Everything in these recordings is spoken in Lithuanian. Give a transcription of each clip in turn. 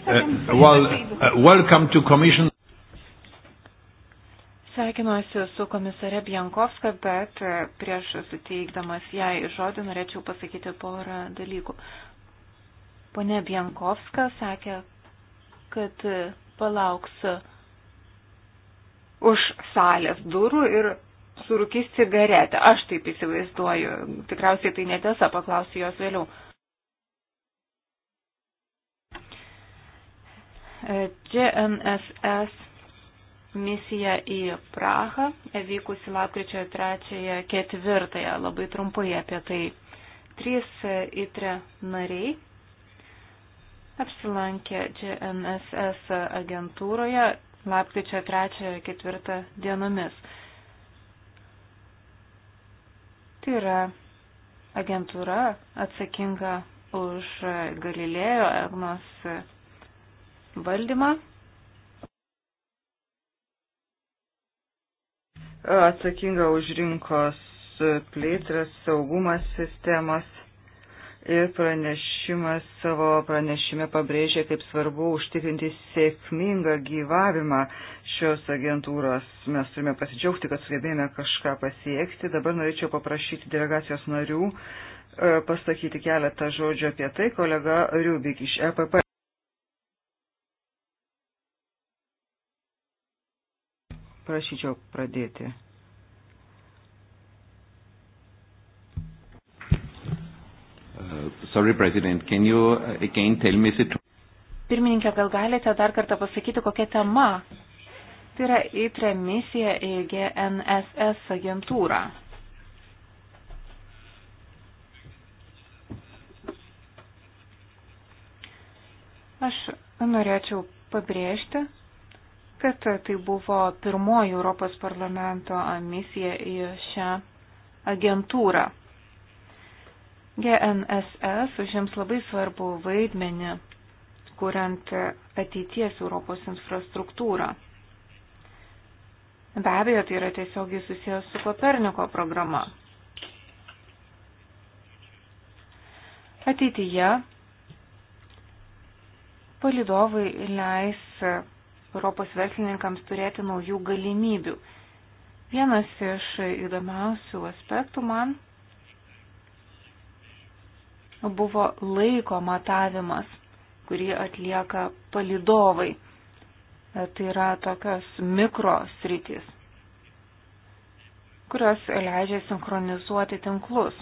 Uh, well, uh, welcome to commission. Sveikinuosi su komisare Biankovska, bet uh, prieš suteikdamas jai žodį norėčiau pasakyti porą dalykų. Pone Biankovska sakė, kad uh, palauks uh, už salės durų ir surūkys cigaretę. Aš taip įsivaizduoju. Tikriausiai tai netiesa, paklausiu jos vėliau. GNSS misija į Prahą, vykusi lapkričio 3-4, labai trumpai apie tai. Trys ITRE nariai apsilankė GNSS agentūroje lapkričio 3-4 dienomis. Tai yra agentūra atsakinga už Galilėjo, Egnos valdymą. Atsakinga už rinkos plėtras, saugumas sistemos ir pranešimas savo pranešime pabrėžė, kaip svarbu užtikrinti sėkmingą gyvavimą šios agentūros. Mes turime pasidžiaugti, kad sugebėjome kažką pasiekti. Dabar norėčiau paprašyti delegacijos narių e, pasakyti keletą žodžių apie tai kolega Riubik iš EPP. prašyčiau pradėti. Uh, sorry, President, can you uh, again tell me it... Pirmininkė, gal galite dar kartą pasakyti, kokia tema? Tai yra įtre misija į GNSS agentūrą. Aš norėčiau pabrėžti, kad tai buvo pirmoji Europos parlamento misija į šią agentūrą. GNSS užims labai svarbu vaidmenį, kuriant ateities Europos infrastruktūrą. Be abejo, tai yra tiesiogiai susijęs su Koperniko programa. Ateityje palidovai leis Europos verslininkams turėti naujų galimybių. Vienas iš įdomiausių aspektų man buvo laiko matavimas, kurį atlieka palidovai. Tai yra tokios mikrosritys, kurios leidžia sinchronizuoti tinklus.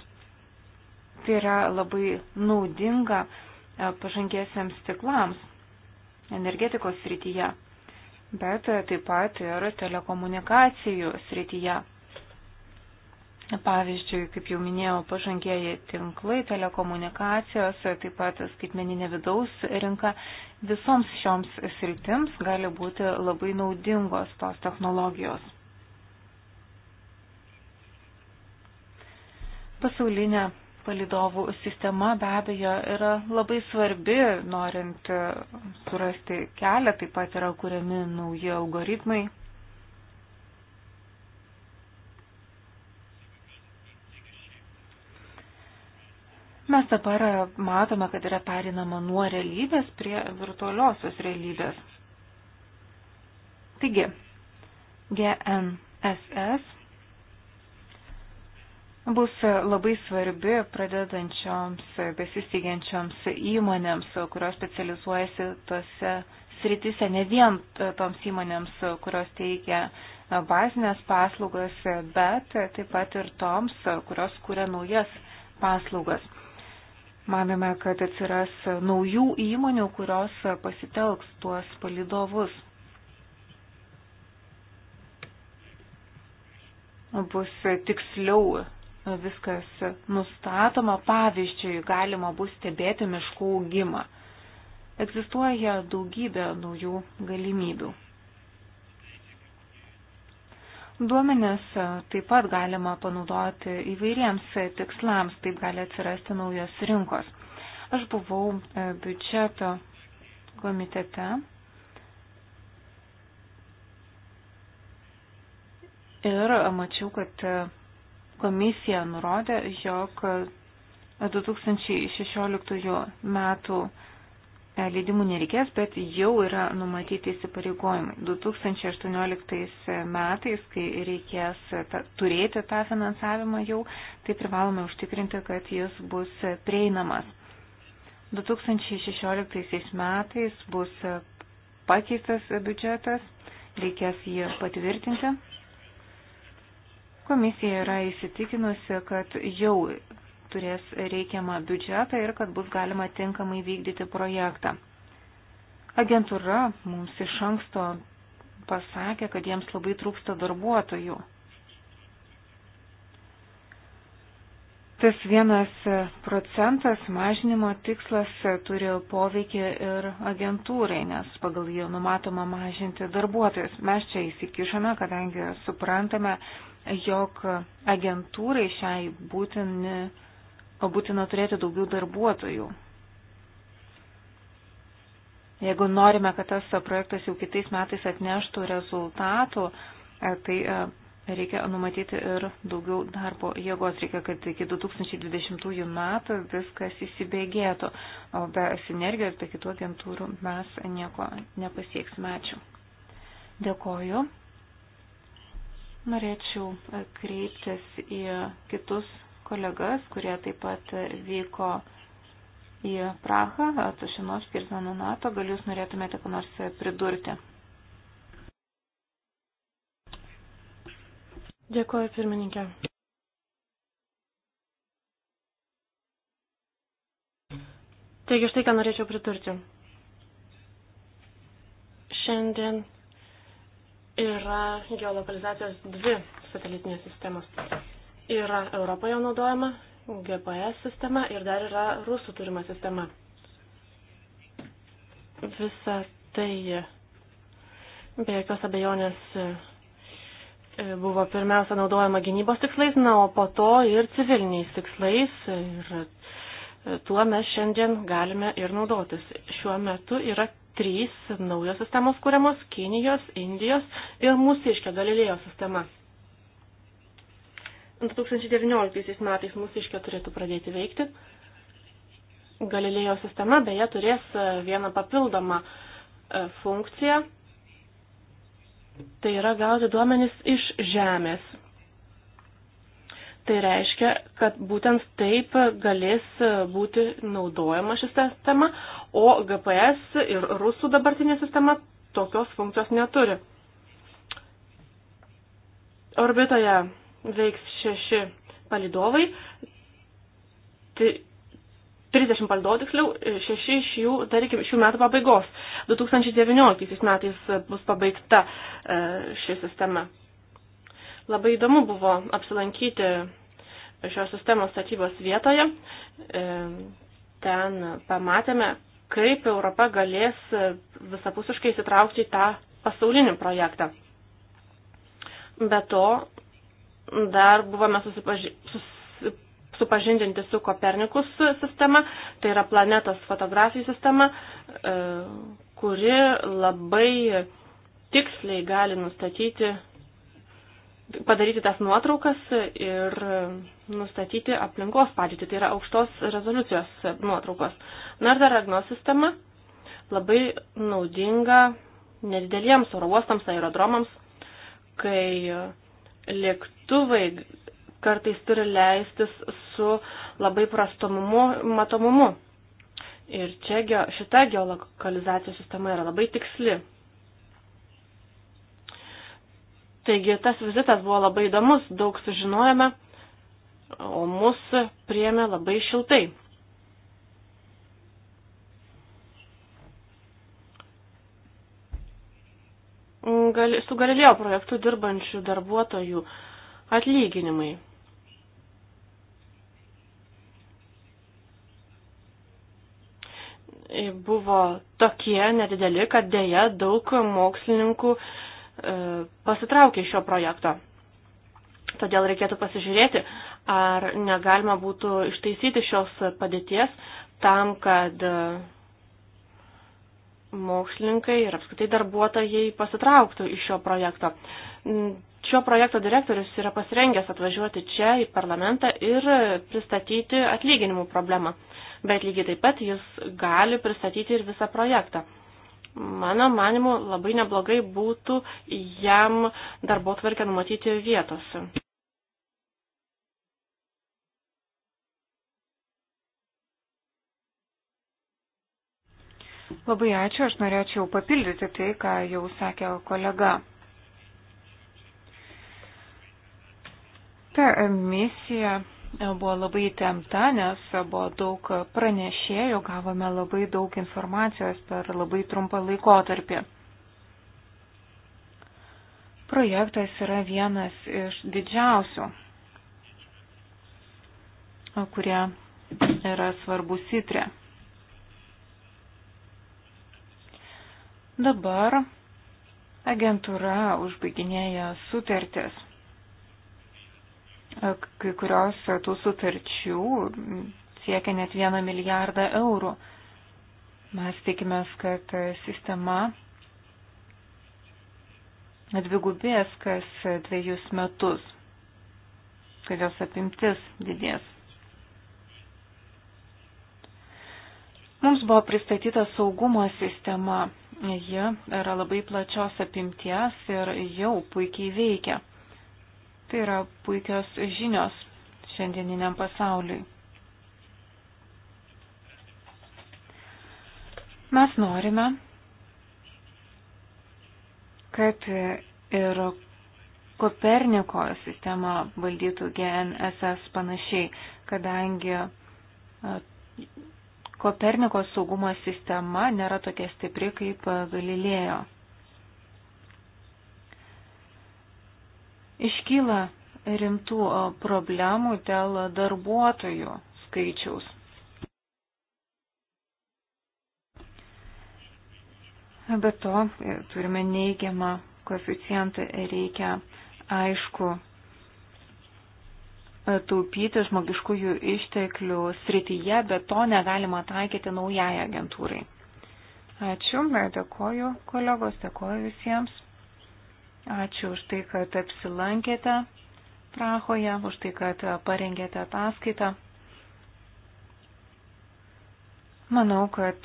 Tai yra labai naudinga e, pažangiesiems tiklams energetikos srityje bet e, taip pat ir telekomunikacijų srityje. Pavyzdžiui, kaip jau minėjau, pažangieji tinklai, telekomunikacijos, e, taip pat skaitmeninė vidaus rinka, visoms šioms sritims gali būti labai naudingos tos technologijos. Pasaulinė palidovų sistema be abejo yra labai svarbi, norint surasti kelią, taip pat yra kuriami nauji algoritmai. Mes dabar matome, kad yra perinama nuo realybės prie virtualiosios realybės. Taigi, GNSS bus labai svarbi pradedančioms, besisteigiančioms įmonėms, kurios specializuojasi tose sritise, ne vien toms įmonėms, kurios teikia bazinės paslaugas, bet taip pat ir toms, kurios kuria naujas paslaugas. Manome, kad atsiras naujų įmonių, kurios pasitelks tuos palidovus. Bus tiksliau viskas nustatoma, pavyzdžiui, galima bus stebėti miškų augimą. Egzistuoja daugybė naujų galimybių. Duomenis taip pat galima panaudoti įvairiems tikslams, taip gali atsirasti naujos rinkos. Aš buvau e, biudžeto komitete ir mačiau, kad e, Komisija nurodė, jog 2016 metų e, leidimų nereikės, bet jau yra numatyti įsipareigojimai. 2018 metais, kai reikės ta, turėti tą finansavimą jau, tai privalome užtikrinti, kad jis bus prieinamas. 2016 metais bus pakeistas biudžetas, reikės jį patvirtinti. Komisija yra įsitikinusi, kad jau turės reikiamą biudžetą ir kad bus galima tinkamai vykdyti projektą. Agentūra mums iš anksto pasakė, kad jiems labai trūksta darbuotojų. Tas vienas procentas mažinimo tikslas turi poveikį ir agentūrai, nes pagal jį numatoma mažinti darbuotojus. Mes čia įsikišame, kadangi suprantame, jog agentūrai šiai būtini, būtina turėti daugiau darbuotojų. Jeigu norime, kad tas projektas jau kitais metais atneštų rezultatų, e, tai e, reikia numatyti ir daugiau darbo jėgos. Reikia, kad iki 2020 metų viskas įsibėgėtų, o be sinergijos, be kitų agentūrų mes nieko nepasieksime. Ačiū. Dėkoju. Norėčiau e, kreiptis į kitus kolegas, kurie taip pat e, vyko į Prahą, Tušinovskį ir Zanonato. Gal jūs norėtumėte ką nors e, pridurti? Dėkuoju, pirmininkė. Taigi štai ką norėčiau pridurti. Šiandien yra geolokalizacijos dvi satelitinės sistemos. Yra Europoje naudojama GPS sistema ir dar yra rusų turima sistema. Visa tai be jokios abejonės buvo pirmiausia naudojama gynybos tikslais, na, o po to ir civiliniais tikslais. Ir tuo mes šiandien galime ir naudotis. Šiuo metu yra trys naujos sistemos kūriamos - Kinijos, Indijos ir mūsiškio Galilėjo sistema. 2019 metais mūsiškio turėtų pradėti veikti. Galilėjo sistema beje turės e, vieną papildomą e, funkciją. Tai yra gauti duomenis iš Žemės Tai reiškia, kad būtent taip galės būti naudojama ši sistema, o GPS ir rusų dabartinė sistema tokios funkcijos neturi. Orbitoje veiks šeši palidovai, 30 palidovų tiksliau, šeši iš jų dar iki šių metų pabaigos. 2019 metais bus pabaigta e, ši sistema. Labai įdomu buvo apsilankyti šios sistemos statybos vietoje. E, ten pamatėme, kaip Europa galės visapusiškai įsitraukti į tą pasaulinį projektą. Be to, dar buvome susipaži... sus... supažindinti su Kopernikus sistema, tai yra planetos fotografijų sistema, e, kuri labai tiksliai gali nustatyti padaryti tas nuotraukas ir nustatyti aplinkos padėtį. Tai yra aukštos rezoliucijos nuotraukos. Na ir dar Agno sistema labai naudinga nedideliems oro uostams, aerodromams, kai lėktuvai kartais turi leistis su labai prastomumu, matomumu. Ir čia šita geolokalizacijos sistema yra labai tiksli. Taigi tas vizitas buvo labai įdomus, daug sužinojome, o mus priemė labai šiltai. Gali, su Galilėjo projektu dirbančių darbuotojų atlyginimai. Buvo tokie nedideli, kad dėja daug mokslininkų uh, E, pasitraukė iš šio projekto. Todėl reikėtų pasižiūrėti, ar negalima būtų ištaisyti šios padėties tam, kad e, mokslininkai ir apskritai darbuotojai pasitrauktų iš šio projekto. Šio projekto direktorius yra pasirengęs atvažiuoti čia į parlamentą ir pristatyti atlyginimų problemą, bet lygiai taip pat jis gali pristatyti ir visą projektą. Mano manimu, labai neblogai būtų jam darbo tvarkę numatyti vietose. Labai ačiū, aš norėčiau papildyti tai, ką jau sakė kolega. Ta misija buvo labai temta, nes buvo daug pranešėjų, gavome labai daug informacijos per labai trumpą laikotarpį. Projektas yra vienas iš didžiausių, kurie yra svarbus įtrė. Dabar agentūra užbaiginėja sutartis Kai kurios tų sutarčių siekia net vieną milijardą eurų. Mes tikimės, kad sistema dvigubės kas dviejus metus, kad jos apimtis didės. Mums buvo pristatyta saugumo sistema. Ji yra labai plačios apimties ir jau puikiai veikia. Tai yra puikios žinios šiandieniniam pasauliui. Mes norime, kad ir Koperniko sistema valdytų GNSS panašiai, kadangi Koperniko saugumo sistema nėra tokia stipri kaip Galilėjo. Iškyla rimtų problemų dėl darbuotojų skaičiaus. Be to, e, turime neigiamą koeficientą ir reikia, aišku, e, taupyti žmogiškųjų išteklių srityje, bet to negalima taikyti naujai agentūrai. Ačiū, dėkoju kolegos, dėkoju visiems. Ačiū už tai, kad apsilankėte Prahoje, už tai, kad parengėte ataskaitą. Manau, kad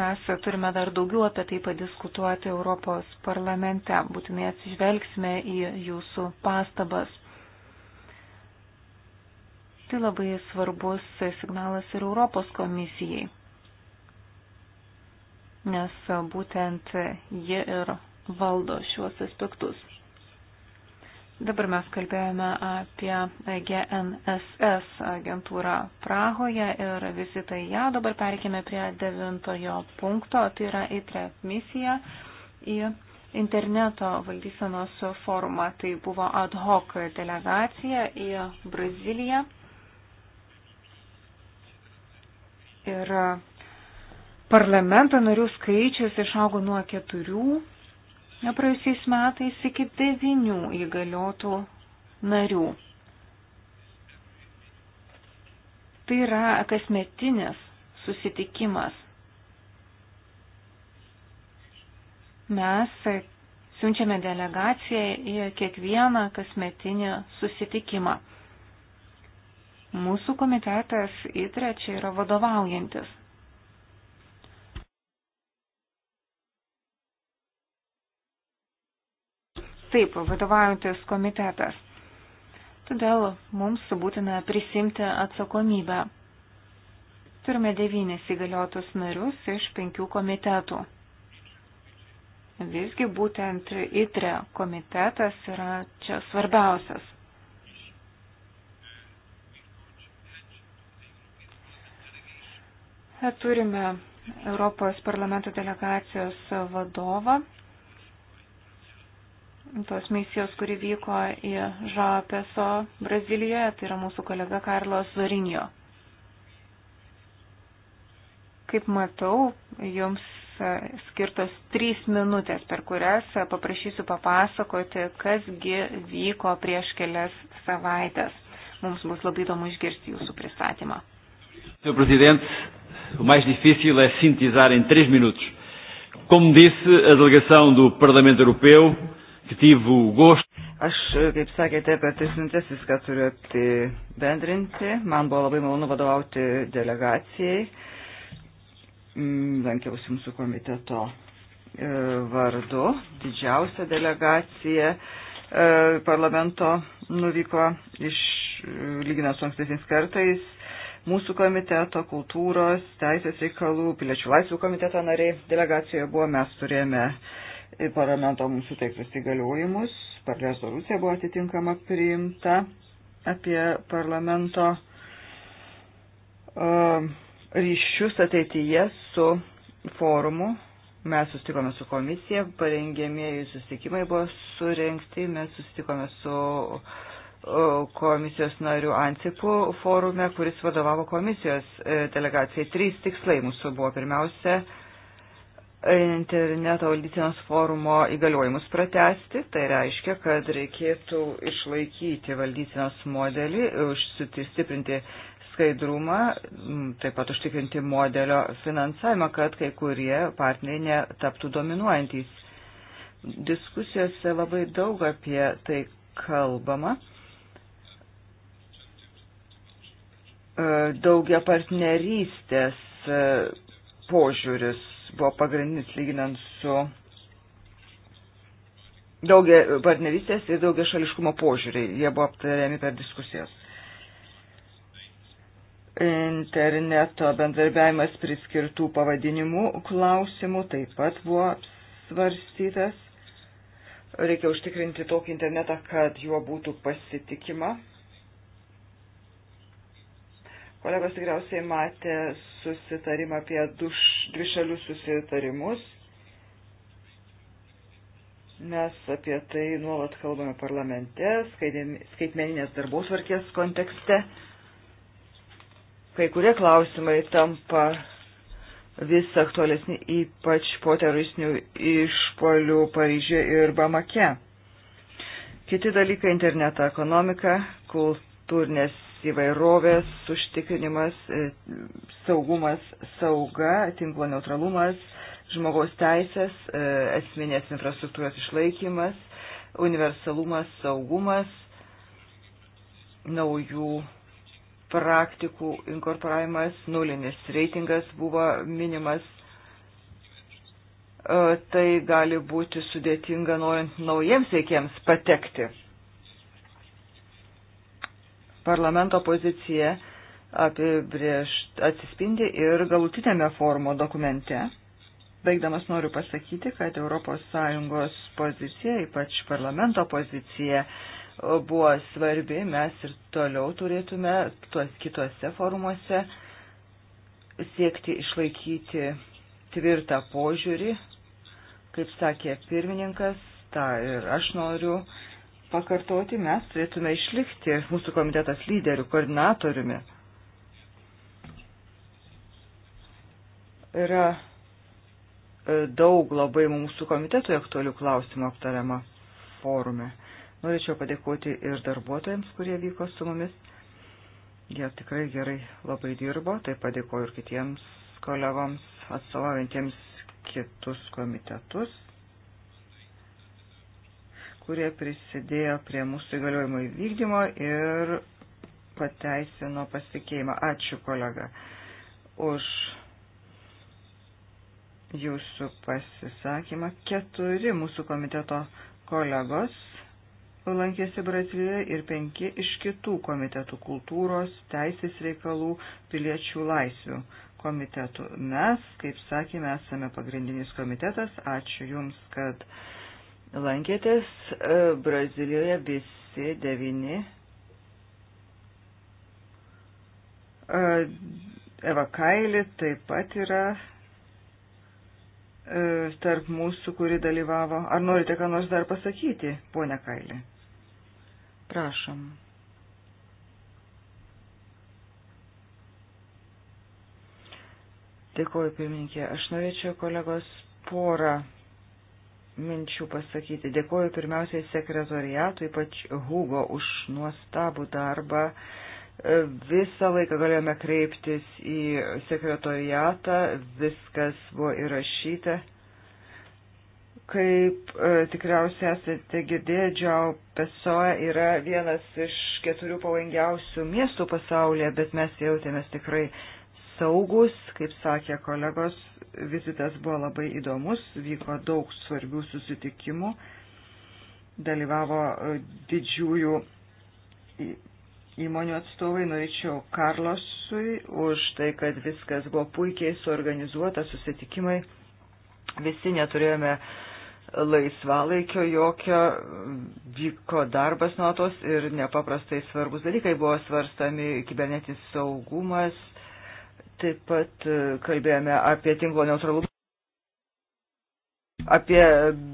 mes turime dar daugiau apie tai padiskutuoti Europos parlamente. Būtinai atsižvelgsime į jūsų pastabas. Tai labai svarbus signalas ir Europos komisijai, nes būtent ji ir valdo šiuos aspektus. Dabar mes kalbėjome apie GNSS agentūrą Prahoje ir vizitą tai į ją. Dabar perkime prie devintojo punkto, tai yra ITRE e misija į interneto valdysenos forumą. Tai buvo ad hoc delegacija į Braziliją. Ir parlamento narių skaičius išaugo nuo keturių praėjusiais metais iki devinių įgaliotų narių. Tai yra kasmetinis susitikimas. Mes siunčiame delegaciją į kiekvieną kasmetinį susitikimą. Mūsų komitetas įtrečia yra vadovaujantis. taip vadovaujantis komitetas. Todėl mums būtina prisimti atsakomybę. Turime devynis įgaliotus narius iš penkių komitetų. Visgi būtent ITRE komitetas yra čia svarbiausias. Turime Europos parlamento delegacijos vadovą tos misijos, kuri vyko į Žapeso Brazilijoje, tai yra mūsų kolega Karlos Zorinio. Kaip matau, jums e, skirtos trys minutės, per kurias e, paprašysiu papasakoti, kasgi vyko prieš kelias savaitės. Mums bus labai įdomu išgirsti jūsų pristatymą. Senhor Presidente, o mais difícil é sintetizar em três minutos. Como disse, a delegação do Parlamento Europeu pozityvų goštą. Aš, kaip sakėte, per tris minutės viską turiu apibendrinti. Man buvo labai malonu vadovauti delegacijai. Mm, lankiausi mūsų komiteto e, vardu. Didžiausia delegacija e, parlamento nuvyko iš, e, lyginant su ankstesniais kartais, mūsų komiteto, kultūros, teisės reikalų, piliečių laisvių komiteto nariai delegacijoje buvo, mes turėjome uh, parlamento mums suteiktus įgaliojimus, per rezoliuciją buvo atitinkama priimta apie parlamento uh, ryšius ateityje su forumu. Mes susitikome su komisija, parengėmėjų susitikimai buvo surinkti, mes susitikome su komisijos narių Ansipu forume, kuris vadovavo komisijos e, delegacijai. Trys tikslai mūsų buvo. Pirmiausia, interneto valdysenos forumo įgaliojimus pratesti, tai reiškia, kad reikėtų išlaikyti valdysenos modelį, stiprinti skaidrumą, taip pat užtikrinti modelio finansavimą, kad kai kurie partneriai netaptų dominuojantys. Diskusijose labai daug apie tai kalbama. E, daugia partnerystės e, požiūris buvo pagrindinis lyginant su daugia partnerystės ir daugia šališkumo požiūriai. Jie buvo aptariami per diskusijas. Interneto bendarbiavimas priskirtų pavadinimų klausimų taip pat buvo svarstytas. Reikia užtikrinti tokį internetą, kad juo būtų pasitikima Kolegos tikriausiai matė susitarimą apie duš, dvišalius susitarimus. Mes apie tai nuolat kalbame parlamente, skaitmeninės darbos varkės kontekste. Kai kurie klausimai tampa vis aktualesni, ypač po teroristinių išpolių Paryžė ir Bamake. Kiti dalykai - interneta ekonomika, kultūrinės įvairovės užtikrinimas, e, saugumas, sauga, tinklo neutralumas, žmogaus teisės, e, esminės infrastruktūros išlaikymas, universalumas, saugumas, naujų praktikų inkorporavimas, nulinis reitingas buvo minimas. E, tai gali būti sudėtinga norint naujiems veikėjams patekti parlamento pozicija apibriež, atsispindi ir galutinėme forumo dokumente. Baigdamas noriu pasakyti, kad ES pozicija, ypač parlamento pozicija, buvo svarbi, mes ir toliau turėtume tuos kitose forumuose siekti išlaikyti tvirtą požiūrį, kaip sakė pirmininkas, tą ir aš noriu pakartoti, mes turėtume išlikti mūsų komitetas lyderių, koordinatoriumi. Yra e, daug labai mūsų komitetui aktualių klausimų aptariama forume. Norėčiau padėkoti ir darbuotojams, kurie vyko su mumis. Jie tikrai gerai labai dirbo, taip padėkoju ir kitiems kolegoms atstovaujantiems kitus komitetus kurie prisidėjo prie mūsų įgaliojimų įvykdymo ir pateisino pasitikėjimą. Ačiū kolega už jūsų pasisakymą. Keturi mūsų komiteto kolegos lankėsi Brazilijoje ir penki iš kitų komitetų - kultūros, teisės reikalų, piliečių laisvių komitetų. Mes, kaip sakėme, esame pagrindinis komitetas. Ačiū Jums, kad lankėtės e, Brazilijoje visi devini e, Eva Kaili taip pat yra e, tarp mūsų, kuri dalyvavo. Ar norite ką nors dar pasakyti, ponia Kaili? Prašom. Dėkuoju, pirmininkė. Aš norėčiau kolegos porą minčių pasakyti. Dėkuoju pirmiausiai sekretoriatui, ypač Hugo, už nuostabų darbą. E, visą laiką galėjome kreiptis į sekretoriatą, viskas buvo įrašyta. Kaip e, tikriausiai esate girdėję, Džiau Pesoe yra vienas iš keturių pavojingiausių miestų pasaulyje, bet mes jautėmės tikrai saugus, kaip sakė kolegos, vizitas buvo labai įdomus, vyko daug svarbių susitikimų, dalyvavo e, didžiųjų įmonių atstovai, norėčiau Karlosui už tai, kad viskas buvo puikiai suorganizuota, susitikimai, visi neturėjome laisvalaikio jokio, vyko darbas nuotos ir nepaprastai svarbus dalykai buvo svarstami kibernetinis saugumas, Taip pat e, kalbėjome apie tinklo neutralumą, apie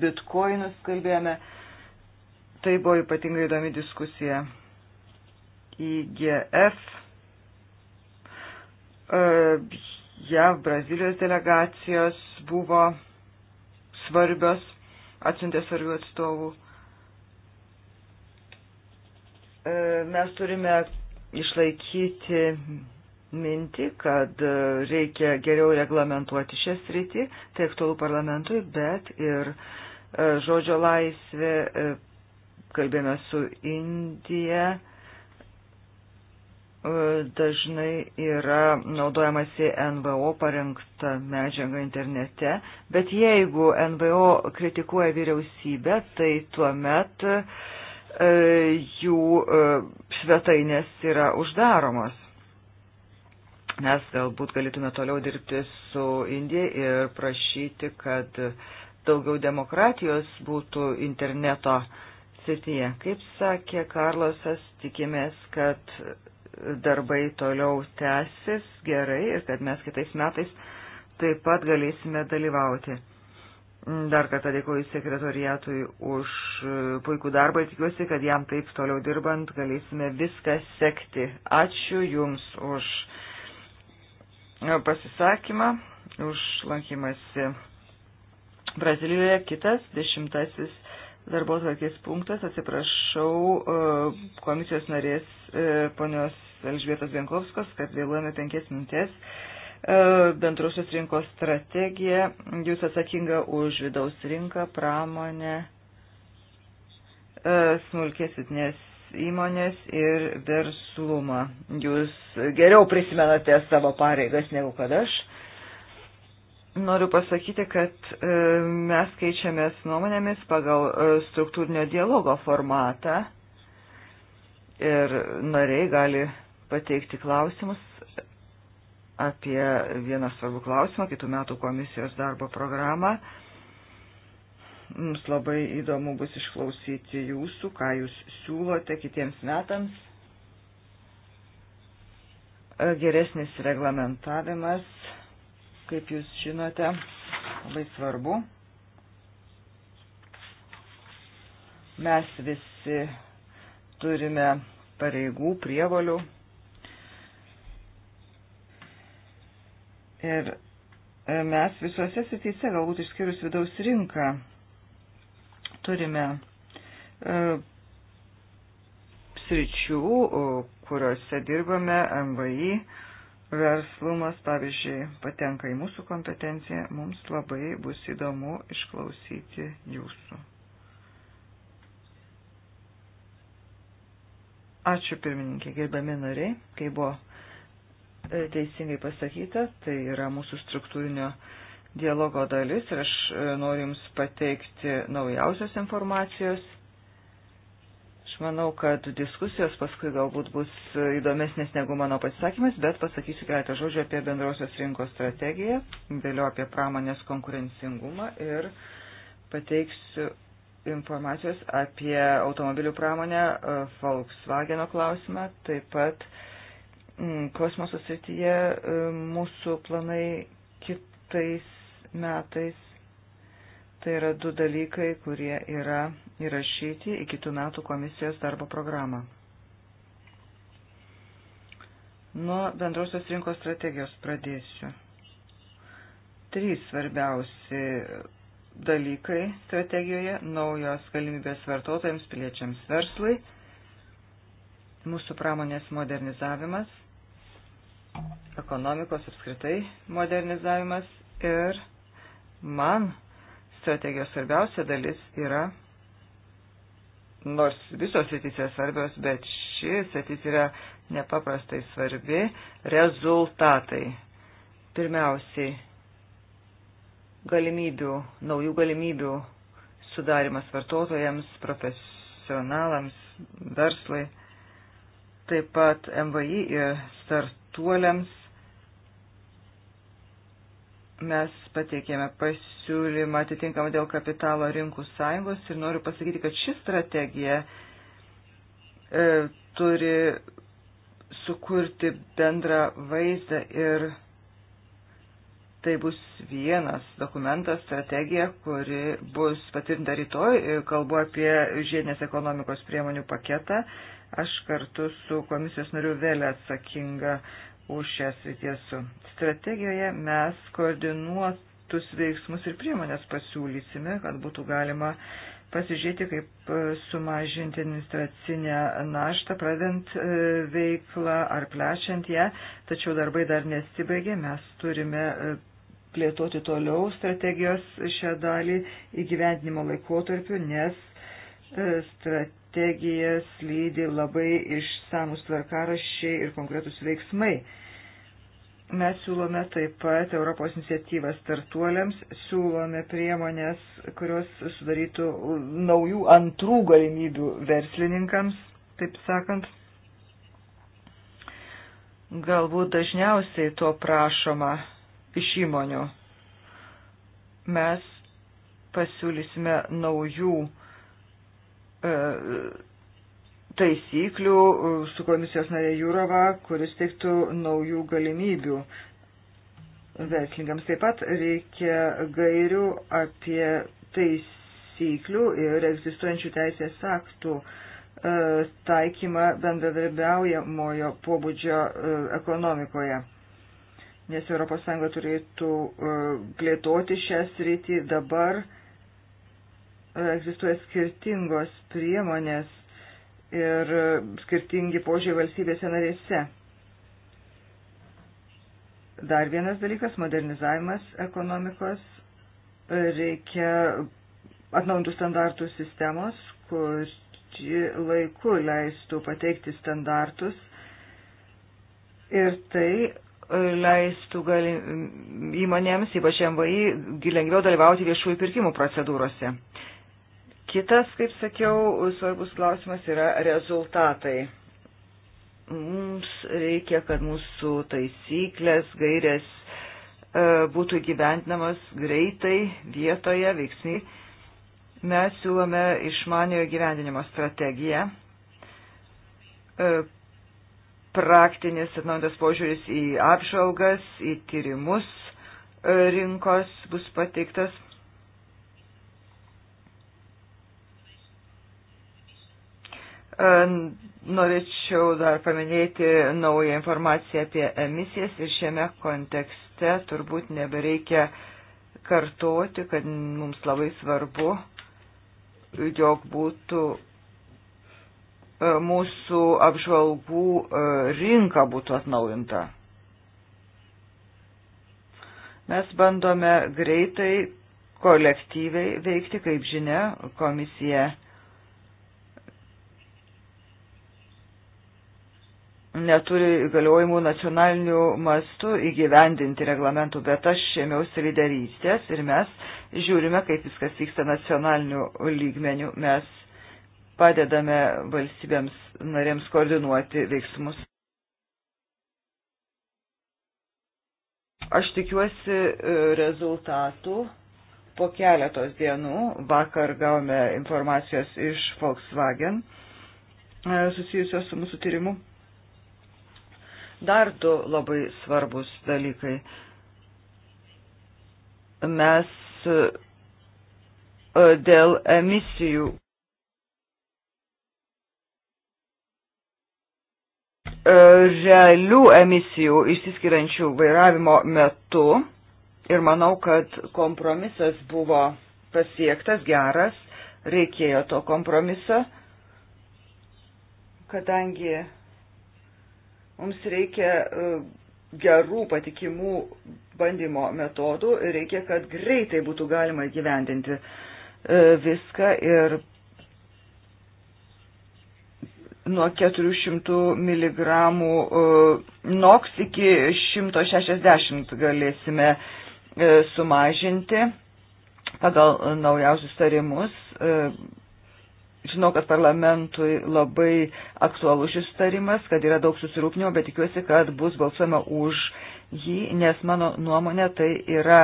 bitkoinus kalbėjome. Tai buvo ypatingai įdomi diskusija. IGF, e, JAV Brazilijos delegacijos buvo svarbios, atsintė svarbių atstovų. E, mes turime išlaikyti mintį, kad e, reikia geriau reglamentuoti šią sritį, tai aktualu parlamentui, bet ir e, žodžio laisvė, e, kalbėjome su Indija, dažnai yra naudojamasi NVO parengta medžiaga internete, bet jeigu NVO kritikuoja vyriausybę, tai tuomet jų svetainės yra uždaromos mes galbūt galėtume toliau dirbti su Indija ir prašyti, kad daugiau demokratijos būtų interneto srityje. Kaip sakė Karlosas, tikimės, kad darbai toliau tęsis gerai ir kad mes kitais metais taip pat galėsime dalyvauti. Dar kartą dėkoju sekretoriatui už puikų darbą ir tikiuosi, kad jam taip toliau dirbant galėsime viską sekti. Ačiū Jums už pasisakymą už lankymasi Brazilijoje. Kitas dešimtasis darbo tvarkės punktas, atsiprašau e, komisijos narės e, ponios Elžbietos Vienkovskos, kad vėluojame penkias minutės. E, bendrosios rinkos strategija, jūs atsakinga už vidaus rinką, pramonę, smulkės vidinės įmonės ir verslumą. Jūs geriau prisimenate savo pareigas negu kad aš. Noriu pasakyti, kad e, mes keičiamės nuomonėmis pagal e, struktūrinio dialogo formatą ir nariai gali pateikti klausimus apie vieną svarbų klausimą, kitų metų komisijos darbo programą. Mums labai įdomu bus išklausyti jūsų, ką jūs siūlote kitiems metams. E, geresnis reglamentavimas, kaip jūs žinote, labai svarbu. Mes visi turime pareigų, prievolių. Ir e, mes visose srityse, galbūt išskyrus vidaus rinką, turime e, sričių, kuriuose dirbame, MVI, verslumas, pavyzdžiui, patenka į mūsų kompetenciją, mums labai bus įdomu išklausyti jūsų. Ačiū pirmininkė, gerbiami nariai, kai buvo e, teisingai pasakyta, tai yra mūsų struktūrinio uh, dialogo dalis ir aš e, noriu Jums pateikti naujausios informacijos. Aš manau, kad diskusijos paskui galbūt bus e, įdomesnės negu mano pasisakymas, bet pasakysiu keletą žodžių apie bendrosios rinkos strategiją, vėliau apie pramonės konkurencingumą ir pateiksiu informacijos apie automobilių pramonę, e, Volkswageno klausimą, taip pat kosmoso srityje mūsų planai kitais metais. Tai yra du dalykai, kurie yra įrašyti į kitų metų komisijos darbo programą. Nuo bendrosios rinkos strategijos pradėsiu. Trys svarbiausi dalykai strategijoje - naujos galimybės vartotojams, piliečiams, verslai, mūsų pramonės modernizavimas, ekonomikos apskritai modernizavimas ir Man strategijos svarbiausia dalis yra, nors visos sritys yra svarbios, bet ši sritis yra nepaprastai svarbi, rezultatai. Pirmiausiai, galimybių, naujų galimybių sudarimas vartotojams, profesionalams, verslai, taip pat MVI ir startuoliams mes pateikėme pasiūlymą atitinkamą dėl kapitalo rinkų sąjungos ir noriu pasakyti, kad ši strategija e, turi sukurti bendrą vaizdą ir tai bus vienas dokumentas, strategija, kuri bus patvirtinta rytoj. E, kalbu apie žiedinės ekonomikos priemonių paketą. Aš kartu su komisijos nariu vėlė atsakinga už šias ryties. Strategijoje mes koordinuotus veiksmus ir priemonės pasiūlysime, kad būtų galima pasižiūrėti, kaip sumažinti administracinę naštą, pradant e, veiklą ar plečiant ją, tačiau darbai dar nesibaigė, mes turime e, plėtoti toliau strategijos šią dalį įgyvendinimo laikotarpiu, nes e, strategijas lydi labai išsamus tvarkarašiai ir konkretus veiksmai. Mes siūlome taip pat Europos iniciatyvas startuoliams, siūlome priemonės, kurios sudarytų naujų antrų galimybių verslininkams, taip sakant. Galbūt dažniausiai to prašoma iš įmonių. Mes pasiūlysime naujų e, taisyklių su komisijos narė Jūrova, kuris teiktų naujų galimybių verslininkams. Taip pat reikia gairių apie taisyklių ir egzistuojančių teisės aktų e, taikymą bendradarbiaujamojo pobūdžio e, ekonomikoje. Nes ES turėtų e, plėtoti šią sritį dabar egzistuoja skirtingos priemonės ir skirtingi požiūrį valstybėse narėse. Dar vienas dalykas - modernizavimas ekonomikos. Reikia atnaujintų standartų sistemos, kur laiku leistų pateikti standartus ir tai leistų gali, įmonėms, ypač MVI, lengviau dalyvauti viešųjų pirkimų procedūrose. Kitas, kaip sakiau, svarbus klausimas yra rezultatai. Mums reikia, kad mūsų taisyklės, gairės e, būtų gyventinamas greitai, vietoje, veiksmiai. Mes siūlome išmaniojo gyvendinimo strategiją. E, praktinis atnaujintas požiūris į apžvalgas, į tyrimus e, rinkos bus pateiktas E, norėčiau dar paminėti naują informaciją apie emisijas ir šiame kontekste turbūt nebereikia kartoti, kad mums labai svarbu, jog būtų e, mūsų apžvalgų e, rinka būtų atnaujinta. Mes bandome greitai, kolektyviai veikti, kaip žinia, komisija neturi galiojimų nacionalinių mastų įgyvendinti reglamentų, bet aš šėmiausi lyderystės ir mes žiūrime, kaip viskas vyksta nacionalinių lygmenių. Mes padedame valstybėms narėms koordinuoti veiksmus. Aš tikiuosi e, rezultatų po keletos dienų. Vakar gavome informacijos iš Volkswagen e, susijusios su mūsų tyrimu dar du labai svarbus dalykai. Mes e, dėl emisijų e, realių emisijų išsiskiriančių vairavimo metu ir manau, kad kompromisas buvo pasiektas geras, reikėjo to kompromiso, kadangi Mums reikia e, gerų patikimų bandymo metodų ir reikia, kad greitai būtų galima gyvendinti e, viską ir nuo 400 mg e, NOX iki 160 galėsime sumažinti pagal naujausius tarimus žinau, kad parlamentui labai aktualus šis tarimas, kad yra daug susirūpnimo, bet tikiuosi, kad bus balsuojama už jį, nes mano nuomonė tai yra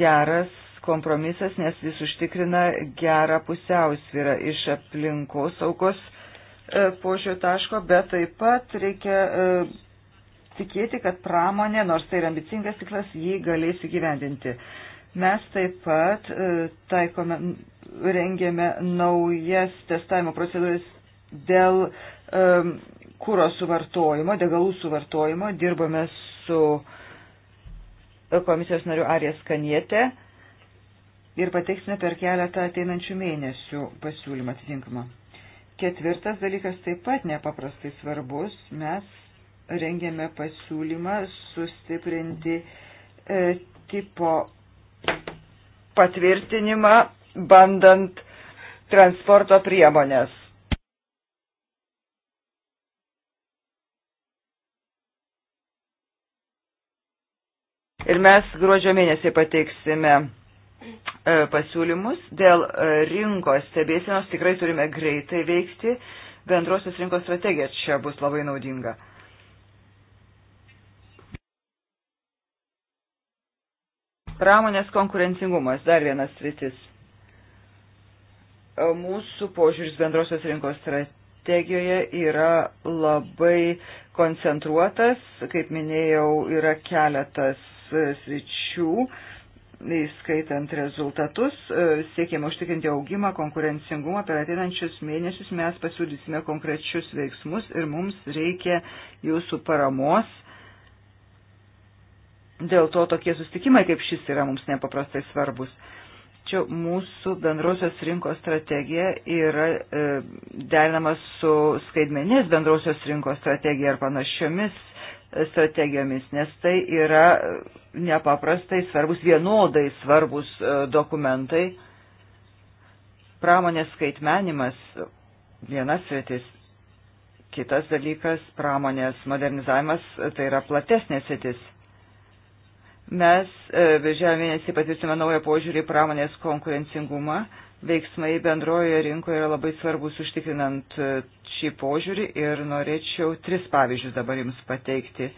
geras kompromisas, nes jis užtikrina gerą pusiausvyrą iš aplinkos saugos e, pošio taško, bet taip pat reikia e, tikėti, kad pramonė, nors tai yra ambicingas tiklas, jį galės įgyvendinti. E, Mes taip pat e, taikome, rengėme naujas testavimo procedūras dėl um, e, kūro suvartojimo, degalų suvartojimo. Dirbame su komisijos nariu Arijas Kanietė ir pateiksime per keletą ateinančių mėnesių pasiūlymą atitinkamą. Ketvirtas dalykas taip pat nepaprastai svarbus. Mes rengėme pasiūlymą sustiprinti e, tipo patvirtinimą bandant transporto priemonės. Ir mes gruodžio mėnesį pateiksime e, pasiūlymus dėl e, rinkos stebėsienos. Tikrai turime greitai veikti. Bendrosios rinkos strategija čia bus labai naudinga. Pramonės konkurencingumas, dar vienas sritis. E, mūsų požiūris bendrosios rinkos strategijoje yra labai koncentruotas, kaip minėjau, yra keletas e, sričių, įskaitant rezultatus, e, siekiame užtikrinti augimą, konkurencingumą, per ateinančius mėnesius mes pasiūlysime konkrečius veiksmus ir mums reikia jūsų paramos Dėl to tokie sustikimai kaip šis yra mums nepaprastai svarbus. Čia mūsų bendrosios rinkos strategija yra e, derinama su skaitmenės bendrosios rinkos strategija ir panašiomis e, strategijomis, nes tai yra nepaprastai svarbus, vienodai svarbus e, dokumentai. Pramonės skaitmenimas vienas sritis, kitas dalykas pramonės modernizavimas e, tai yra platesnės sritis Mes e, birželio mėnesį patvirtinome naują požiūrį į pramonės konkurencingumą. Veiksmai bendroje rinkoje yra labai svarbus užtikrinant e, šį požiūrį ir norėčiau tris pavyzdžius dabar jums pateikti.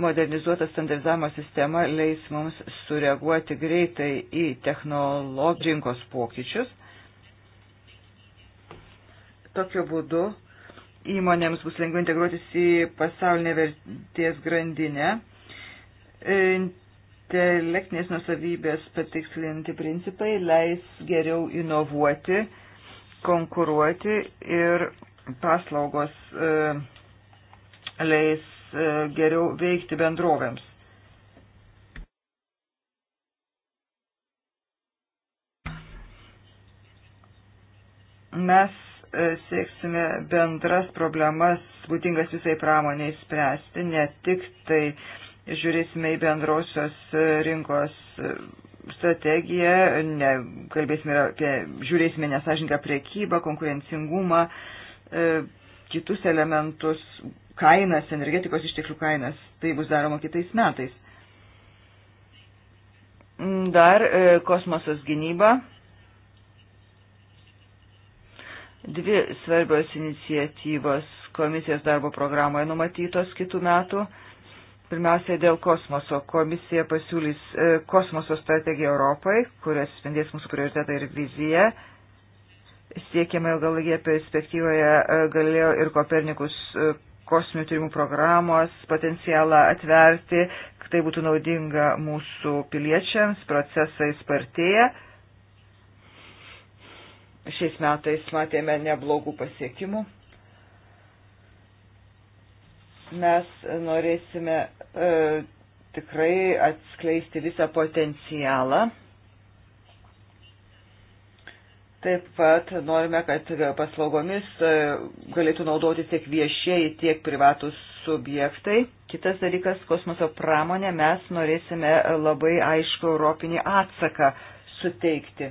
Modernizuota standartizavimo sistema leis mums sureaguoti greitai į technologijos rinkos pokyčius. Tokiu būdu įmonėms bus lengviau integruotis į pasaulinę vertės grandinę intelektinės nusavybės patikslinti principai leis geriau inovuoti, konkuruoti ir paslaugos e, leis e, geriau veikti bendrovėms. Mes e, sieksime bendras problemas, būtingas visai pramoniai spręsti, ne tik tai žiūrėsime į bendrosios rinkos strategiją, ne, kalbėsime apie, žiūrėsime nesažinką priekybą, konkurencingumą, e, kitus elementus, kainas, energetikos išteklių kainas. Tai bus daroma kitais metais. Dar e, kosmosos gynyba. Dvi svarbios iniciatyvos komisijos darbo programoje numatytos kitų metų. E, Pirmiausia, dėl kosmoso. Komisija pasiūlys e, kosmoso strategiją Europai, kurias spindės mūsų prioritetą ir viziją. Siekiama ilgalaikėje perspektyvoje e, galėjo ir Kopernikus e, kosminių tyrimų programos potencialą atverti, tai būtų naudinga mūsų piliečiams, procesai spartėja. Šiais metais matėme neblogų pasiekimų mes norėsime e, tikrai atskleisti visą potencialą. Taip pat norime, kad paslaugomis e, galėtų naudotis tiek viešieji, tiek privatus subjektai. Kitas dalykas, kosmoso pramonė, mes norėsime labai aišku europinį atsaką suteikti.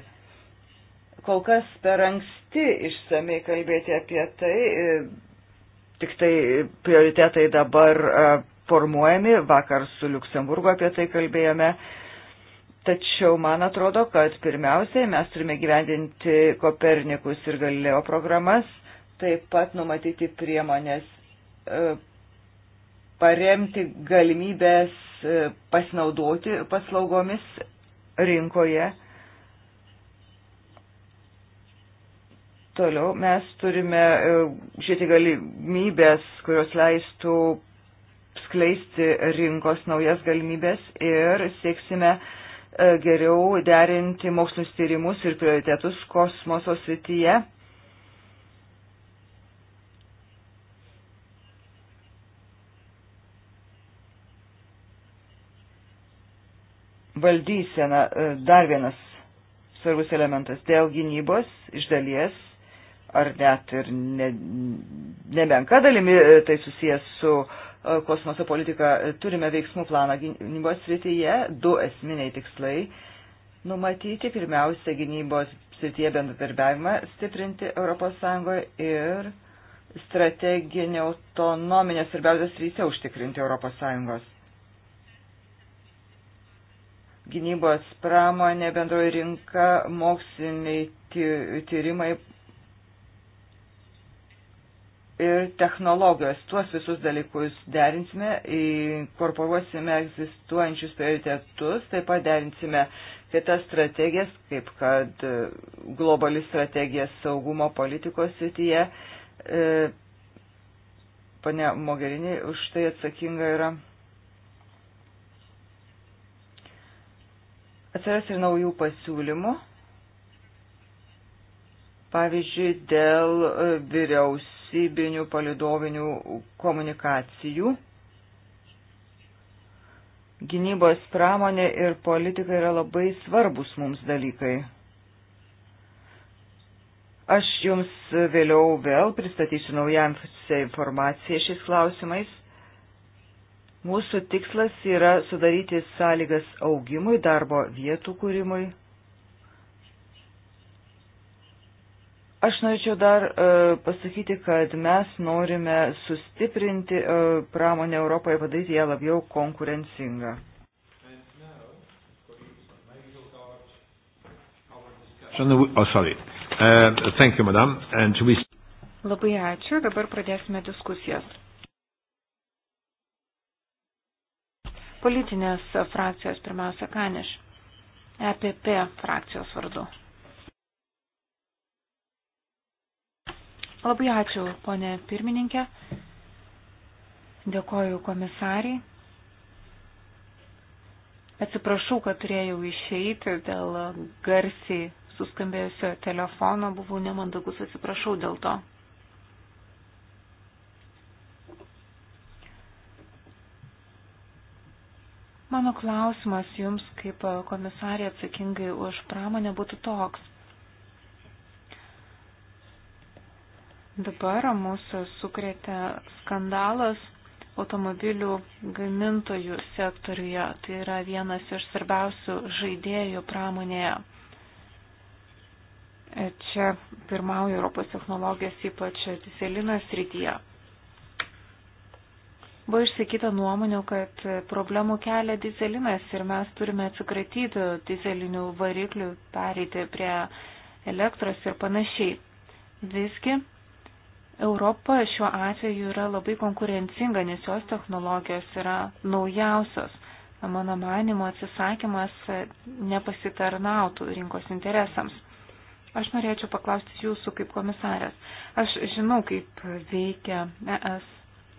Kol kas per anksti išsamei kalbėti apie tai, e, Tik tai prioritetai dabar e, formuojami, vakar su Luksemburgo apie tai kalbėjome. Tačiau man atrodo, kad pirmiausiai mes turime gyvendinti Kopernikus ir Galileo programas, taip pat numatyti priemonės e, paremti galimybės e, pasinaudoti paslaugomis rinkoje Toliau mes turime e, žiūrėti galimybės, kurios leistų skleisti rinkos naujas galimybės ir sieksime e, geriau derinti mokslinius tyrimus ir prioritetus kosmoso srityje. Valdysena e, dar vienas svarbus elementas dėl gynybos iš dalies ar net ir ne, nemenka dalimi e, tai susijęs su e, kosmoso politika. Turime veiksmų planą gynybos srityje, du esminiai tikslai numatyti, pirmiausia, gynybos srityje bendradarbiavimą stiprinti ES ir strateginė autonominė svarbiausia srityje užtikrinti ES. Gynybos pramonė, bendroji rinka, moksliniai tyrimai ir technologijos. Tuos visus dalykus derinsime, inkorporuosime egzistuojančius prioritetus, taip pat derinsime kitas strategijas, kaip kad e, globali strategija saugumo politikos srityje. E, Pane Mogherini už tai atsakinga yra. Atsiras ir naujų pasiūlymų, pavyzdžiui, dėl e, vyriaus vyriausybinių palidovinių komunikacijų. Gynybos pramonė ir politika yra labai svarbus mums dalykai. Aš jums vėliau vėl pristatysiu naujamsią informaciją šiais klausimais. Mūsų tikslas yra sudaryti sąlygas augimui, darbo vietų kūrimui Aš norėčiau dar e, pasakyti, kad mes norime sustiprinti e, pramonę Europoje, padaryti ją labiau konkurencingą. Oh, e, Labai ačiū, dabar pradėsime diskusijas. Politinės frakcijos pirmiausia Kaniš, EPP frakcijos vardu. Labai ačiū, ponė pirmininkė. Dėkoju komisariai. Atsiprašau, kad turėjau išeiti dėl garsiai suskambėjusio telefono, buvau nemandagus, atsiprašau dėl to. Mano klausimas jums kaip komisarė atsakingai už pramonę būtų toks. Dabar mūsų sukrėtė skandalas automobilių gamintojų sektoriuje. Tai yra vienas iš svarbiausių žaidėjų pramonėje. Čia pirmauja Europos technologijas, ypač diselinas rytyje. Buvo išsakyta nuomonių, kad problemų kelia dizelinas ir mes turime atsikratyti dizelinių variklių, pereiti prie elektros ir panašiai. Visgi Europa šiuo atveju yra labai konkurencinga, nes jos technologijos yra naujausios. Mano manimo atsisakymas nepasitarnautų rinkos interesams. Aš norėčiau paklausti jūsų kaip komisarės. Aš žinau, kaip veikia ES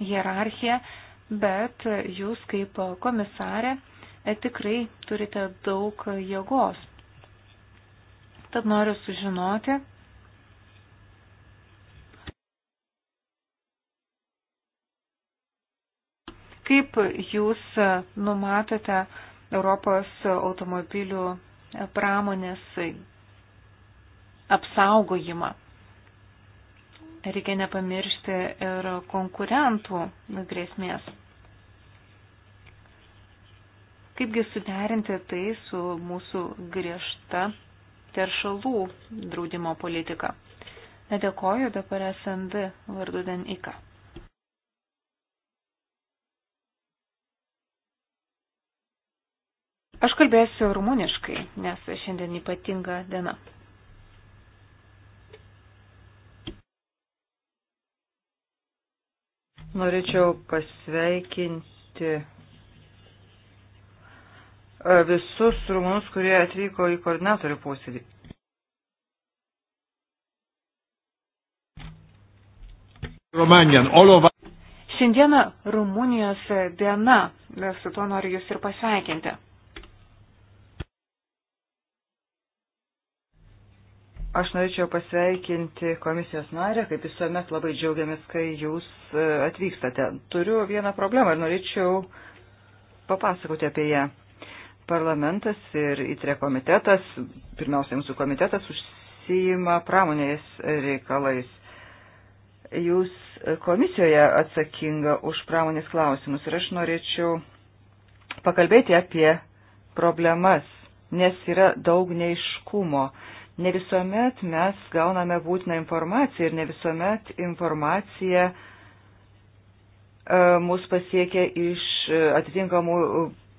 hierarchija, bet jūs kaip komisarė e, tikrai turite daug jėgos. Tad noriu sužinoti, Kaip jūs e, numatote Europos automobilių e, pramonės e, apsaugojimą? Reikia nepamiršti ir konkurentų grėsmės. Kaipgi suderinti tai su mūsų griežta teršalų draudimo politika? Nedėkoju dabar SND vardu Denika. Aš kalbėsiu rumuniškai, nes šiandien ypatinga diena. Norėčiau pasveikinti e, visus rumunus, kurie atvyko į koordinatorių posėdį. Romanian, all of Šiandieną Rumunijos diena, su tuo noriu Jūs ir pasveikinti. Aš norėčiau pasveikinti komisijos narę, kaip visuomet labai džiaugiamės, kai jūs e, atvykstate. Turiu vieną problemą ir norėčiau papasakoti apie ją. Parlamentas ir įtre komitetas, pirmiausia, mūsų komitetas užsijima pramonės reikalais. Jūs komisijoje atsakinga už pramonės klausimus ir aš norėčiau pakalbėti apie problemas, nes yra daug neiškumo Ne visuomet mes gauname būtiną informaciją ir ne visuomet informacija e, mus pasiekia iš e, atitinkamų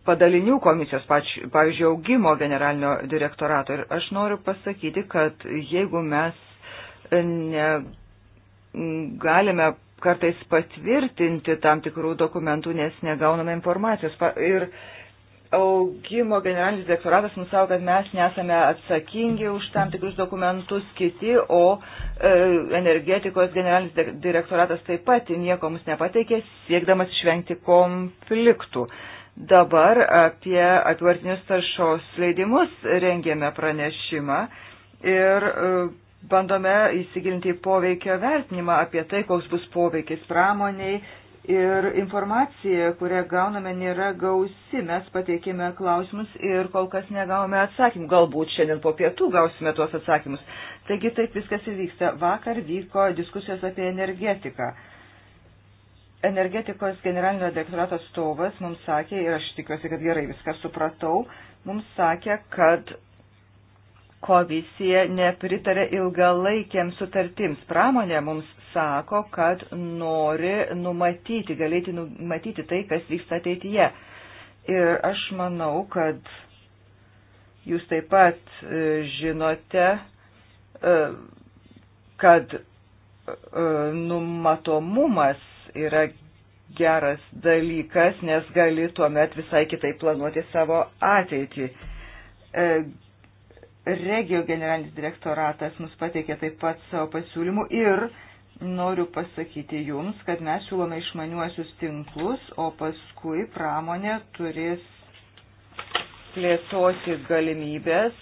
padalinių komisijos, pavyzdžiui, augimo generalinio direktorato. Ir aš noriu pasakyti, kad jeigu mes e, ne, galime kartais patvirtinti tam tikrų dokumentų, nes negauname informacijos. Ir augimo generalinis direktoratas mums savo, kad mes nesame atsakingi už tam tikrus dokumentus kiti, o e, energetikos generalinis direktoratas taip pat nieko mums nepateikė, siekdamas išvengti konfliktų. Dabar apie atvartinius taršos leidimus rengėme pranešimą ir e, bandome įsigilinti į poveikio vertinimą apie tai, koks bus poveikis pramoniai, Ir informacija, kurią gauname, nėra gausi. Mes pateikėme klausimus ir kol kas negavome atsakymų. Galbūt šiandien po pietų gausime tuos atsakymus. Taigi taip viskas įvyksta. Vakar vyko diskusijos apie energetiką. Energetikos generalinio dektorato atstovas mums sakė, ir aš tikiuosi, kad gerai viską supratau, mums sakė, kad komisija nepritarė ilgalaikiams sutartims. Pramonė mums sako, kad nori numatyti, galėti numatyti tai, kas vyksta ateityje. Ir aš manau, kad jūs taip pat e, žinote, e, kad e, numatomumas yra geras dalykas, nes gali tuomet visai kitaip planuoti savo ateitį Regio generalinis direktoratas mus pateikė taip pat savo pasiūlymų ir noriu pasakyti jums, kad mes siūlome išmaniuosius tinklus, o paskui pramonė turės plėtoti galimybės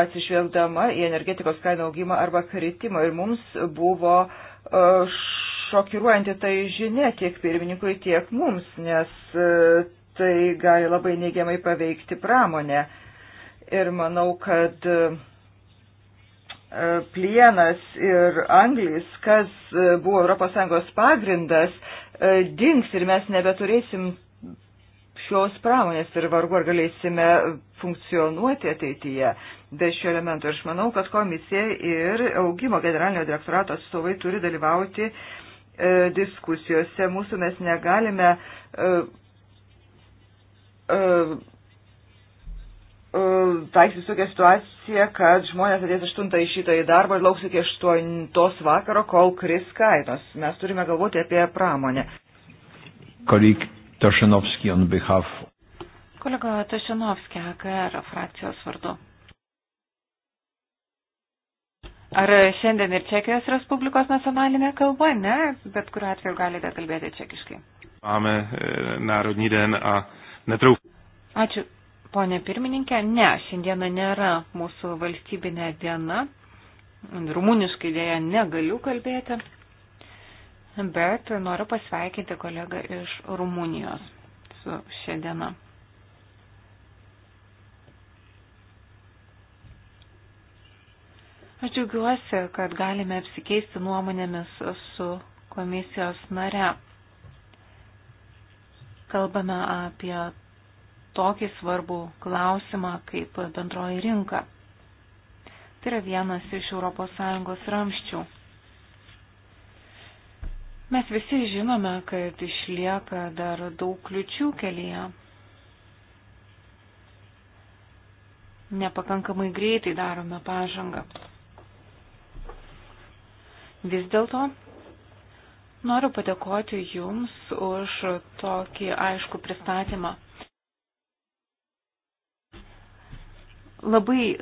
atsižvelgdama į energetikos kainų augimą arba kritimą. Ir mums buvo e, šokiruojanti tai žinia tiek pirmininkui, tiek mums, nes e, tai gali labai neigiamai paveikti pramonę. Ir manau, kad e, e, plienas ir anglis, kas e, buvo ES pagrindas, dings ir mes nebeturėsim šios pramonės ir vargu ar galėsime funkcionuoti ateityje be šio elemento. Aš manau, kad komisija ir augimo generalinio direktorato atstovai turi dalyvauti e, diskusijose. Mūsų mes negalime e, e, taiksis tokia situacija, kad žmonės atės 8 iš šitą į darbą ir lauks iki 8 vakaro, kol kris kainos. Mes turime galvoti apie pramonę. Kolik Tošinovski on behalf. Kolega Tošinovski, AKR frakcijos vardu. Ar šiandien ir Čekijos Respublikos nacionalinė kalba? Ne, bet kuriuo atveju galite kalbėti čekiškai. Máme e, národní den a netrou. Ačiū Pone pirmininkė, ne, šiandiena nėra mūsų valstybinė diena. Rumuniškai dėja negaliu kalbėti, bet noriu pasveikinti kolegą iš Rumunijos su šia diena. Aš džiaugiuosi, kad galime apsikeisti nuomonėmis su komisijos nare. Kalbame apie tokį svarbų klausimą kaip bendroji rinka. Tai yra vienas iš ES ramščių. Mes visi žinome, kad išlieka dar daug kliučių kelyje. Nepakankamai greitai darome pažangą. Vis dėlto Noriu padėkoti Jums už tokį aišku pristatymą. Labai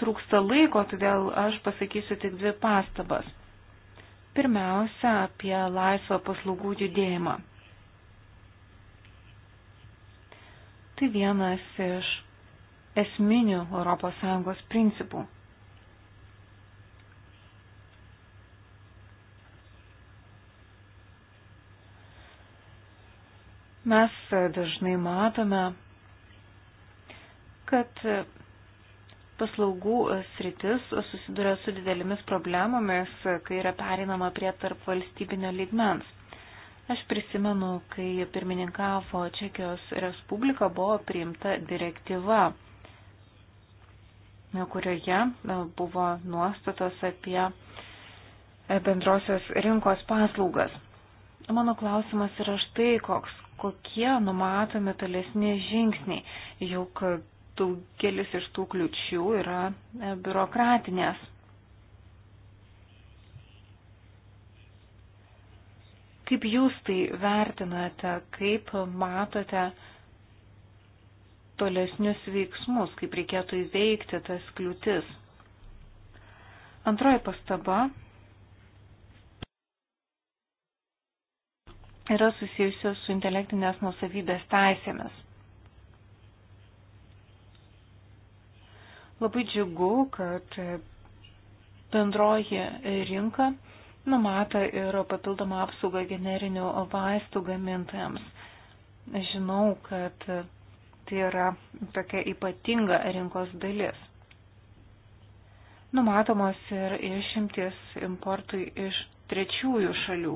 trūksta laiko, todėl aš pasakysiu tik dvi pastabas. Pirmiausia, apie laisvą paslaugų judėjimą. Tai vienas iš esminių ES principų. Mes dažnai matome, kad paslaugų e, sritis susiduria su didelėmis problemomis, e, kai yra perinama prie tarp valstybinio lygmens. Aš prisimenu, kai pirmininkavo Čekijos Respublika buvo priimta direktyva, kurioje e, buvo nuostatos apie bendrosios rinkos paslaugas. Mano klausimas yra štai koks kokie numatomi tolesni žingsniai, juk daugelis iš tų kliučių yra e, biurokratinės. Kaip jūs tai vertinate, kaip matote tolesnius veiksmus, kaip reikėtų įveikti tas kliūtis? Antroji pastaba yra susijusios su intelektinės nusavybės teisėmis. Labai džiugu, kad bendroji rinka numato ir papildomą apsaugą generinių vaistų gamintojams. Žinau, kad tai yra tokia ypatinga rinkos dalis. Numatomos ir išimtis importui iš trečiųjų šalių.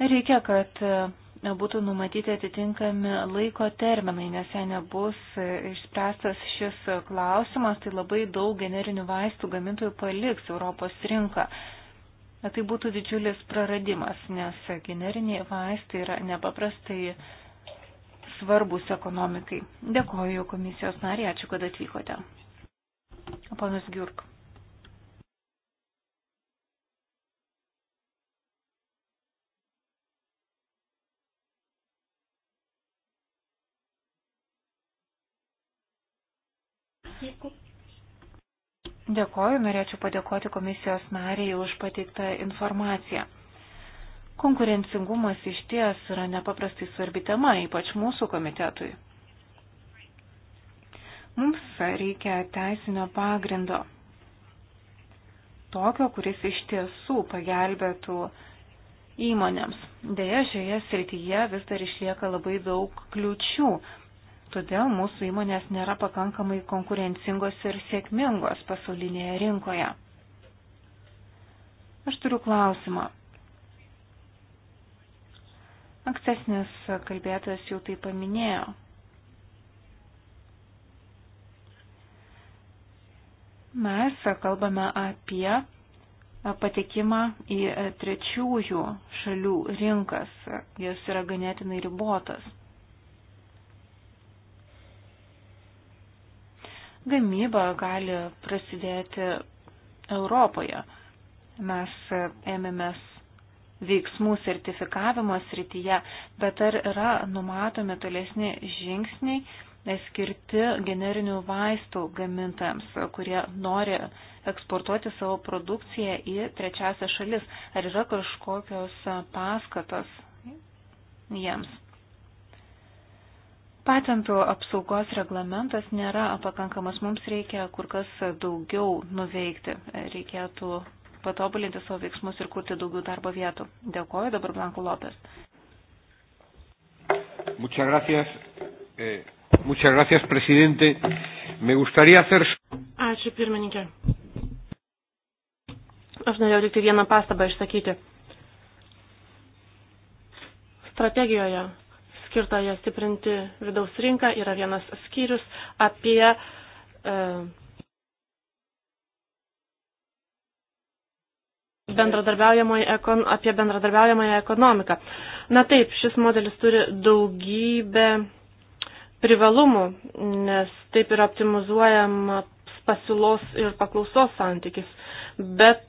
Reikia, kad būtų numatyti atitinkami laiko terminai, nes jei nebus išspręstas šis klausimas, tai labai daug generinių vaistų gamintojų paliks Europos rinką. Tai būtų didžiulis praradimas, nes generiniai vaistai yra nepaprastai svarbus ekonomikai. Dėkoju komisijos nariai, ačiū, kad atvykote. Ponas Giurk. Dėkoju, norėčiau padėkoti komisijos nariai už pateiktą informaciją. Konkurencingumas iš ties yra nepaprastai svarbi tema, ypač mūsų komitetui. Mums reikia teisinio pagrindo. Tokio, kuris iš tiesų pagelbėtų įmonėms. Deja, šioje srityje vis dar išlieka labai daug kliučių. Todėl mūsų įmonės nėra pakankamai konkurencingos ir sėkmingos pasaulinėje rinkoje. Aš turiu klausimą. Ankstesnis kalbėtojas jau tai paminėjo. Mes kalbame apie patekimą į trečiųjų šalių rinkas. Jos yra ganėtinai ribotas. gamyba gali prasidėti Europoje. Mes ėmėmės veiksmų sertifikavimo srityje, bet ar yra numatomi tolesni žingsniai e, skirti generinių vaistų gamintojams, kurie nori eksportuoti savo produkciją į trečiasią šalis? Ar yra kažkokios paskatos jiems? Patentų apsaugos reglamentas nėra pakankamas, mums reikia kur kas daugiau nuveikti, reikėtų patobulinti savo veiksmus ir kurti daugiau darbo vietų. Dėkoju dabar Blanko Lopes. Muchas gracias. Eh, muchas gracias, presidente. Me gustaría hacer. Ačiū, pirmininkė. Aš norėjau tik tai vieną pastabą išsakyti. Strategijoje skirtoje stiprinti vidaus rinką yra vienas skyrius apie e, bendradarbiaujamąją apie bendradarbiaujamąją ekonomiką. Na taip, šis modelis turi daugybę privalumų, nes taip yra optimizuojama pasiūlos ir paklausos santykis, bet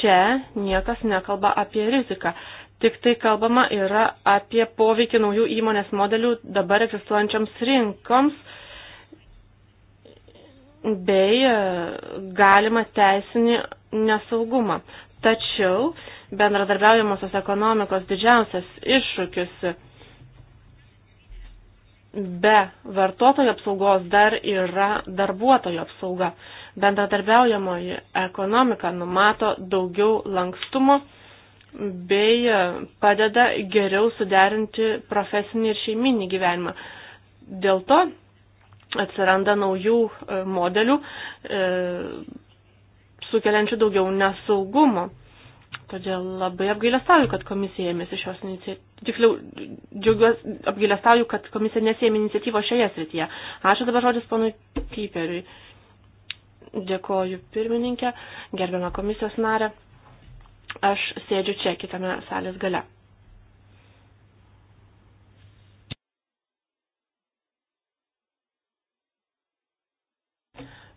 čia niekas nekalba apie riziką tik tai kalbama yra apie poveikį naujų įmonės modelių dabar egzistuojančioms rinkoms bei e, galima teisinį nesaugumą. Tačiau bendradarbiaujamosios ekonomikos didžiausias iššūkis be vartotojų apsaugos dar yra darbuotojų apsauga. Bendradarbiaujamoji ekonomika numato daugiau lankstumo bei padeda geriau suderinti profesinį ir šeiminį gyvenimą. Dėl to atsiranda naujų e, modelių, e, sukeliančių daugiau nesaugumo. Todėl labai apgailestauju, kad komisija ėmėsi šios iniciatyvos. Tiksliau, džiaugiuosi, apgailestauju, kad komisija nesėmė iniciatyvos šioje srityje. Ačiū dabar žodis ponui Piperiui. Dėkoju pirmininkė, gerbiamą komisijos narę. Aš sėdžiu čia kitame salės gale.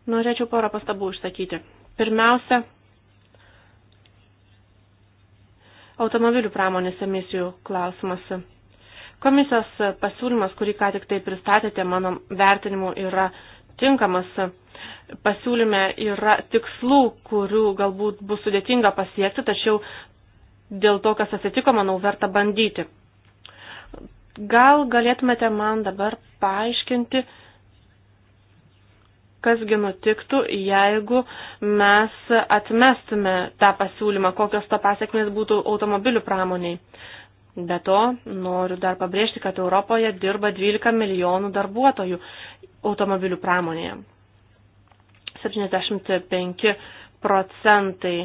Norėčiau porą pastabų išsakyti. Pirmiausia, automobilių pramonės emisijų klausimas. Komisijos pasiūlymas, kurį ką tik tai pristatėte, mano vertinimu yra tinkamas. Pasiūlyme yra tikslų, kurių galbūt bus sudėtinga pasiekti, tačiau dėl to, kas atsitiko, manau, verta bandyti. Gal galėtumėte man dabar paaiškinti, kasgi nutiktų, jeigu mes atmestume tą pasiūlymą, kokios to pasiekmės būtų automobilių pramoniai. Be to, noriu dar pabrėžti, kad Europoje dirba 12 milijonų darbuotojų automobilių pramonėje. 75 procentai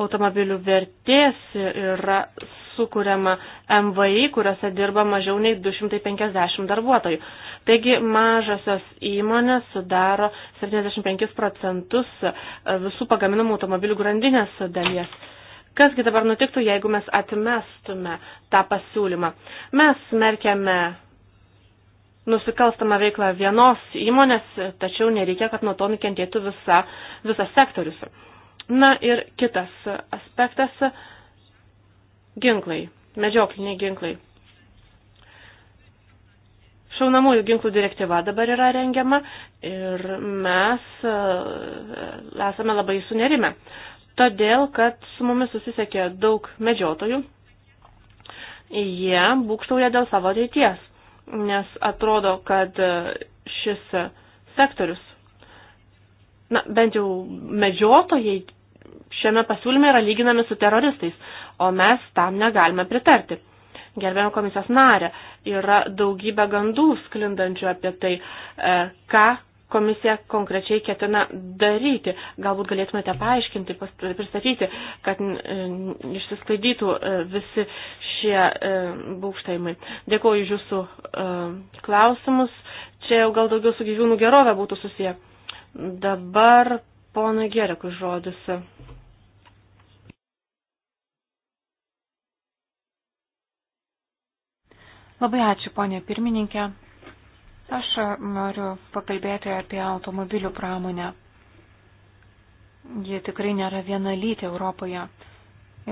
automobilių vertės yra sukūriama MVI, kuriuose dirba mažiau nei 250 darbuotojų. Taigi mažasios įmonės sudaro 75 procentus visų pagaminamų automobilių grandinės dalies. Kasgi dabar nutiktų, jeigu mes atmestume tą pasiūlymą? Mes smerkiame nusikalstamą veiklą vienos įmonės, tačiau nereikia, kad nuo to nukentėtų visa, visas sektorius. Na ir kitas aspektas - ginklai, medžiokliniai ginklai. Šaunamųjų ginklų direktyva dabar yra rengiama ir mes e, esame labai sunerime. Todėl, kad su mumis susisiekė daug medžiotojų, jie būkštauja dėl savo ateities nes atrodo, kad e, šis e, sektorius, na, bent jau medžiotojai šiame pasiūlyme yra lyginami su teroristais, o mes tam negalime pritarti. Gerbėjom komisijos narė, yra daugybė gandų sklindančių apie tai, e, ką komisija konkrečiai ketina daryti. Galbūt galėtumėte paaiškinti, pristatyti, kad išsisklaidytų e, visi šie e, būkštaimai. Dėkuoju iš jūsų e, klausimus. Čia jau gal daugiau su gyvūnų gerovė būtų susiję. Dabar ponai Gerekui žodis. Labai ačiū, ponė pirmininkė. Aš noriu pakalbėti apie automobilių pramonę. Jie tikrai nėra vienalytė Europoje.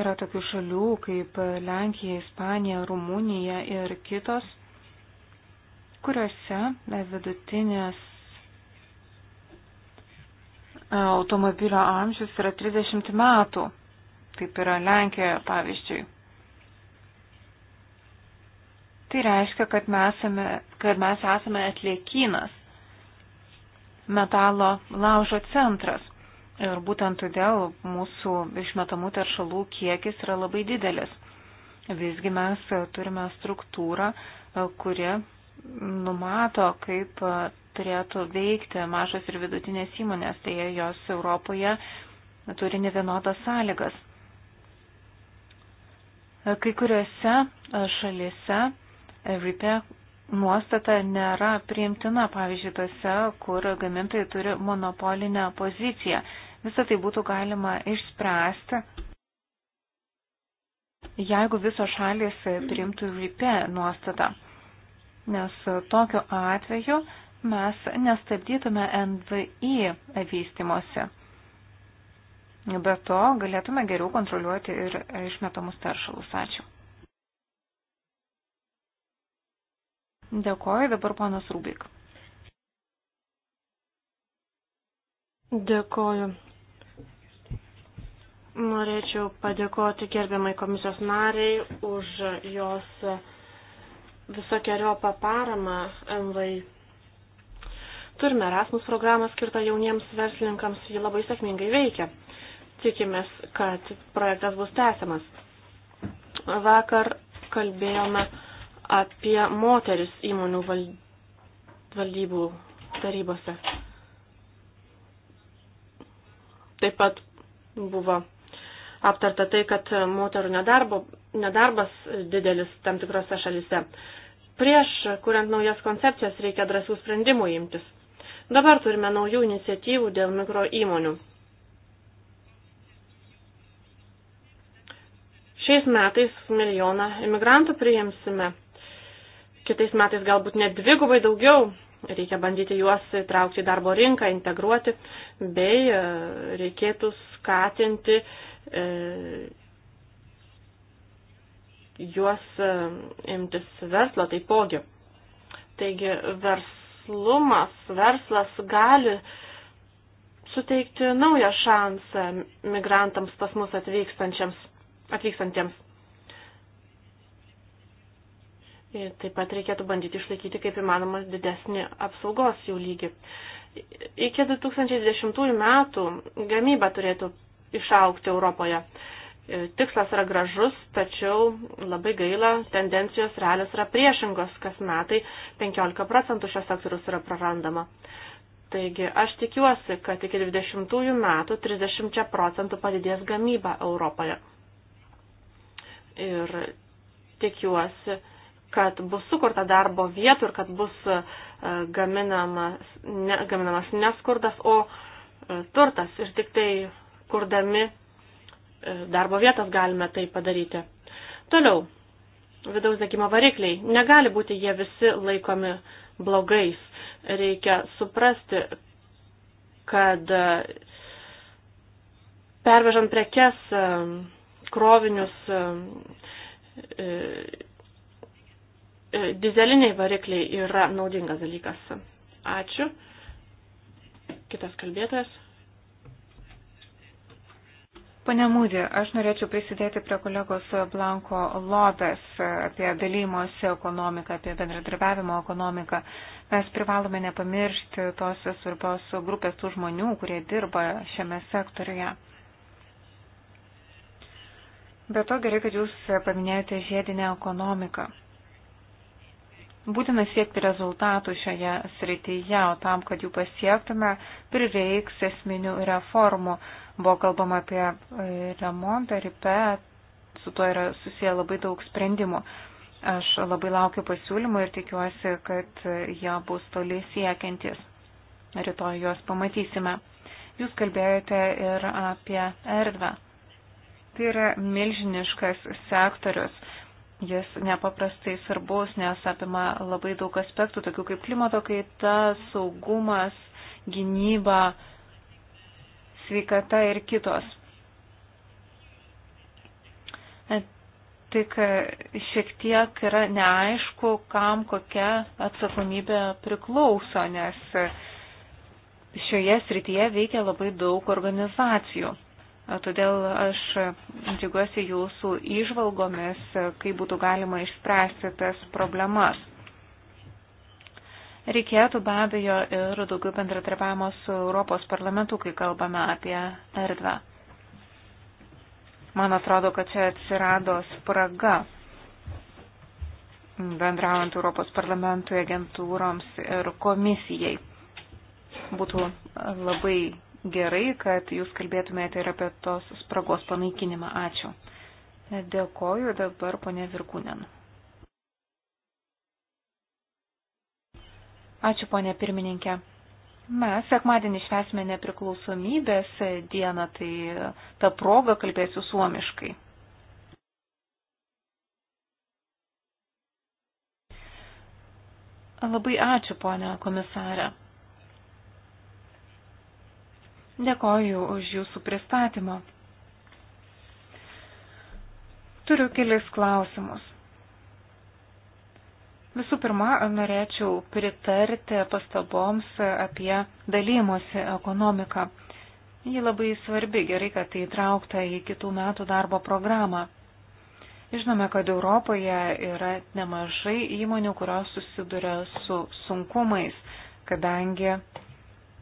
Yra tokių šalių kaip Lenkija, Ispanija, Rumunija ir kitos, kuriuose vidutinės automobilio amžius yra 30 metų. Taip yra Lenkijoje, pavyzdžiui. Tai reiškia, kad mes esame, kad mes esame atliekynas, metalo laužo centras. Ir būtent todėl mūsų išmetamų teršalų kiekis yra labai didelis. Visgi mes turime struktūrą, kuri numato, kaip turėtų veikti mažos ir vidutinės įmonės, tai jos Europoje turi nevienodas sąlygas. Kai kuriuose šalise RIPE nuostata nėra priimtina, pavyzdžiui, tose, kur gamintojai turi monopolinę poziciją. Visą tai būtų galima išspręsti, jeigu visos šalis priimtų RIPE nuostatą. Nes tokiu atveju mes nestabdytume NVI vystimosi. Be to galėtume geriau kontroliuoti ir išmetamus teršalus. Ačiū. Dėkoju, dabar ponas Rubik. Dėkoju. Norėčiau padėkoti gerbiamai komisijos nariai už jos visokiojo paparamą MVI. Turime Erasmus programą skirtą jauniems verslininkams, ji labai sėkmingai veikia. Tikimės, kad projektas bus tęsiamas. Vakar kalbėjome apie moteris įmonių valdybų tarybose. Taip pat buvo aptarta tai, kad moterų nedarbo, nedarbas didelis tam tikrose šalise. Prieš, kuriant naujas koncepcijas, reikia drąsių sprendimų imtis. Dabar turime naujų iniciatyvų dėl mikro įmonių. Šiais metais milijoną imigrantų priimsime kitais metais galbūt net dvigubai daugiau. Reikia bandyti juos traukti į darbo rinką, integruoti, bei e, reikėtų skatinti e, juos e, imtis verslo taipogi. Taigi verslumas, verslas gali suteikti naują šansą migrantams pas mus atvykstantiems. Ir taip pat reikėtų bandyti išlaikyti kaip įmanomas didesnį apsaugos jų lygį. Iki 2010 metų gamyba turėtų išaukti Europoje. Tikslas yra gražus, tačiau labai gaila, tendencijos realios yra priešingos, kas metai 15 procentų šios sektorius yra prarandama. Taigi aš tikiuosi, kad iki 20 metų 30 procentų padidės gamyba Europoje. Ir tikiuosi, kad bus sukurta darbo vietų ir kad bus e, gaminamas, ne, gaminamas neskurdas, o e, turtas. Ir tik tai kurdami e, darbo vietas galime tai padaryti. Toliau, vidaus degimo varikliai. Negali būti jie visi laikomi blogais. Reikia suprasti, kad pervežant prekes, krovinius E, dizeliniai varikliai yra naudingas dalykas. Ačiū. Kitas kalbėtojas. Pane Mūdė, aš norėčiau prisidėti prie kolegos Blanko Lopes apie dalymosi ekonomiką, apie bendradarbiavimo ekonomiką. Mes privalome nepamiršti tos svarbios grupės tų žmonių, kurie dirba šiame sektoriuje. Be to gerai, kad jūs paminėjote žiedinę ekonomiką. Būtina siekti rezultatų šioje srityje, o tam, kad jų pasiektume, prireiks esminių reformų. Buvo kalbama apie e, remontą, ripę, su tuo yra susiję labai daug sprendimų. Aš labai laukiu pasiūlymų ir tikiuosi, kad jie bus toli siekiantis. Rytoj juos pamatysime. Jūs kalbėjote ir apie erdvę. Tai yra milžiniškas sektorius Jis nepaprastai svarbus, nes apima labai daug aspektų, tokių kaip klimato kaita, saugumas, gynyba, sveikata ir kitos. Tik šiek tiek yra neaišku, kam kokia atsakomybė priklauso, nes šioje srityje veikia labai daug organizacijų. Todėl aš džiugiuosi jūsų išvalgomis, kaip būtų galima išspręsti tas problemas. Reikėtų be abejo ir daugiau bendratarpiavimo su Europos parlamentu, kai kalbame apie erdvę. Man atrodo, kad čia atsirado spraga bendraujant Europos parlamentui, agentūroms ir komisijai. Būtų labai gerai, kad jūs kalbėtumėte ir apie tos spragos panaikinimą. Ačiū. Dėkoju dabar ponė Virkūnen. Ačiū ponė pirmininkė. Mes sekmadienį švesime nepriklausomybės dieną, tai tą progą kalbėsiu suomiškai. Labai ačiū, ponia komisarė. Dėkoju už jūsų pristatymą. Turiu kelis klausimus. Visų pirma, norėčiau pritarti pastaboms apie dalymosi ekonomiką. Ji labai svarbi, gerai, kad tai įtraukta į kitų metų darbo programą. Žinome, kad Europoje yra nemažai įmonių, kurios susiduria su sunkumais, kadangi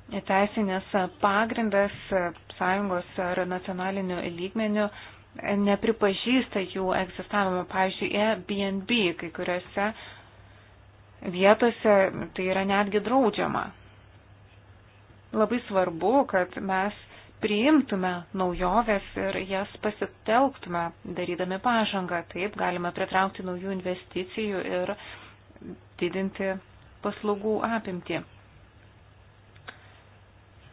teisinės pagrindas sąjungos ar nacionaliniu lygmeniu nepripažįsta jų egzistavimo. Pavyzdžiui, Airbnb kai kuriuose vietose tai yra netgi draudžiama. Labai svarbu, kad mes priimtume naujoves ir jas pasitelktume, darydami pažangą. Taip galime pritraukti naujų investicijų ir didinti paslaugų apimtį.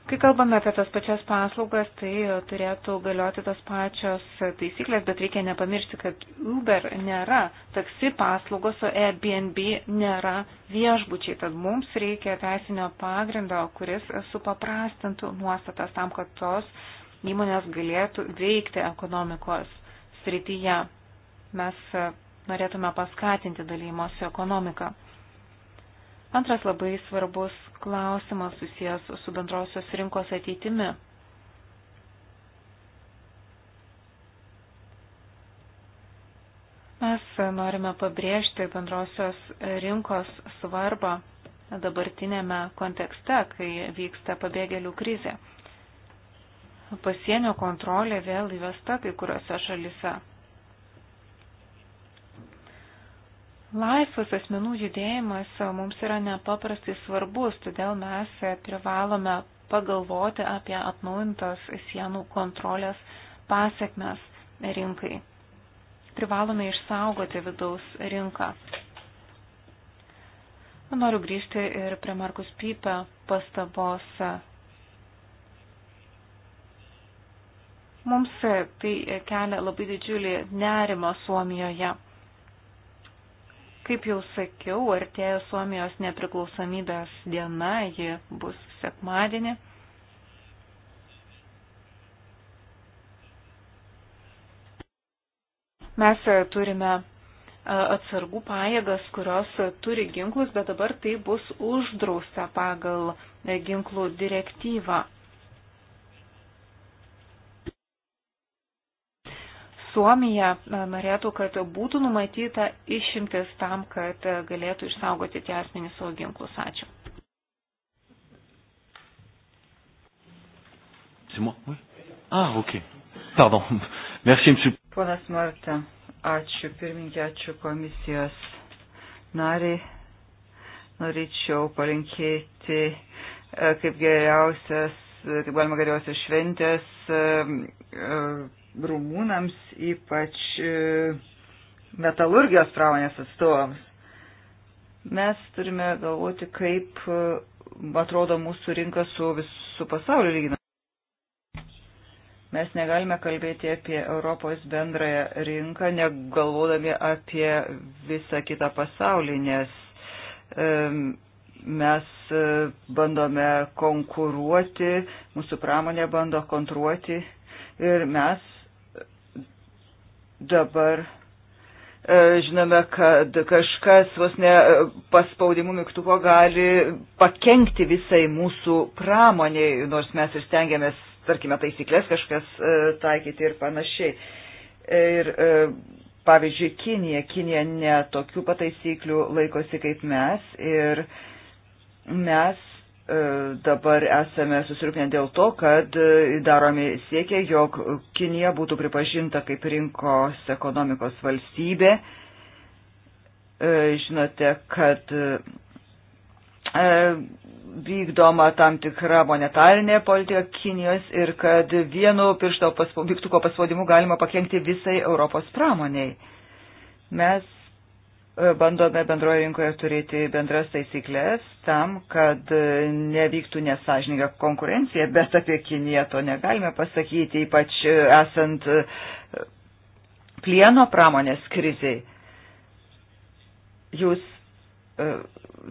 Kai kalbame apie tas pačias paslaugas, tai e, turėtų galioti tos pačios e, taisyklės, bet reikia nepamiršti, kad Uber nėra taksi paslaugos, o Airbnb nėra viešbučiai. Tad mums reikia teisinio pagrindo, kuris supaprastintų nuostatas tam, kad tos įmonės galėtų veikti ekonomikos srityje. Mes e, norėtume paskatinti dalymosi ekonomiką. Antras labai svarbus klausimas susijęs su bendrosios rinkos ateitimi. Mes norime pabrėžti bendrosios rinkos svarbą dabartinėme kontekste, kai vyksta pabėgėlių krizė. Pasienio kontrolė vėl įvesta kai kuriuose šalise. Laisvas asmenų judėjimas mums yra nepaprastai svarbus, todėl mes privalome pagalvoti apie atnaujintos sienų kontrolės pasiekmes rinkai. Privalome išsaugoti vidaus rinką. Noriu grįžti ir prie Markus Pypę pastabos. Mums tai kelia labai didžiulį nerimą Suomijoje Kaip jau sakiau, artėja Suomijos nepriklausomybės diena, ji bus sekmadienį. Mes e, turime e, atsargų pajėgas, kurios e, turi ginklus, bet dabar tai bus uždrausta pagal ginklų direktyvą. Suomija norėtų, kad būtų numatyta išimtis tam, kad galėtų išsaugoti tie asmenys savo ginklus. Ačiū. Ah, okay. Pardon. Merci, monsieur. Ponas Marta, ačiū pirmininkė, ačiū komisijos nariai. Norėčiau palinkėti e, kaip geriausias, kaip galima geriausias šventės e, e, rumūnams, ypač e, metalurgijos pramonės atstovams. Mes turime galvoti, kaip e, atrodo mūsų rinka su visų pasauliu lyginant. Mes negalime kalbėti apie Europos bendrąją rinką, negalvodami apie visą kitą pasaulį, nes um, mes bandome konkuruoti, mūsų pramonė bando kontruoti ir mes Dabar e, žinome, kad kažkas vos ne e, paspaudimu mygtuko gali pakengti visai mūsų pramoniai, nors mes ir stengiamės, tarkime, taisyklės kažkas e, taikyti ir panašiai. Ir pavyzdžiui, Kinija, Kinija ne tokių pataisyklių laikosi kaip mes ir mes E, dabar esame susirūpinę dėl to, kad e, daromi siekiai, jog Kinija būtų pripažinta kaip rinkos ekonomikos valstybė. E, žinote, kad vykdoma tam tikra monetarinė politika Kinijos ir kad vienu piršto paspa, mygtuko paspaudimu galima pakengti visai Europos pramoniai. Mes E, bandome bendroje rinkoje turėti bendras taisyklės tam, kad e, nevyktų nesažininga konkurencija, bet apie Kiniją to negalime pasakyti, ypač e, esant plieno pramonės kriziai. Jūs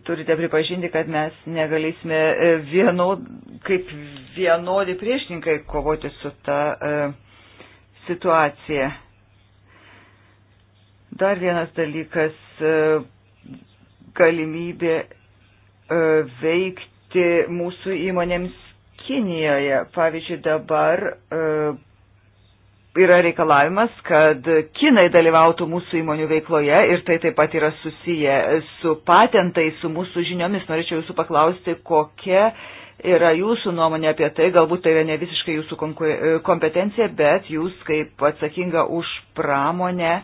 turite pripažinti, kad mes negalėsime vienod, kaip vienodi priešininkai kovoti su ta situacija Dar vienas dalykas e, - galimybė e, veikti mūsų įmonėms Kinijoje. Pavyzdžiui, dabar e, yra reikalavimas, kad Kinai dalyvautų mūsų įmonių veikloje ir tai taip pat yra susiję su patentai, su mūsų žiniomis. Norėčiau jūsų paklausti, kokia yra jūsų nuomonė apie tai, galbūt tai yra ne visiškai jūsų kompetencija, bet jūs kaip atsakinga už pramonę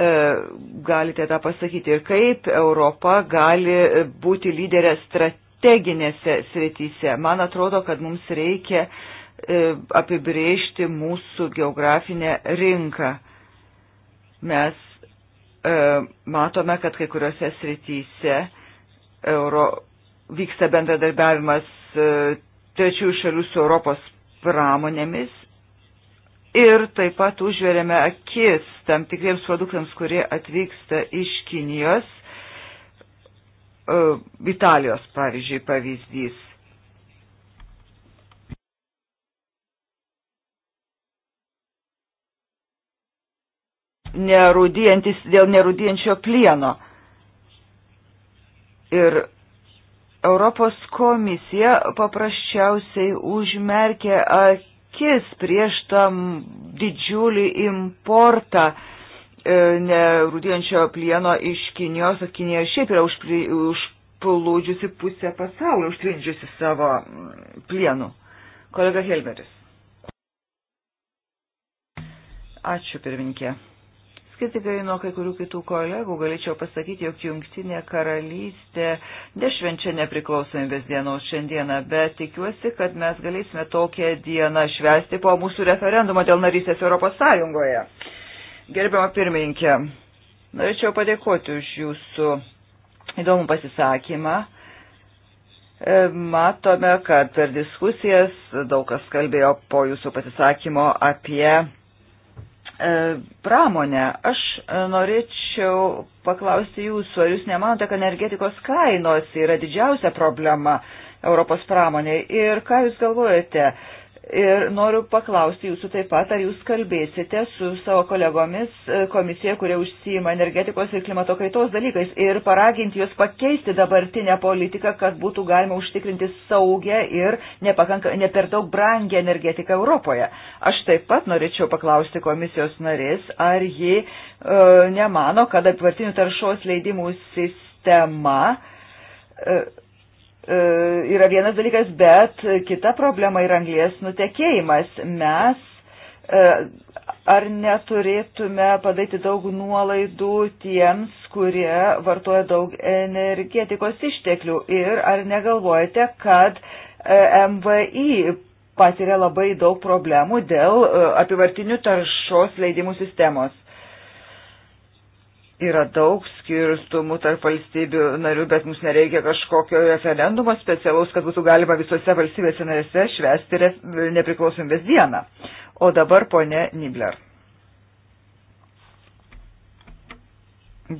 E, galite tą pasakyti ir kaip Europa gali e, būti lyderė strateginėse srityse. Man atrodo, kad mums reikia e, apibriežti mūsų geografinę rinką. Mes matome, kad kai kuriuose srityse Euro, vyksta bendradarbiavimas trečiųjų šalių su Europos pramonėmis Ir taip pat užveriame akis tam tikriems produktams, kurie atvyksta iš Kinijos, uh, Italijos pavyzdžiui pavyzdys. Nerūdijantis dėl nerūdijančio plieno. Ir Europos komisija paprasčiausiai užmerkė akis akis prieš tam didžiulį importą e, nerūdijančio plieno iš Kinijos, o Kinija šiaip yra užplūdžiusi pusę pasaulio, užtvindžiusi savo mm, plienų. Kolega Helmeris. Ačiū pirminkė. Skirtingai nuo kai kurių kitų kolegų galėčiau pasakyti, jog Jungtinė karalystė nešvenčia nepriklausomybės dienos šiandieną, bet tikiuosi, kad mes galėsime tokią dieną švesti po mūsų referendumo dėl narystės Europos Sąjungoje. Gerbiama pirmininkė, norėčiau padėkoti už jūsų įdomų pasisakymą. E, matome, kad per diskusijas daug kas kalbėjo po jūsų pasisakymo apie E, pramonę. Aš e, norėčiau paklausti jūsų, ar jūs nemanote, kad energetikos kainos yra didžiausia problema Europos pramonė ir ką jūs galvojate, Ir noriu paklausti jūsų taip pat, ar jūs kalbėsite su savo kolegomis e, komisija, kurie užsijima energetikos ir klimato kaitos dalykais ir paraginti juos pakeisti dabartinę politiką, kad būtų galima užtikrinti saugę ir nepakanka, ne per daug brangę energetiką Europoje. Aš taip pat norėčiau paklausti komisijos narės, ar ji e, nemano, kad apvartinių taršos leidimų sistema e, E, yra vienas dalykas, bet kita problema yra anglės nutekėjimas. Mes e, ar neturėtume padaryti daug nuolaidų tiems, kurie vartoja daug energetikos išteklių ir ar negalvojate, kad e, MVI patiria labai daug problemų dėl apivartinių taršos leidimų sistemos? Yra daug skirstumų tarp valstybių narių, bet mums nereikia kažkokio referendumo specialaus, kad būtų galima visose valstybėse narėse švesti nepriklausomybės dieną. O dabar ponė Nibler.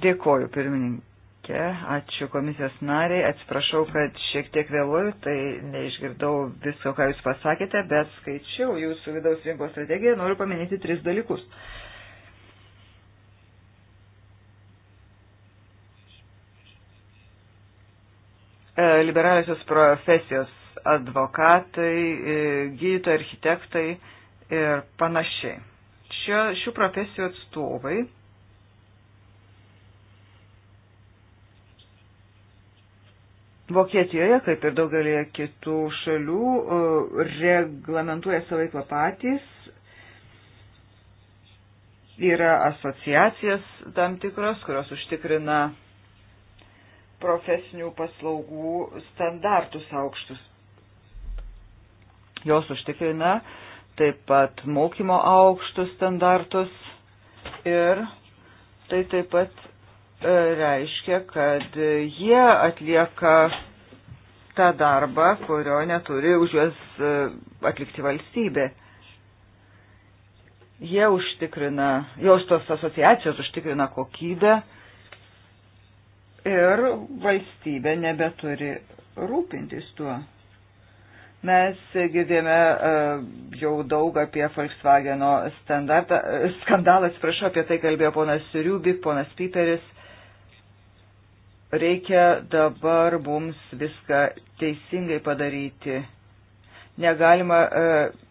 Dėkoju, pirmininkė. Ačiū komisijos nariai. Atsiprašau, kad šiek tiek vėluoju, tai neišgirdau visko, ką jūs pasakėte, bet skaičiau jūsų vidaus rinkos strategiją. Noriu paminėti tris dalykus. E, liberaliosios profesijos advokatai, e, gydytojai, architektai ir panašiai. Šio, šių profesijų atstovai Vokietijoje, kaip ir daugelėje kitų šalių, e, reglamentuoja savo veiklą patys, yra asociacijas tam tikros, kurios užtikrina profesinių paslaugų standartus aukštus. Jos užtikrina taip pat mokymo aukštus standartus ir tai taip pat e, reiškia, kad jie atlieka tą darbą, kurio neturi už juos e, atlikti valstybė jie užtikrina, jos tos asociacijos užtikrina kokybę ir valstybė nebeturi rūpintis tuo. Mes girdėjome e, jau daug apie Volkswageno e, skandalą, atsiprašau, apie tai kalbėjo ponas Siriubik, ponas Piperis. Reikia dabar mums viską teisingai padaryti. Negalima uh,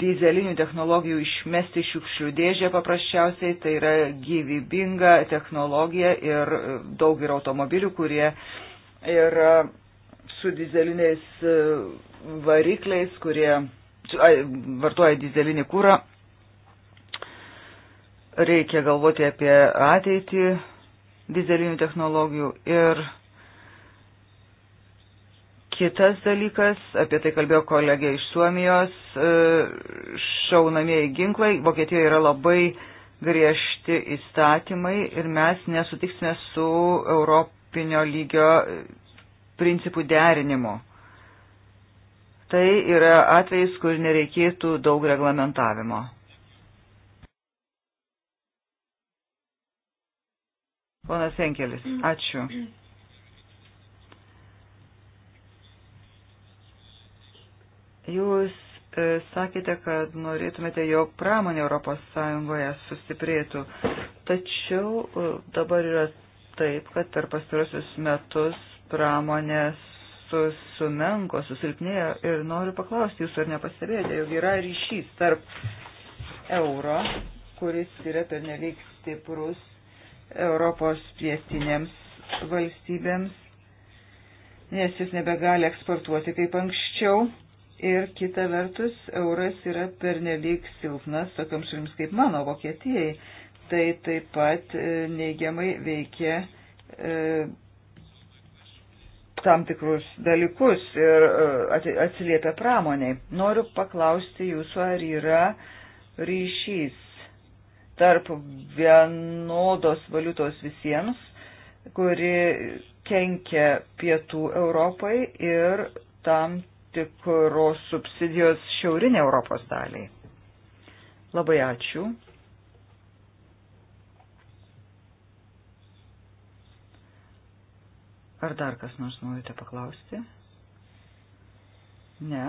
dizelinių technologijų išmesti šiukšlių dėžę paprasčiausiai, tai yra gyvybinga technologija ir daug yra automobilių, kurie yra su dizeliniais e, varikliais, kurie ai, vartoja dizelinį kūrą. Reikia galvoti apie ateitį dizelinių technologijų ir Kitas dalykas, apie tai kalbėjo kolegė iš Suomijos, e, šaunamieji ginklai. Vokietijoje yra labai griežti įstatymai ir mes nesutiksime su europinio lygio e, principų derinimu. Tai yra atvejs, kur nereikėtų daug reglamentavimo. Ponas Enkelis, ačiū. Jūs e, sakėte, kad norėtumėte, jog pramonė ES sustiprėtų. Tačiau e, dabar yra taip, kad per pastarosius metus pramonė sumenko, susilpnėjo ir noriu paklausti jūsų, ar nepastebėjote, jog yra ryšys tarp euro, kuris yra pernelyg stiprus Europos pietinėms valstybėms, nes jis nebegali eksportuoti kaip anksčiau Ir kita vertus, euras yra pernelyg silpnas tokiam šalims kaip mano Vokietijai. Tai taip pat e, neigiamai veikia e, tam tikrus dalykus ir e, atsiliepia pramoniai. Noriu paklausti jūsų, ar yra ryšys tarp vienodos valiutos visiems, kuri kenkia pietų Europai ir tam tikros subsidijos šiaurinė Europos daliai. Labai ačiū. Ar dar kas nors norite paklausti? Ne.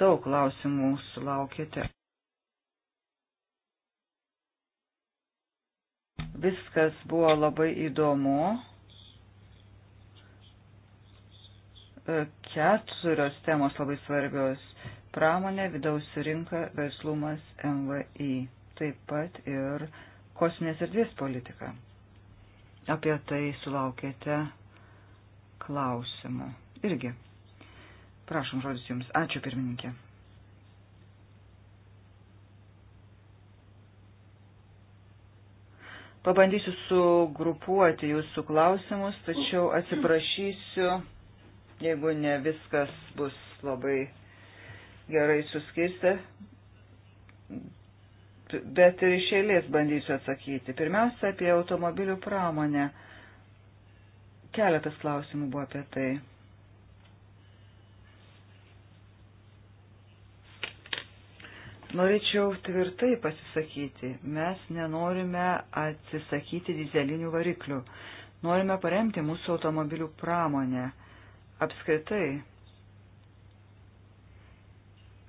Daug klausimų sulaukėte. Viskas buvo labai įdomu. keturios temos labai svarbios - pramonė, vidaus rinka, verslumas, MVI, taip pat ir kosminės erdvės politika. Apie tai sulaukėte klausimų. Irgi. Prašom žodis Jums. Ačiū pirmininkė. Pabandysiu sugrupuoti jūsų klausimus, tačiau atsiprašysiu jeigu ne viskas bus labai gerai suskirstę, bet ir iš eilės bandysiu atsakyti. Pirmiausia, apie automobilių pramonę. Keletas klausimų buvo apie tai. Norėčiau tvirtai pasisakyti, mes nenorime atsisakyti dizelinių variklių. Norime paremti mūsų automobilių pramonę apskritai.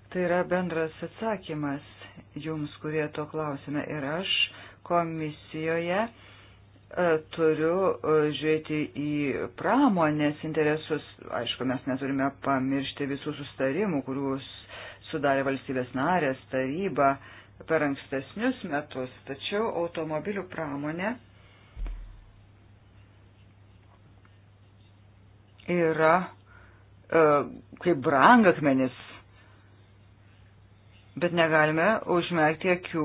Tai yra bendras atsakymas jums, kurie to klausime. Ir aš komisijoje e, turiu e, žiūrėti į pramonės interesus. Aišku, mes neturime pamiršti visų sustarimų, kuriuos sudarė valstybės narės taryba per ankstesnius metus. Tačiau automobilių pramonė yra e, kaip brangakmenis, bet negalime užmerkti akių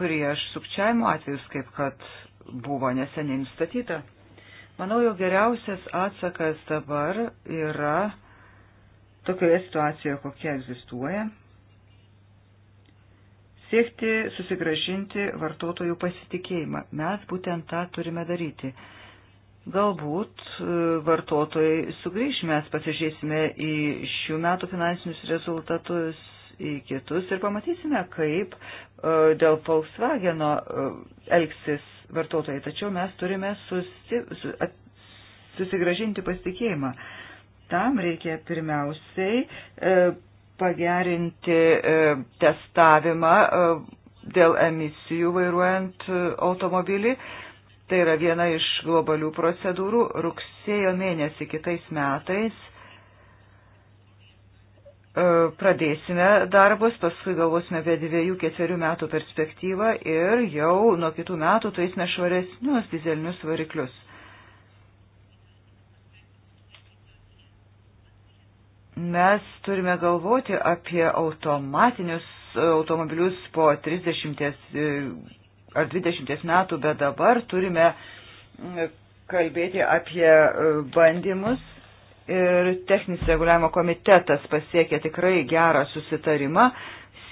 prieš sukčiavimo atvejus, kaip kad buvo neseniai nustatyta. Manau, jau geriausias atsakas dabar yra tokioje situacijoje, kokia egzistuoja - siekti susigražinti vartotojų pasitikėjimą. Mes būtent tą turime daryti. Galbūt e, vartotojai sugrįž, mes pasižiūrėsime į šių metų finansinius rezultatus, į kitus ir pamatysime, kaip e, dėl Volkswageno e, elgsis vartotojai. Tačiau mes turime susi, su, at, susigražinti pasitikėjimą. Tam reikia pirmiausiai e, pagerinti e, testavimą e, dėl emisijų vairuojant automobilį. E, Tai yra viena iš globalių procedūrų. Rugsėjo mėnesį kitais metais e, pradėsime darbus, paskui galvosime apie dviejų ketverių metų perspektyvą ir jau nuo kitų metų turėsime švaresnius dizelinius variklius. Mes turime galvoti apie automatinius e, automobilius po 30 ar 20 metų, bet dabar turime mm, kalbėti apie e, bandymus ir techninis reguliavimo komitetas pasiekė tikrai gerą susitarimą.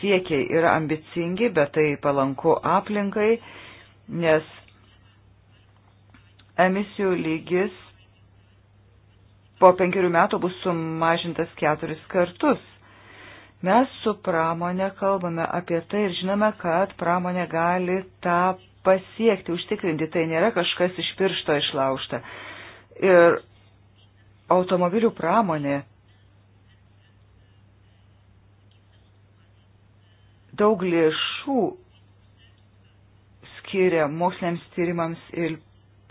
Siekiai yra ambicingi, bet tai palanku aplinkai, nes emisijų lygis po penkerių metų bus sumažintas keturis kartus. Mes su pramonė kalbame apie tai ir žinome, kad pramonė gali tą pasiekti, užtikrinti. Tai nėra kažkas iš piršto išlaužta. Ir automobilių pramonė daug lėšų skiria moksliniams tyrimams ir,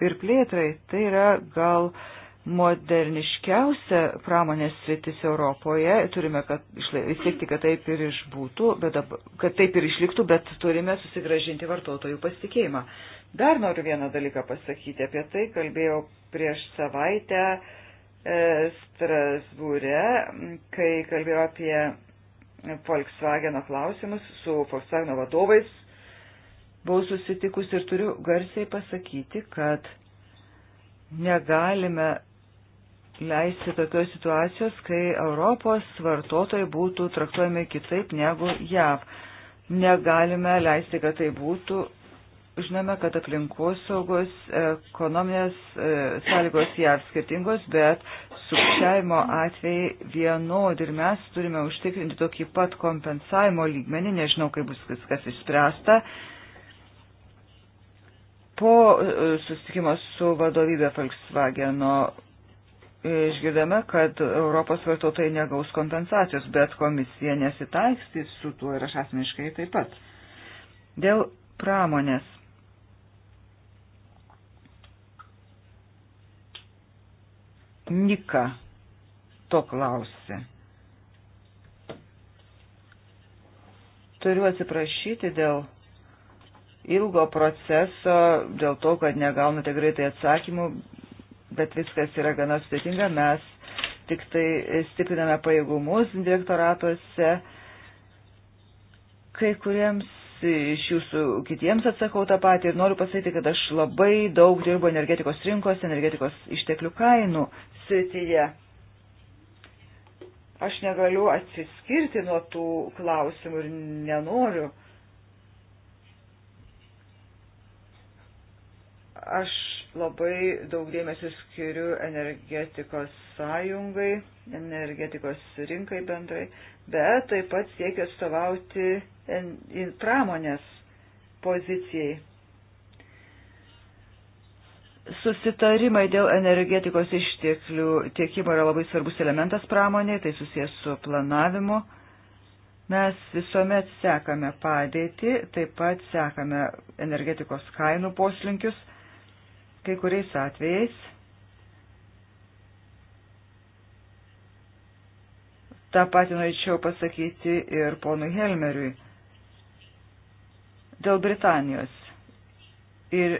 ir plėtrai. Tai yra gal uh, moderniškiausia pramonės sritis Europoje. Turime kad, siekti, kad taip ir išbūtų, bet, kad taip ir išliktų, bet turime susigražinti vartotojų pasitikėjimą. Dar noriu vieną dalyką pasakyti. Apie tai kalbėjau prieš savaitę e, Strasbūre, kai kalbėjau apie Volkswageno klausimus su Volkswageno vadovais. Buvau susitikus ir turiu garsiai pasakyti, kad negalime leisti tokios situacijos, kai Europos vartotojai būtų traktuojami kitaip negu JAV. Negalime leisti, kad tai būtų. Žinome, kad aplinkos saugos, ekonominės e, sąlygos JAV skirtingos, bet sukčiavimo atvejai vienodi ir mes turime užtikrinti tokį pat kompensavimo lygmenį, nežinau, kaip bus viskas išspręsta po e, susitikimo su vadovybė Volkswageno išgirdame, kad Europos vartotojai negaus kompensacijos, bet komisija nesitaikstys su tuo ir aš asmeniškai taip pat. Dėl pramonės. Nika to klausė. Turiu atsiprašyti dėl ilgo proceso, dėl to, kad negaunate greitai atsakymų, bet viskas yra gana sudėtinga. Mes tik tai stipriname pajėgumus direktoratuose. Kai kuriems iš jūsų kitiems atsakau tą patį ir noriu pasakyti, kad aš labai daug dirbu energetikos rinkos, energetikos išteklių kainų srityje. Aš negaliu atsiskirti nuo tų klausimų ir nenoriu. Aš Labai daug dėmesio skiriu energetikos sąjungai, energetikos rinkai bendrai, bet taip pat siekiu atstovauti pramonės pozicijai. Susitarimai dėl energetikos išteklių tiekimo yra labai svarbus elementas pramoniai, tai susijęs su planavimu. Mes visuomet sekame padėtį, taip pat sekame energetikos kainų poslinkius. Kai kuriais atvejais tą patį norėčiau pasakyti ir ponui Helmeriui dėl Britanijos ir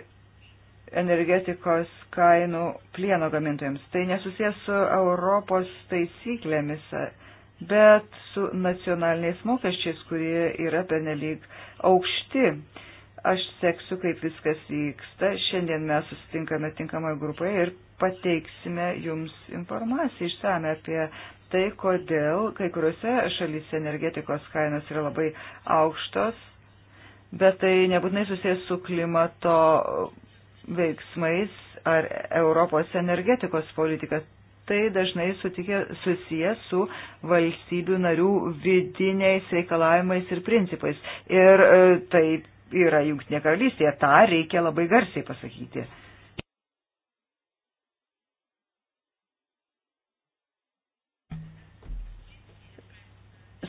energetikos kainų plieno gamintojams. Tai nesusijęs su Europos taisyklėmis, bet su nacionaliniais mokesčiais, kurie yra pernelyg aukšti. Aš seksiu, kaip viskas vyksta. Šiandien mes susitinkame tinkamoje grupėje ir pateiksime jums informaciją išsame apie tai, kodėl kai kuriuose šalyse energetikos kainos yra labai aukštos, bet tai nebūtinai susijęs su klimato veiksmais ar Europos energetikos politika tai dažnai sutikė, susiję su valstybių narių vidiniais reikalavimais ir principais. Ir e, taip yra Junktinė karalystė, tą reikia labai garsiai pasakyti.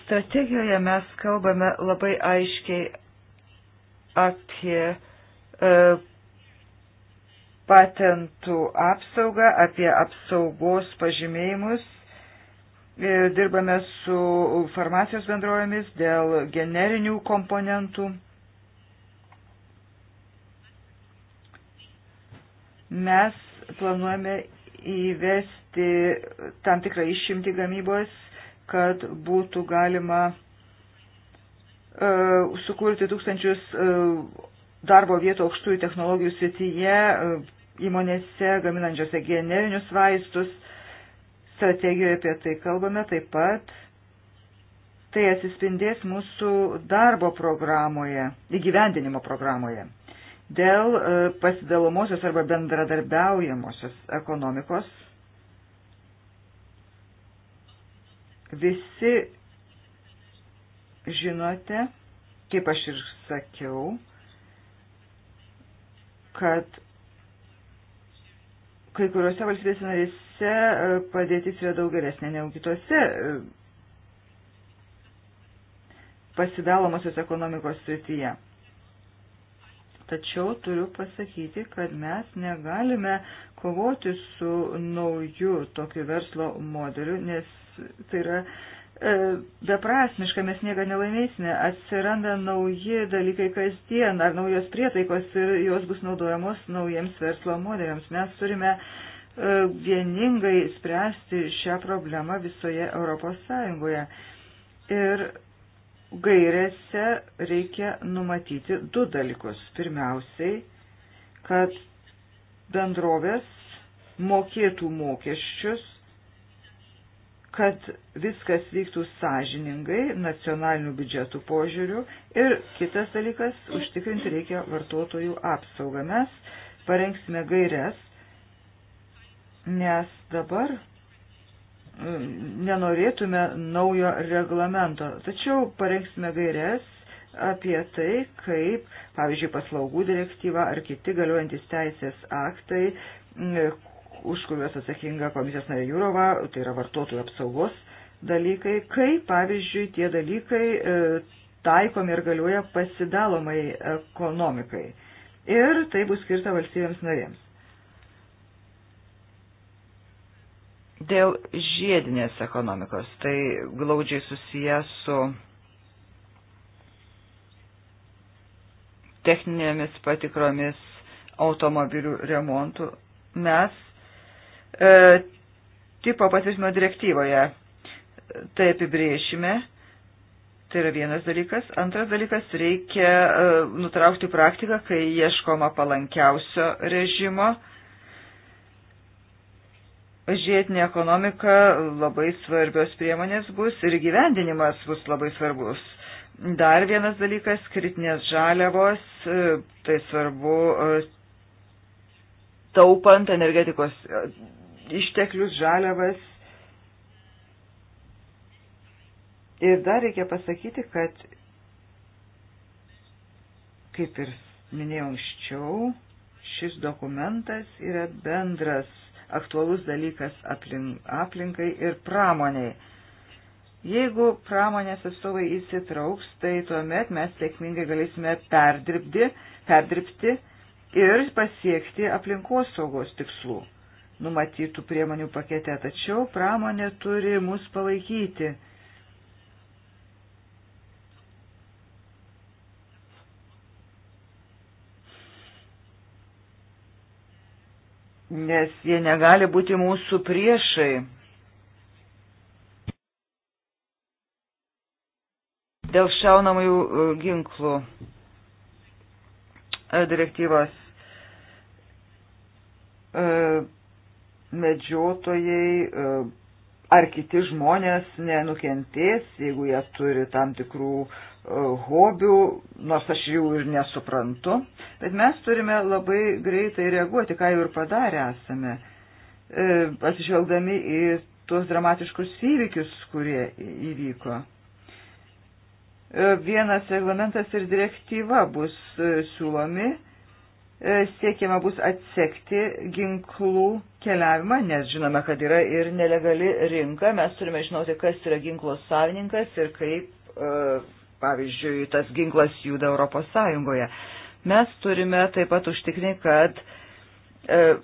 Strategijoje mes kalbame labai aiškiai apie e, patentų apsaugą, apie apsaugos pažymėjimus. E, dirbame su farmacijos bendrovėmis dėl generinių komponentų. Mes planuojame įvesti tam tikrą išimti gamybos, kad būtų galima uh, sukurti tūkstančius uh, darbo vietų aukštųjų technologijų srityje, uh, įmonėse gaminančiose generinius vaistus. Strategijoje apie tai kalbame taip pat. Tai atsispindės mūsų darbo programoje, įgyvendinimo programoje. Dėl e, pasidalomosios arba bendradarbiaujamosios ekonomikos visi žinote, kaip aš ir sakiau, kad kai kuriuose valstybėse narėse e, padėtis yra daug geresnė negu kitose e, pasidalomosios ekonomikos srityje. Tačiau turiu pasakyti, kad mes negalime kovoti su nauju tokiu verslo modeliu, nes tai yra e, beprasmiška, mes nieko nelaimėsime, atsiranda nauji dalykai kasdien ar naujos prietaikos ir jos bus naudojamos naujiems verslo modeliams. Mes turime e, vieningai spręsti šią problemą visoje Europos Sąjungoje. Ir gairėse reikia numatyti du dalykus. Pirmiausiai, kad bendrovės mokėtų mokesčius, kad viskas vyktų sąžiningai nacionalinių biudžetų požiūrių ir kitas dalykas - užtikrinti reikia vartotojų apsaugą. Mes parengsime gairias, nes dabar nenorėtume naujo reglamento. Tačiau parengsime gairias apie tai, kaip, pavyzdžiui, paslaugų direktyva ar kiti galiojantis teisės aktai, už kuriuos atsakinga komisijos narė Jūrova, tai yra vartotojų apsaugos dalykai, kaip, pavyzdžiui, tie dalykai e, taikomi ir galioja pasidalomai ekonomikai. Ir tai bus skirta valstybėms narėms. Dėl žiedinės ekonomikos, tai glaudžiai susiję su techninėmis patikromis automobilių remontų, mes e, tipo patvirtino direktyvoje tai apibrėšime. Tai yra vienas dalykas. Antras dalykas, reikia e, nutraukti praktiką, kai ieškoma palankiausio režimo. E, žiedinė ekonomika labai svarbios priemonės bus ir gyvendinimas bus labai svarbus. Dar vienas dalykas - kritinės žaliavos, e, tai svarbu e, taupant energetikos e, išteklius žaliavas. Ir dar reikia pasakyti, kad kaip ir minėjau anksčiau, šis dokumentas yra bendras aktualus dalykas aplinkai ir pramoniai. Jeigu pramonės atstovai įsitrauks, tai tuomet mes sėkmingai galėsime perdirbti, perdirbti ir pasiekti aplinkos saugos tikslų numatytų priemonių pakete, tačiau pramonė turi mus palaikyti nes jie negali būti mūsų priešai. Dėl šaunamųjų e, ginklų e, direktyvos e, medžiotojai ar kiti žmonės nenukentės, jeigu jie turi tam tikrų uh, hobių, nors aš jų ir nesuprantu, bet mes turime labai greitai reaguoti, ką jau ir padarę esame, e, atsižvelgdami į tuos dramatiškus įvykius, kurie įvyko. E, vienas reglamentas ir direktyva bus e, siūlomi, siekiama bus atsekti ginklų keliavimą, nes žinome, kad yra ir nelegali rinka, mes turime žinoti, kas yra ginklo savininkas ir kaip pavyzdžiui, tas ginklas juda Europos Sąjungoje. Mes turime taip pat užtikrinti, kad e,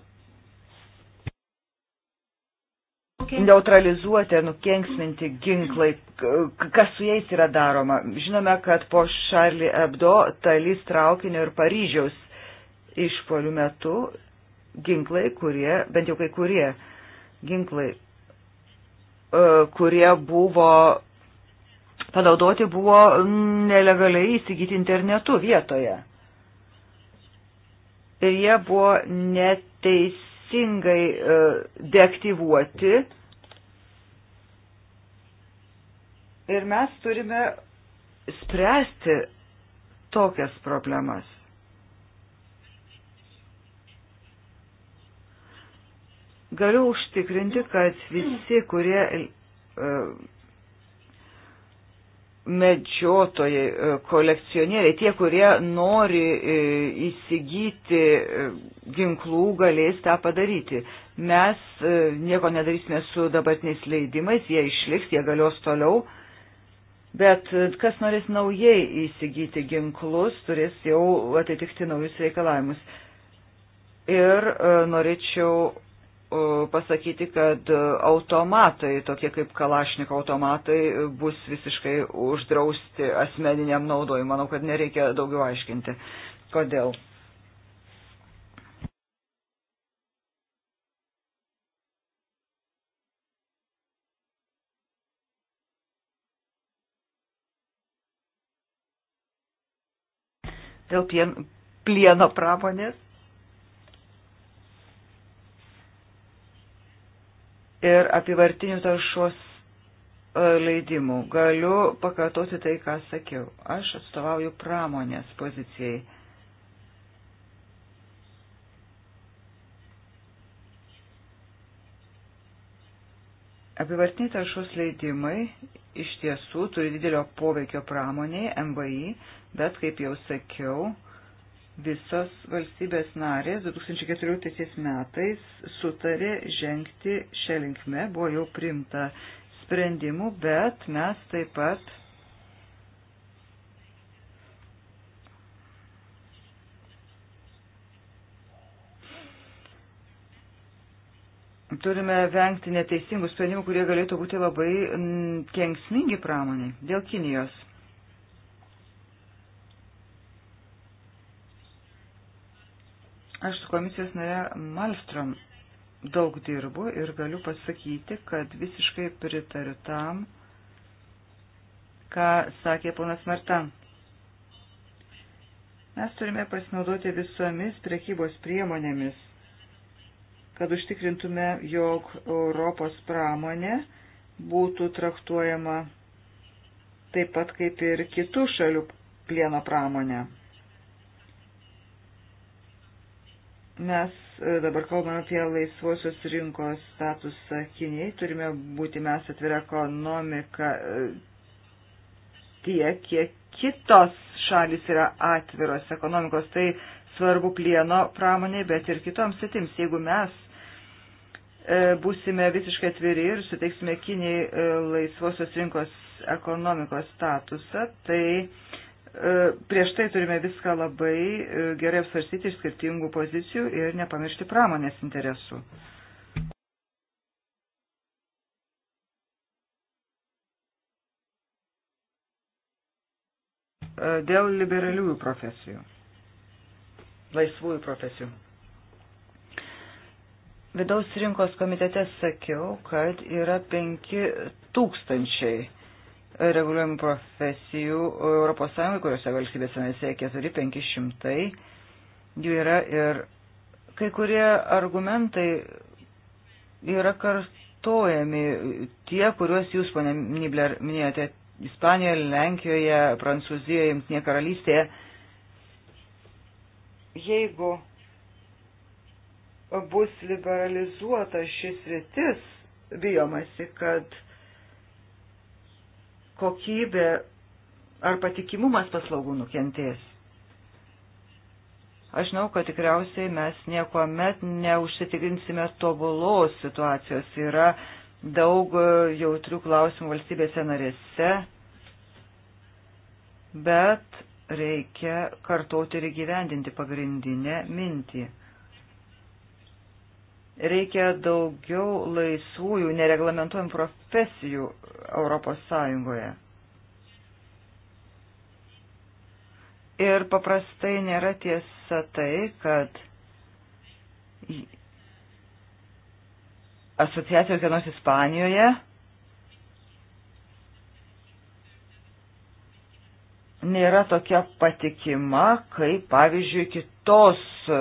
neutralizuoti, nukenksminti ginklai, kas su jais yra daroma. Žinome, kad po Šarli Ebdo talys traukinio ir Paryžiaus išpolių metu ginklai, kurie, bent jau kai kurie ginklai, e, kurie buvo panaudoti buvo nelegaliai įsigyti internetu vietoje. Ir jie buvo neteisingai e, deaktyvuoti. Ir mes turime spręsti tokias problemas. Galiu užtikrinti, kad visi, kurie uh, medžiotojai, e, kolekcionieriai, tie, kurie nori e, įsigyti e, ginklų, galės tą padaryti. Mes nieko nedarysime su dabartiniais leidimais, jie išliks, jie galios toliau, bet kas norės naujai įsigyti ginklus, turės jau atitikti naujus reikalavimus. Ir norėčiau pasakyti, kad automatai, tokie kaip Kalašniko automatai, bus visiškai uždrausti asmeniniam naudojimui. Manau, kad nereikia daugiau aiškinti. Kodėl? Dėl plieno pramonės ir apivartinių taršos e, leidimų. Galiu pakartoti tai, ką sakiau. Aš atstovauju pramonės pozicijai. Apivartiniai taršos leidimai iš tiesų turi didelio poveikio pramoniai, MVI, bet, kaip jau sakiau, visos valstybės narės 2014 metais sutarė žengti šią linkmę, buvo jau primta sprendimų, bet mes taip pat turime vengti neteisingų sprendimų, kurie galėtų būti labai mm, kenksmingi pramoniai dėl Kinijos. Aš su komisijos nare Malstrom daug dirbu ir galiu pasakyti, kad visiškai pritariu tam, ką sakė ponas Martan. Mes turime pasinaudoti visomis prekybos priemonėmis, kad užtikrintume, jog Europos pramonė būtų traktuojama taip pat kaip ir kitų šalių plieno pramonė. Mes e, dabar kalbame apie laisvosios rinkos statusą Kinijai, turime būti mes atvira ekonomika e, tiek, kiek kitos šalis yra atviros ekonomikos. Tai svarbu plieno pramoniai, bet ir kitoms sitims. Jeigu mes e, būsime visiškai atviri ir suteiksime Kinijai laisvosios rinkos ekonomikos statusą, tai E, prieš tai turime viską labai e, gerai apsvarstyti iš skirtingų pozicijų ir nepamiršti pramonės interesų. E, dėl liberaliųjų profesijų, laisvųjų profesijų. Vidaus rinkos komitete sakiau, kad yra penki tūkstančiai reguliuojamų profesijų ES, kuriuose valstybėse nesėja 4-500, jų yra ir kai kurie argumentai yra kartojami tie, kuriuos jūs, ponė Nibler, minėjote Ispanijoje, Lenkijoje, Prancūzijoje, Junktinėje karalystėje. Jeigu bus liberalizuota šis rytis, bijomasi, kad kokybė ar patikimumas paslaugų nukentės. Aš žinau, kad tikriausiai mes niekuomet neužsitikrinsime tobulos situacijos. Yra daug jautrių klausimų valstybėse narėse, bet reikia kartoti ir gyvendinti pagrindinę mintį. Reikia daugiau laisvųjų, nereglamentuojamų profesijų Europos Sąjungoje. Ir paprastai nėra tiesa tai, kad asociacijos dienos Ispanijoje nėra tokia patikima, kaip pavyzdžiui, kitų kitos e,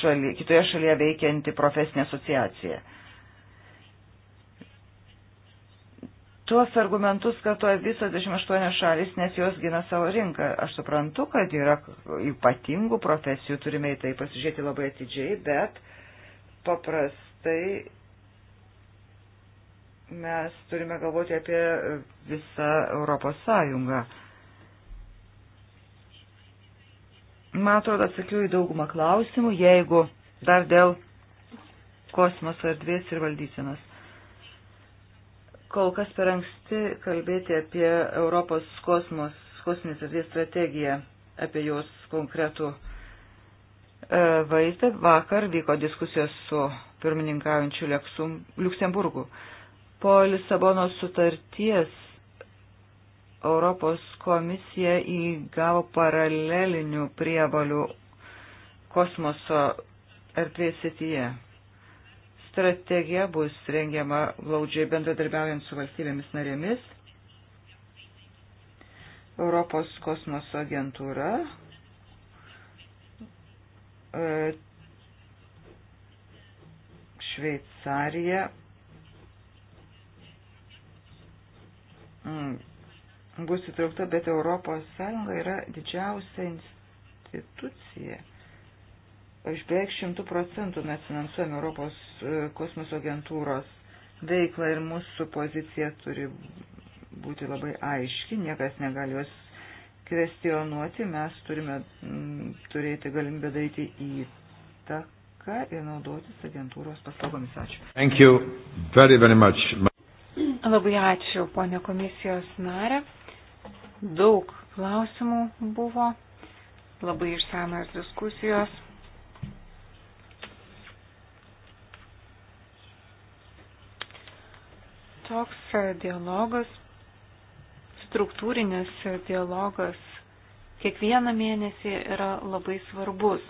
šaly, kitoje šalyje veikianti profesinė asociacija. Tuos argumentus kartuoja visos 28 šalis, nes jos gina savo rinką. Aš suprantu, kad yra ypatingų profesijų, turime į tai pasižiūrėti labai atidžiai, bet paprastai mes turime galvoti apie visą Europos Sąjungą. Man atrodo, atsakiau į daugumą klausimų, jeigu dar dėl kosmoso erdvės ir valdysenos. Kol kas per anksti kalbėti apie Europos kosmos, kosminės erdvės strategiją, apie jos konkretų e, vaizdą. Vakar vyko diskusijos su pirmininkaujančiu Liuksemburgu. Po Lisabonos sutarties Europos komisija įgavo paralelinių prievalių kosmoso erdvės sityje. Strategija bus rengiama glaudžiai bendradarbiaujant su valstybėmis narėmis. Europos kosmoso agentūra e, Šveicarija bus įtraukta, bet Europos Sąjunga yra didžiausia institucija. Iš beveik šimtų procentų mes finansuojame Europos e, kosmoso agentūros veiklą ir mūsų pozicija turi būti labai aiški, niekas negali jos kvestionuoti, mes turime m, mm, turėti galimybę daryti įtaką ir naudotis agentūros paslaugomis. Ačiū. Thank you very, very much. Labai ačiū, ponė komisijos narė. Daug klausimų buvo, labai išsamios diskusijos. Toks dialogas, struktūrinis dialogas kiekvieną mėnesį yra labai svarbus.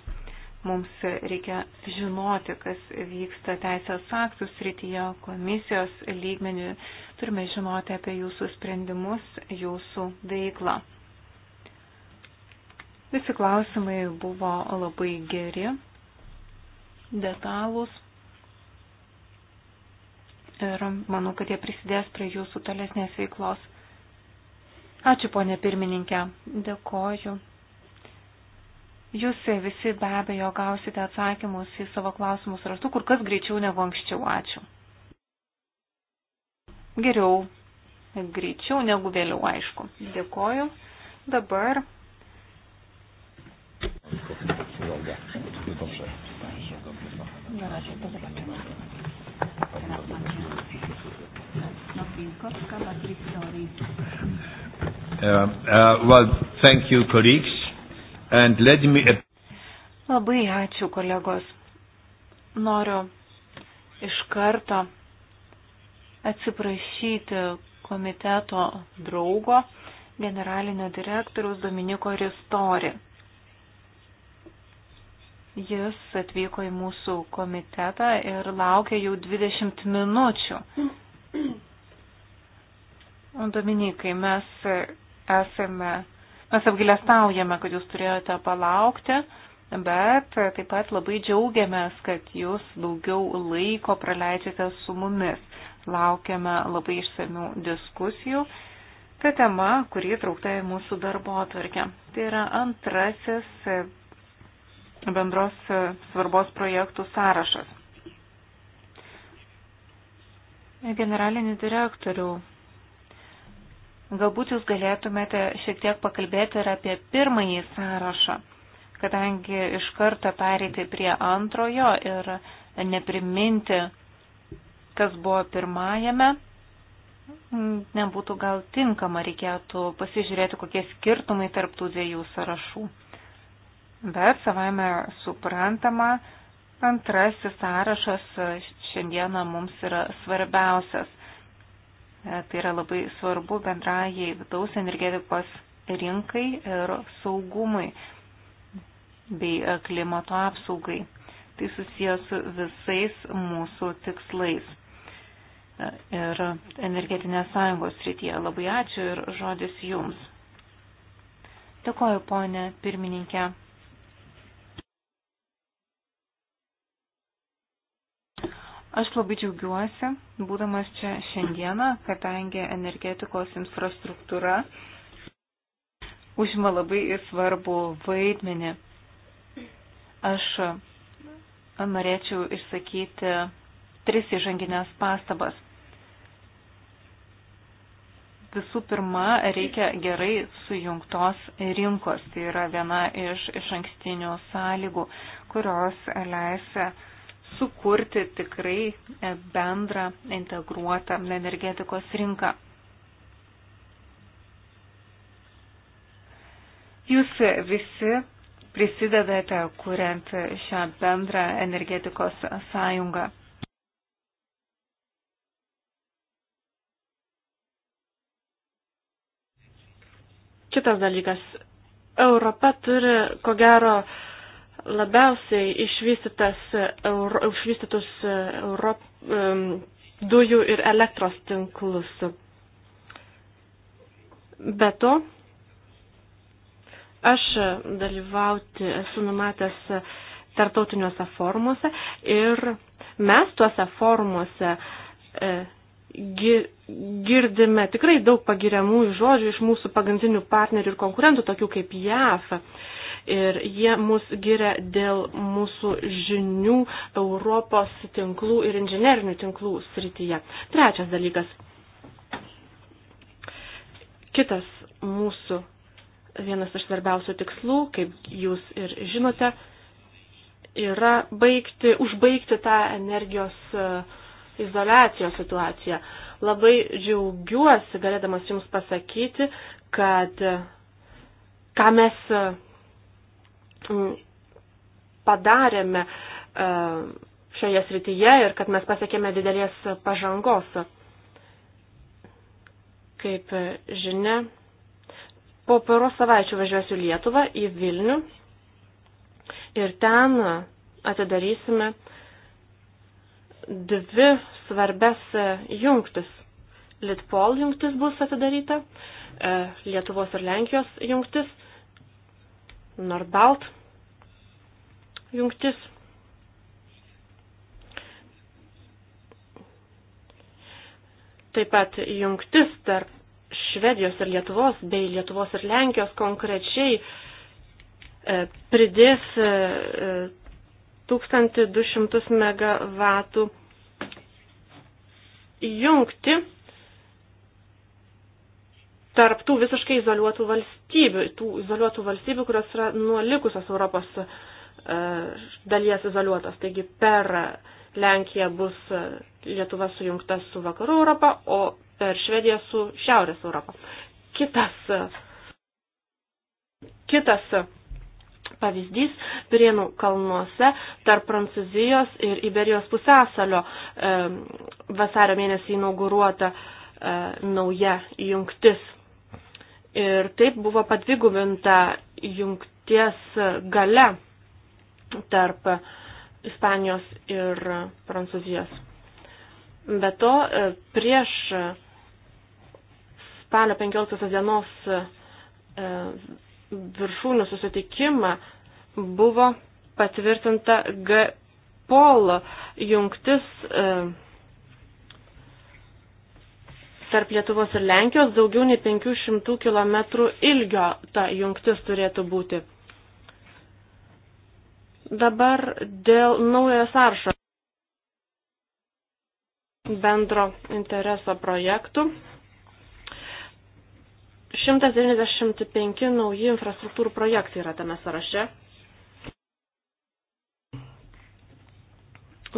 Mums reikia žinoti, kas vyksta teisės aktų srityje, komisijos lygmenių. Turime žinoti apie jūsų sprendimus, jūsų veiklą. Visi klausimai buvo labai geri, detalūs ir manau, kad jie prisidės prie jūsų tolesnės veiklos. Ačiū, ponė pirmininkė. Dėkoju Jūs visi be abejo gausite atsakymus į savo klausimus raštu kur kas greičiau negu anksčiau. Ačiū. Geriau greičiau negu vėliau, aišku. Dėkoju. Dabar. Uh, uh, well, thank you, colleagues. Me... Labai ačiū, kolegos. Noriu iš karto atsiprašyti komiteto draugo, generalinio direktoriaus Dominiko Ristori. Jis atvyko į mūsų komitetą ir laukia jau 20 minučių. Dominikai, mes esame Mes apgilestaujame, kad jūs turėjote palaukti, bet taip pat labai džiaugiamės, kad jūs daugiau laiko praleidžiate su mumis. Laukiame labai išsamių diskusijų. Ta tema, kuri įtraukta į mūsų darbo atvarkę. Tai yra antrasis bendros svarbos projektų sąrašas. Generalinį direktorių Galbūt jūs galėtumėte šiek tiek pakalbėti ir apie pirmąjį sąrašą, kadangi iš karto pereiti prie antrojo ir nepriminti, kas buvo pirmajame, nebūtų gal tinkama, reikėtų pasižiūrėti, kokie skirtumai tarptų dviejų sąrašų. Bet savame suprantama, antrasis sąrašas šiandieną mums yra svarbiausias E, tai yra labai svarbu bendrajai vidaus energetikos rinkai ir saugumui bei e, klimato apsaugai. Tai susijęs su visais mūsų tikslais. E, ir energetinės sąjungos srityje labai ačiū ir žodis jums. Dėkoju, ponė pirmininkė. Aš labai džiaugiuosi, būdamas čia šiandieną, kadangi energetikos infrastruktūra užima labai svarbu vaidmenį. Aš norėčiau išsakyti tris įžanginės pastabas. Visų pirma, reikia gerai sujungtos rinkos. Tai yra viena iš iš ankstinių sąlygų, kurios leis sukurti tikrai e, bendrą integruotą energetikos rinką. Jūs visi prisidedate kuriant šią bendrą energetikos sąjungą. Kitas dalykas. Europa turi, ko gero, uh, labiausiai išvystytas, euro, išvystytus e, Europ, e, dujų ir elektros tinklus. Be to, aš dalyvauti esu numatęs tartautiniuose formuose ir mes tuose formuose e, girdime tikrai daug pagiriamųjų žodžių iš mūsų pagrindinių partnerių ir konkurentų, tokių kaip JAF ir jie mus giria dėl mūsų žinių Europos tinklų ir inžinerinių tinklų srityje. Trečias dalykas. Kitas mūsų vienas iš svarbiausių tikslų, kaip jūs ir žinote, yra baigti, užbaigti tą energijos e, izolacijos situaciją. Labai džiaugiuosi, galėdamas jums pasakyti, kad e, ką mes e, padarėme e, šioje srityje ir kad mes pasiekėme didelės pažangos. Kaip žinia, po poros savaičių važiuosiu Lietuvą į Vilnių ir ten atidarysime dvi svarbes jungtis. Litpol jungtis bus atidaryta, e, Lietuvos ir Lenkijos jungtis Nordbalt jungtis. Taip pat jungtis tarp Švedijos ir Lietuvos bei Lietuvos ir Lenkijos konkrečiai e, pridės 1200 e, e, MW jungti tarptų visiškai izoliuotų valstybių, tų izoliuotų valstybių, kurios yra nuolikusios Europos e, dalies izoliuotos. Taigi per Lenkiją bus e, Lietuva sujungta su Vakarų Europą, o per Švediją su Šiaurės Europą. Kitas, e, kitas e, pavyzdys Pirienų kalnuose tarp Prancūzijos ir Iberijos pusęsalio e, vasario mėnesį inauguruota e, nauja jungtis. Ir taip buvo padvigubinta jungties gale tarp Ispanijos ir Prancūzijos. Be to, e, prieš spalio 15 dienos e, viršūnių susitikimą buvo patvirtinta G-pol jungtis e, tarp Lietuvos ir Lenkijos daugiau nei 500 km ilgio ta jungtis turėtų būti. Dabar dėl naujojo sąrašo bendro intereso projektų. 195 nauji infrastruktūrų projektai yra tame sąraše.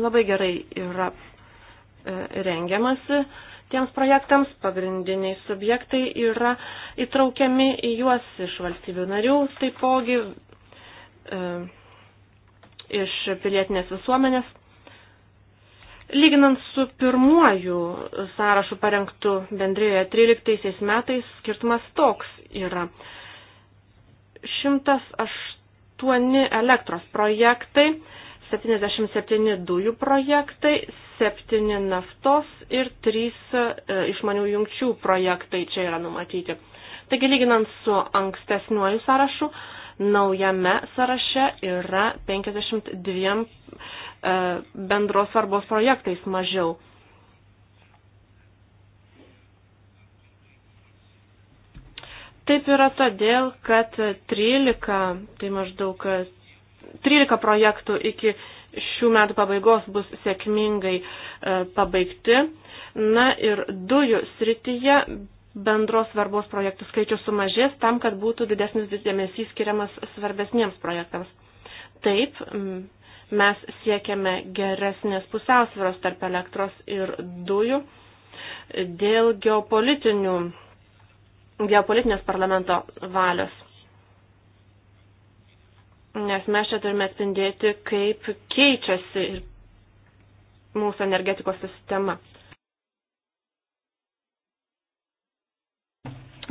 Labai gerai yra e, rengiamasi tiems projektams, pagrindiniai subjektai yra įtraukiami į juos iš valstybių narių, taipogi e, iš pilietinės visuomenės. Lyginant su pirmuoju sąrašu parengtu bendrėje 13 metais, skirtumas toks yra 108 elektros projektai, 77 dujų projektai, 7 naftos ir 3 e, išmanių jungčių projektai čia yra numatyti. Taigi, lyginant su ankstesniuoju sąrašu, naujame sąraše yra 52 e, bendros svarbos projektais mažiau. Taip yra todėl, kad 13, tai maždaug 13 projektų iki šių metų pabaigos bus sėkmingai e, pabaigti. Na ir dujų srityje bendros svarbos projektų skaičius sumažės tam, kad būtų didesnis dėmesys skiriamas svarbesniems projektams. Taip, mes siekiame geresnės pusiausvėros tarp elektros ir dujų dėl geopolitinių, geopolitinės parlamento valios nes mes čia turime atspindėti, kaip keičiasi mūsų energetikos sistema.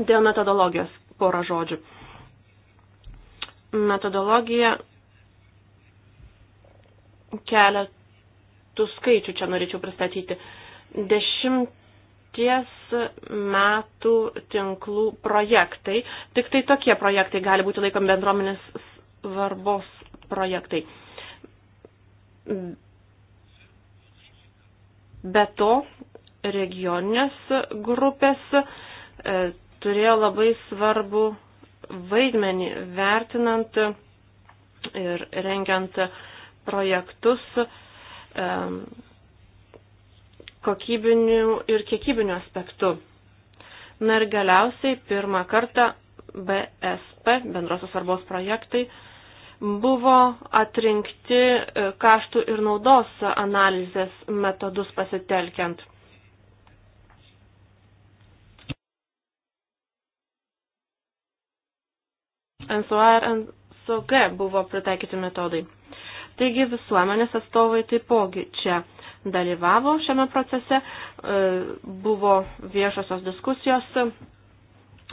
Dėl metodologijos porą žodžių. Metodologija keletų skaičių čia norėčiau pristatyti. Dešimties metų tinklų projektai, tik tai tokie projektai gali būti laikomi bendruomenės svarbos projektai. Be to, regioninės grupės e, turėjo labai svarbu vaidmenį vertinant ir rengiant projektus e, kokybinių ir kiekybinių aspektų. Na ir galiausiai pirmą kartą BSP, bendrosios svarbos projektai, buvo atrinkti e, kaštų ir naudos analizės metodus pasitelkiant. NSOA ir NSOG buvo pritaikyti metodai. Taigi visuomenės atstovai taipogi čia dalyvavo šiame procese, e, buvo viešosios diskusijos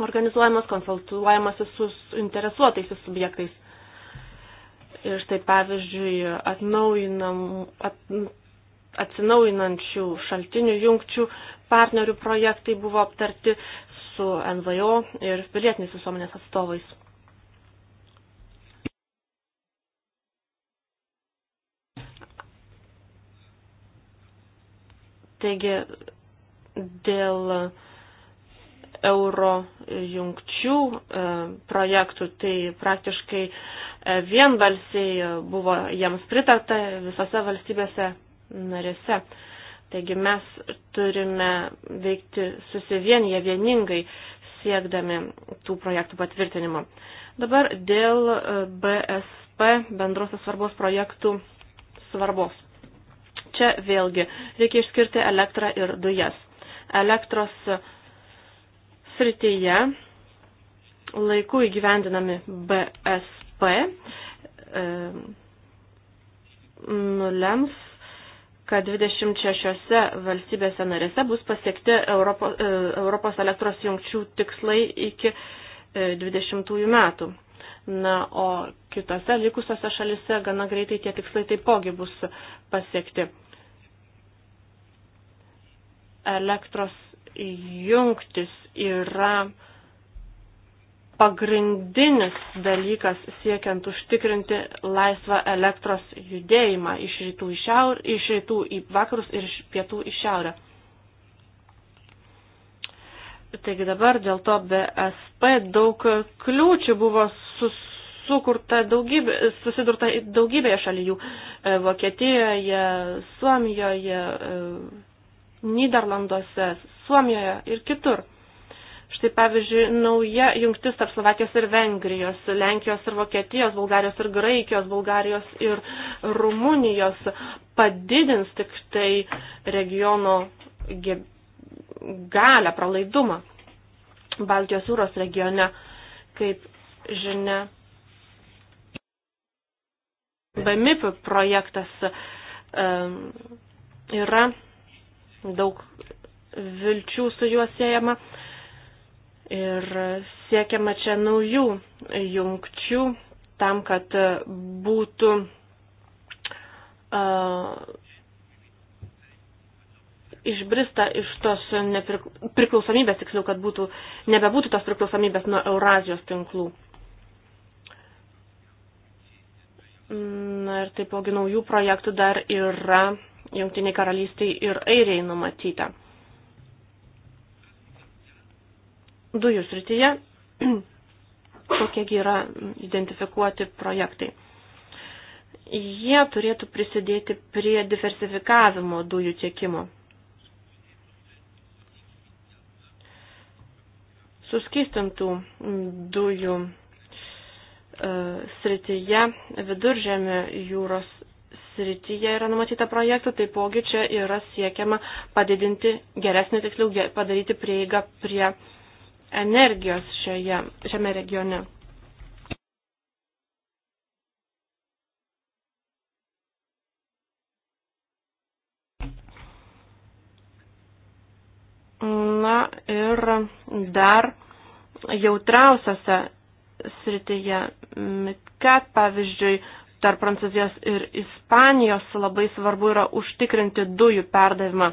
organizuojamas, konsultuojamas su interesuotais subjektais. Ir štai pavyzdžiui, at, atsinaujinančių šaltinių jungčių partnerių projektai buvo aptarti su NVO ir pilietinės visuomenės atstovais. Taigi, dėl euro jungčių e, projektų, tai praktiškai e, vienbalsiai e, buvo jiems pritarta visose valstybėse narėse. Taigi mes turime veikti susivienyje vieningai siekdami tų projektų patvirtinimo. Dabar dėl BSP bendrosios svarbos projektų svarbos. Čia vėlgi reikia išskirti elektrą ir dujas. Elektros srityje laiku įgyvendinami BSP e, nulems, kad 26 valstybėse narėse bus pasiekti Europos, e, Europos elektros jungčių tikslai iki 20 e, metų. Na, o kitose likusiose šalise gana greitai tie tikslai taipogi bus pasiekti. Elektros jungtis yra pagrindinis dalykas siekiant užtikrinti laisvą elektros judėjimą iš rytų į, šiaur, iš rytų į vakarus ir iš pietų į šiaurę. Taigi dabar dėl to BSP daug kliūčių buvo sukurta daugybė, susidurta daugybėje šalyjų - Vokietijoje, Suomijoje, Niderlanduose, Suomijoje ir kitur. Štai pavyzdžiui, nauja jungtis tarp Slovakijos ir Vengrijos, Lenkijos ir Vokietijos, Bulgarijos ir Graikijos, Bulgarijos ir Rumunijos padidins tik tai regiono galę, pralaidumą Baltijos jūros regione, kaip žinia. BMIP projektas um, yra daug vilčių su juo siejama ir siekiama čia naujų jungčių tam, kad būtų uh, išbrista iš tos neprik... priklausomybės, tiksliau, kad būtų, nebebūtų tos priklausomybės nuo Eurazijos tinklų. Na ir taipogi naujų projektų dar yra Jungtiniai karalystiai ir Airiai numatyta. Dujų srityje kokiegi yra identifikuoti projektai. Jie turėtų prisidėti prie diversifikavimo dujų tiekimo. Suskistintų dujų e, srityje viduržėmė jūros srityje yra numatyta projektų, taipogi čia yra siekiama padidinti geresnį, tiksliau padaryti prieigą prie energijos šioje, šiame regione. Na ir dar jautrausiose srityje, kad pavyzdžiui tarp Prancūzijos ir Ispanijos labai svarbu yra užtikrinti dujų perdavimą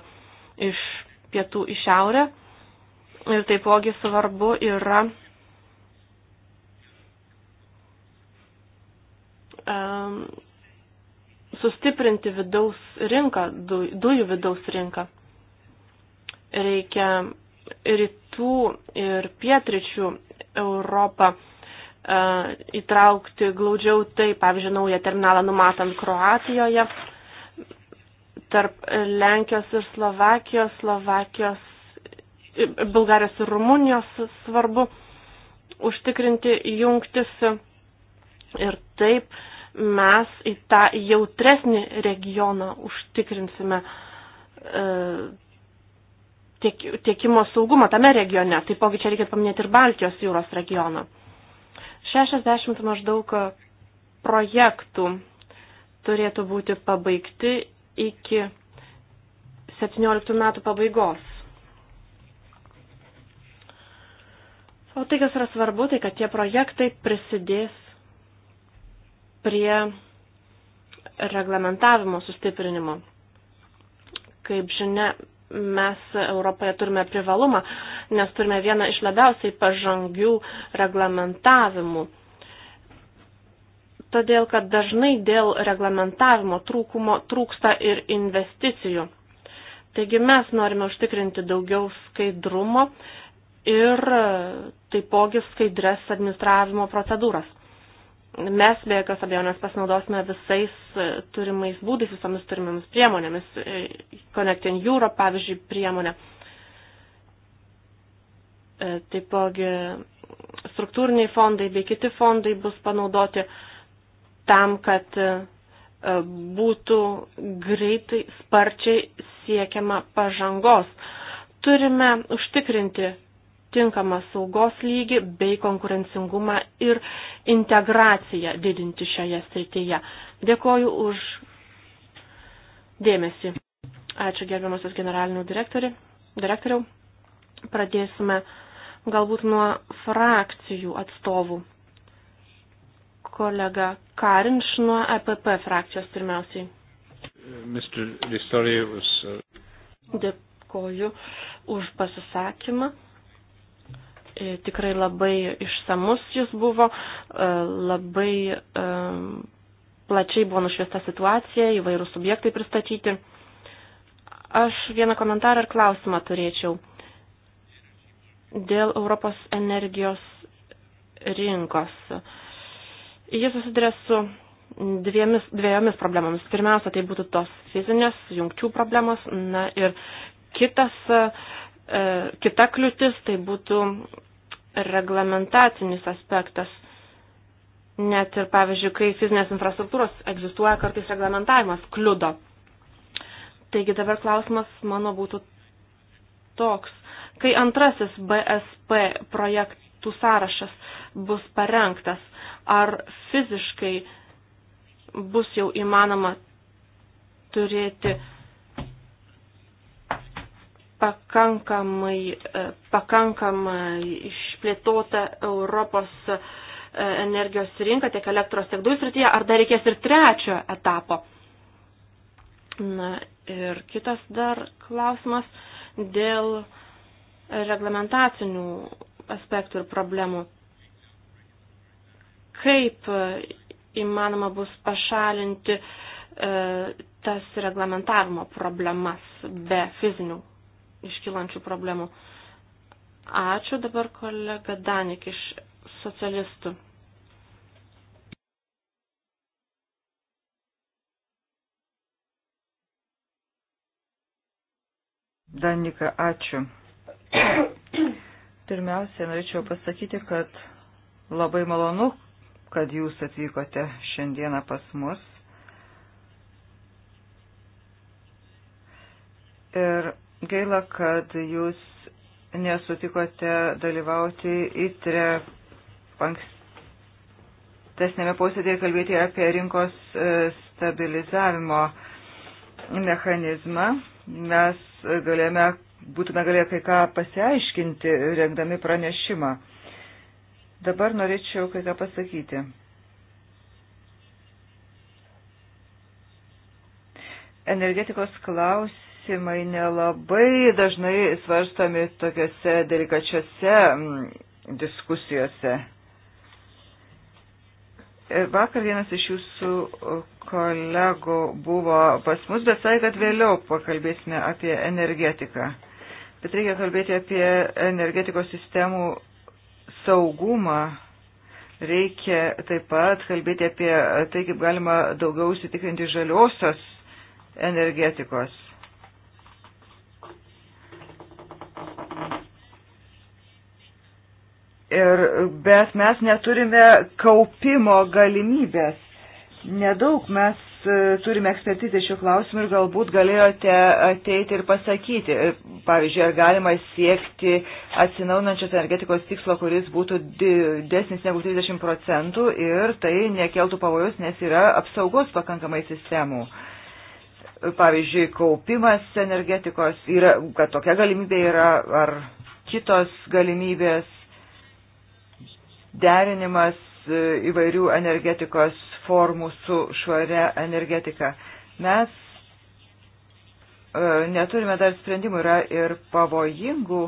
iš pietų į šiaurę. Ir taipogi svarbu yra um, sustiprinti vidaus rinką, du, dujų vidaus rinką. Reikia rytų ir pietričių Europą E, įtraukti glaudžiau tai, pavyzdžiui, naują terminalą numatant Kroatijoje, tarp Lenkijos ir Slovakijos, Slovakijos, Bulgarijos ir Rumunijos svarbu užtikrinti jungtis ir taip mes į tą jautresnį regioną užtikrinsime e, tiekimo saugumą tame regione. Taipogi čia reikia paminėti ir Baltijos jūros regioną. 60 maždaug projektų turėtų būti pabaigti iki 17 metų pabaigos. O tai, kas yra svarbu, tai kad tie projektai prisidės prie reglamentavimo sustiprinimo. Kaip žinia, mes Europoje turime privalumą, nes turime vieną iš labiausiai pažangių reglamentavimų. Todėl, kad dažnai dėl reglamentavimo trūkumo trūksta ir investicijų. Taigi mes norime užtikrinti daugiau skaidrumo ir taipogi skaidres administravimo procedūras mes be jokios abejonės pasinaudosime visais e, turimais būdais, visomis turimomis priemonėmis, e, Connecting Europe, pavyzdžiui, priemonė. E, taipogi struktūriniai fondai bei kiti fondai bus panaudoti tam, kad būtų greitai, sparčiai siekiama pažangos. Turime užtikrinti tinkamą saugos lygį bei konkurencingumą ir integraciją didinti šioje srityje. Dėkoju už dėmesį. Ačiū gerbiamasis generalinių direktoriau. Pradėsime galbūt nuo frakcijų atstovų. Kolega Karinš nuo EPP frakcijos pirmiausiai. Mr. Ristori was. Uh, Dėkoju už pasisakymą. E, tikrai labai išsamus jis buvo, e, labai e, plačiai buvo nušviesta situacija, įvairūs subjektai pristatyti. Aš vieną komentarą ir klausimą turėčiau dėl Europos energijos rinkos. Jis susiduria su dviemis, dviejomis problemomis. Pirmiausia, tai būtų tos fizinės jungčių problemos. Na ir kitas uh, E, kita kliūtis tai būtų reglamentacinis aspektas. Net ir, pavyzdžiui, kai fizinės infrastruktūros egzistuoja, kartais reglamentavimas kliudo. Taigi dabar klausimas mano būtų toks. Kai antrasis BSP projektų sąrašas bus parengtas, ar fiziškai bus jau įmanoma turėti uh, pakankamai, e, pakankamai išplėtota Europos e, energijos rinka tiek elektros, tiek dujų srityje, ar dar reikės ir trečio etapo. Na ir kitas dar klausimas dėl reglamentacinių aspektų ir problemų. Kaip e, įmanoma bus pašalinti e, tas reglamentavimo problemas be fizinių iškylančių problemų. Ačiū dabar kolega Danik iš socialistų. Danika, ačiū. Pirmiausia, norėčiau pasakyti, kad labai malonu, kad jūs atvykote šiandieną pas mus. Ir Gaila, kad jūs nesutikote dalyvauti įtre ankstesnėme posėdėje kalbėti apie rinkos e, stabilizavimo mechanizmą. Mes galėjome, būtume galėję kai ką pasiaiškinti, rengdami pranešimą. Dabar norėčiau kai ką pasakyti. energetikos klausimas klausimai nelabai dažnai svarstami tokiuose delikačiuose mm, diskusijose. Vakar vienas iš jūsų kolegų buvo pas mus, bet sakė, kad vėliau pakalbėsime apie energetiką. Bet reikia kalbėti apie energetikos sistemų saugumą. Reikia taip pat kalbėti apie tai, kaip galima daugiau užsitikrinti žaliosios energetikos. ir, bet mes neturime kaupimo galimybės. Nedaug mes e, turime ekspertizę šiuo klausimu ir galbūt galėjote ateiti ir pasakyti, e, pavyzdžiui, ar galima siekti atsinaunančios energetikos tikslo, kuris būtų didesnis negu 30 procentų ir tai nekeltų pavojus, nes yra apsaugos pakankamai sistemų. Pavyzdžiui, kaupimas energetikos, yra, kad tokia galimybė yra, ar kitos galimybės derinimas e, įvairių energetikos formų su švaria energetika. Mes e, neturime dar sprendimų, yra ir pavojingų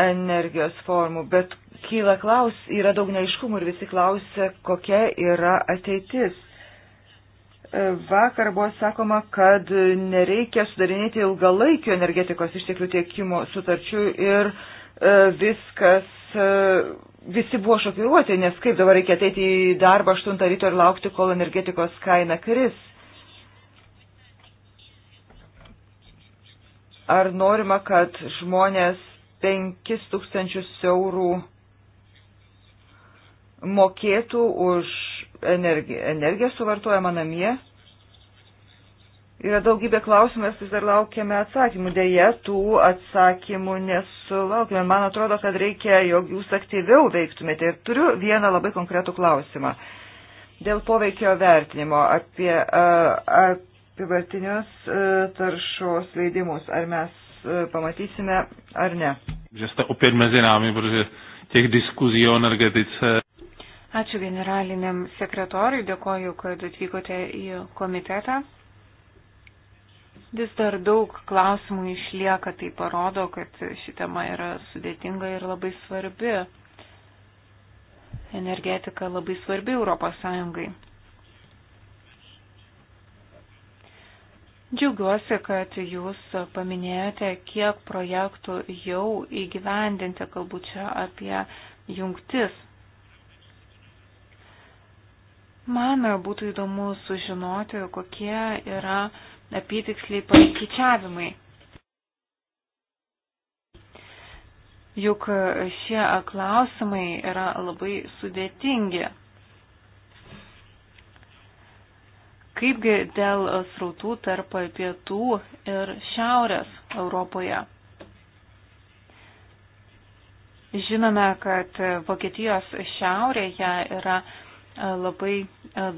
energijos formų, bet kyla klaus, yra daug neiškumų ir visi klausia, kokia yra ateitis. E, vakar buvo sakoma, kad nereikia sudarinėti ilgalaikio energetikos išteklių tiekimo sutarčių ir viskas E, visi buvo šokiruoti, nes kaip dabar reikia ateiti į darbą 8 ryto ir laukti, kol energetikos kaina kris. Ar norima, kad žmonės 5000 eurų mokėtų už energiją, energiją suvartojama namie? Yra daugybė klausimų, mes vis dar laukiame atsakymų. Deja, tų atsakymų nesulaukime. Man atrodo, kad reikia, jog jūs aktyviau veiktumėte. Ir turiu vieną labai konkretų klausimą. Dėl poveikio vertinimo apie apivartinius taršos leidimus. Ar mes pamatysime, ar ne? Ačiū generaliniam sekretoriui, dėkoju, kad atvykote į komitetą. Vis dar daug klausimų išlieka, tai parodo, kad ši tema yra sudėtinga ir labai svarbi. Energetika labai svarbi Europos Sąjungai. Džiaugiuosi, kad jūs paminėjote, kiek projektų jau įgyvendinti, kalbu čia apie jungtis. Man būtų įdomu sužinoti, kokie yra apytiksliai paskaičiavimai. Juk šie klausimai yra labai sudėtingi. Kaipgi dėl srautų tarp pietų ir šiaurės Europoje? Žinome, kad Vokietijos šiaurėje yra labai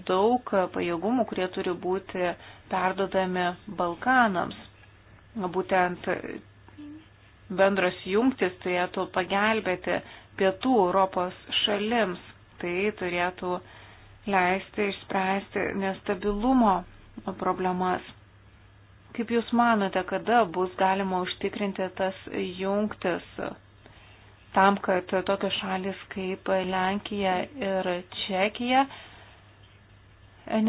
daug pajėgumų, kurie turi būti perdodami Balkanams. Būtent bendros jungtis turėtų pagelbėti pietų Europos šalims. Tai turėtų leisti išspręsti nestabilumo problemas. Kaip Jūs manote, kada bus galima užtikrinti tas jungtis tam, kad tokios šalis kaip Lenkija ir Čekija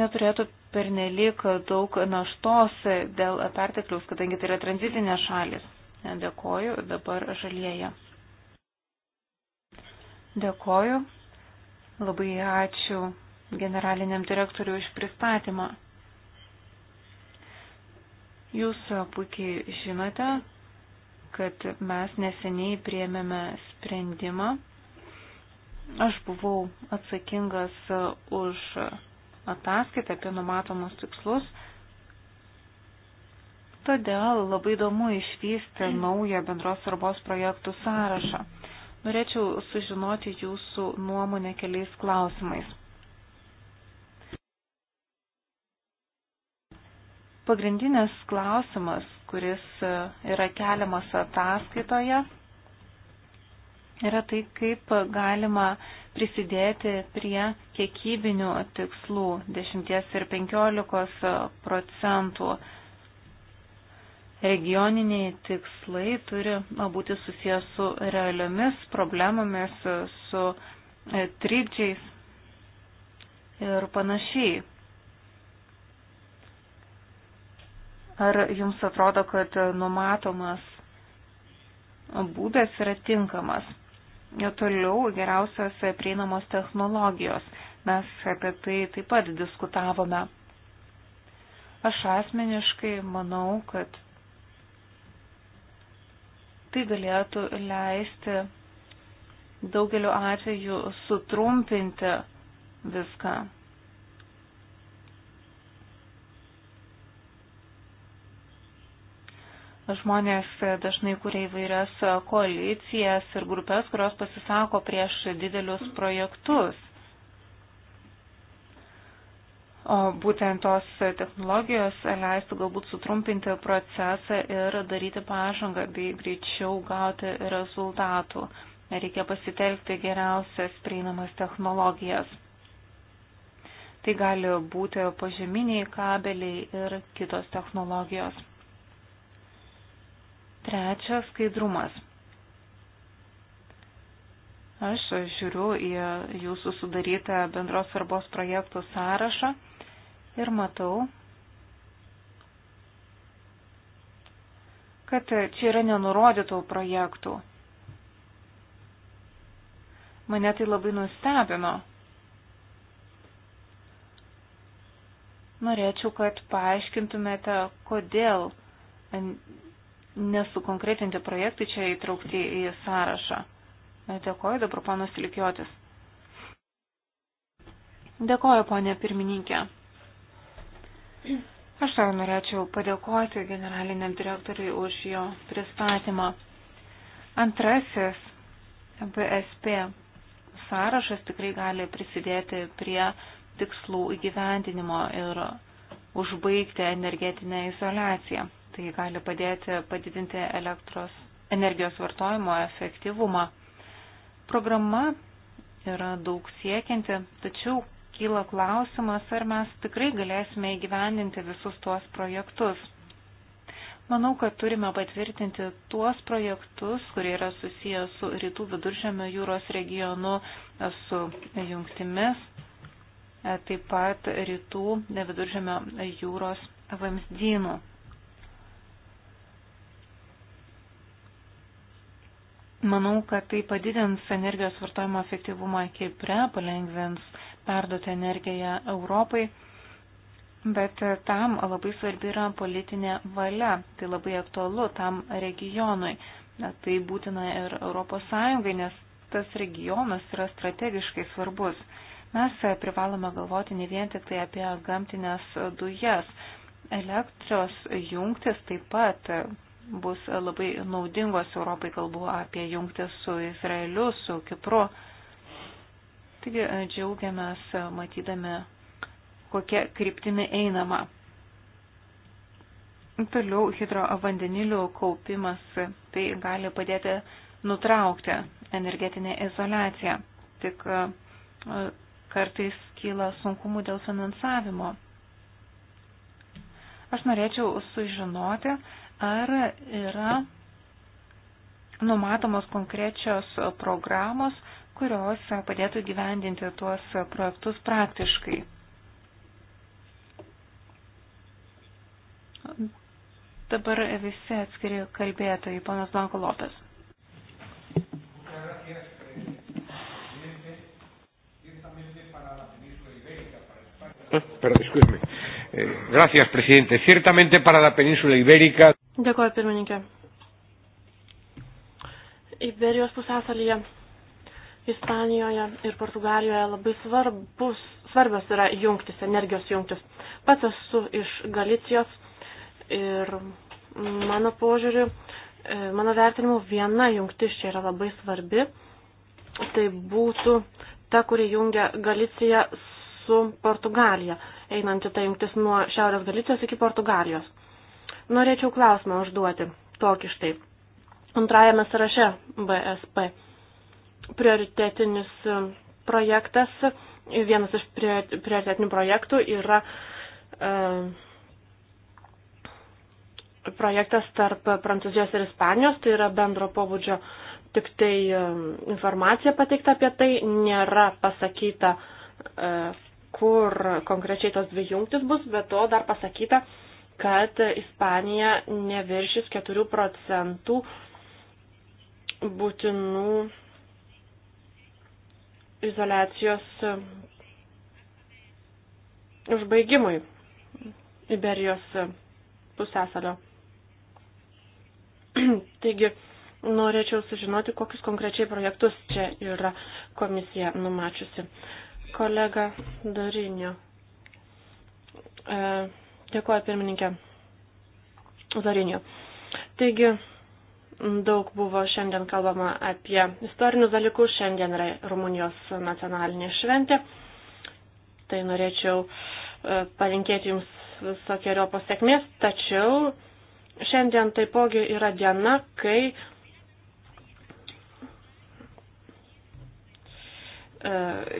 neturėtų pernelik daug naštos dėl pertekliaus, kadangi tai yra tranzitinės šalis. Dėkoju, dabar žalieji. Dėkoju, labai ačiū generaliniam direktoriui iš pristatymą. Jūs puikiai žinote, kad mes neseniai priėmėme sprendimą. Aš buvau atsakingas už ataskaitą apie numatomus tikslus. Todėl labai įdomu išvysti naują bendros svarbos projektų sąrašą. Norėčiau sužinoti jūsų nuomonę keliais klausimais. Pagrindinis klausimas, kuris yra keliamas ataskaitoje, yra tai, kaip galima prisidėti prie kiekybinių tikslų 10 ir 15 procentų. Regioniniai tikslai turi būti susijęs su realiomis problemomis, su e, trikdžiais ir panašiai. Ar jums atrodo, kad numatomas būdas yra tinkamas? toliau geriausios prieinamos technologijos. Mes apie tai taip pat diskutavome. Aš asmeniškai manau, kad tai galėtų leisti daugeliu atveju sutrumpinti viską. Žmonės dažnai kuria įvairias koalicijas ir grupės, kurios pasisako prieš didelius projektus. O būtent tos technologijos leistų galbūt sutrumpinti procesą ir daryti pažangą bei greičiau gauti rezultatų. Reikia pasitelkti geriausias prieinamas technologijas. Tai gali būti požeminiai kabeliai ir kitos technologijos. Trečia - skaidrumas. Aš žiūriu į jūsų sudarytą bendros svarbos projektų sąrašą ir matau, kad čia yra nenurodytų projektų. Mane tai labai nustebino. Norėčiau, kad paaiškintumėte, kodėl nesukonkretinti projektai čia įtraukti į sąrašą. Dėkoju dabar panas Likiotis. Dėkoju, ponė pirmininkė. Aš savo norėčiau padėkoti generaliniam direktoriui už jo pristatymą. Antrasis BSP sąrašas tikrai gali prisidėti prie tikslų įgyvendinimo ir užbaigti energetinę izolaciją. Tai gali padėti padidinti elektros energijos vartojimo efektyvumą. Programa yra daug siekianti, tačiau kyla klausimas, ar mes tikrai galėsime įgyvendinti visus tuos projektus. Manau, kad turime patvirtinti tuos projektus, kurie yra susiję su rytų viduržėmio jūros regionu, su jungtimis, taip pat rytų viduržėmio jūros vamzdynų. Manau, kad tai padidins energijos vartojimo efektyvumą Kipre, palengvins perduoti energiją Europai, bet tam labai svarbi yra politinė valia. Tai labai aktualu tam regionui. Tai būtina ir ES, nes tas regionas yra strategiškai svarbus. Mes privalome galvoti ne vien tik tai apie gamtinės dujas. Elektros jungtis taip pat bus labai naudingos Europai, kalbu apie jungtį su Izraeliu, su Kipru. Taigi e, džiaugiamės e, matydami, kokia kryptimi einama. Toliau hidrovandenilių kaupimas e, tai gali padėti nutraukti energetinę izolaciją. Tik kartais kyla sunkumų dėl finansavimo. Aš norėčiau sužinoti, Ar yra numatomos konkrečios programos, kurios padėtų gyvendinti tuos projektus praktiškai. Dabar visi atskiri kalbėtojai, panas Blanko Lopes. Pero discúlpeme. Eh, gracias, presidente. Ciertamente para la península ibérica. Dėkuoju, pirmininkė. Iberijos pusėsalyje, Ispanijoje ir Portugalijoje labai svarbus, svarbios yra jungtis, energijos jungtis. Pats esu iš Galicijos ir mano požiūriu, e, mano vertinimu, viena jungtis čia yra labai svarbi. Tai būtų ta, kuri jungia Galiciją su Portugalija, einanti ta jungtis nuo Šiaurės Galicijos iki Portugalijos. Norėčiau klausimą užduoti tokį štai. Antrajame sąraše BSP prioritetinis e, projektas, vienas iš prioritetinių projektų yra e, projektas tarp Prancūzijos ir Ispanijos, tai yra bendro pobūdžio tik tai e, informacija pateikta apie tai, nėra pasakyta, e, kur konkrečiai tos dvi jungtis bus, bet to dar pasakyta, kad Ispanija neviršys 4 procentų būtinų izolacijos užbaigimui Iberijos pusėsalio. Taigi, norėčiau sužinoti, kokius konkrečiai projektus čia yra komisija numačiusi. Kolega Dorinio. E, Dėkuoju pirmininkė Zorinio. Taigi, daug buvo šiandien kalbama apie istorinius dalykus, šiandien yra Rumunijos nacionalinė šventė. Tai norėčiau e, palinkėti Jums visokiojo pasiekmės, tačiau šiandien taipogi yra diena, kai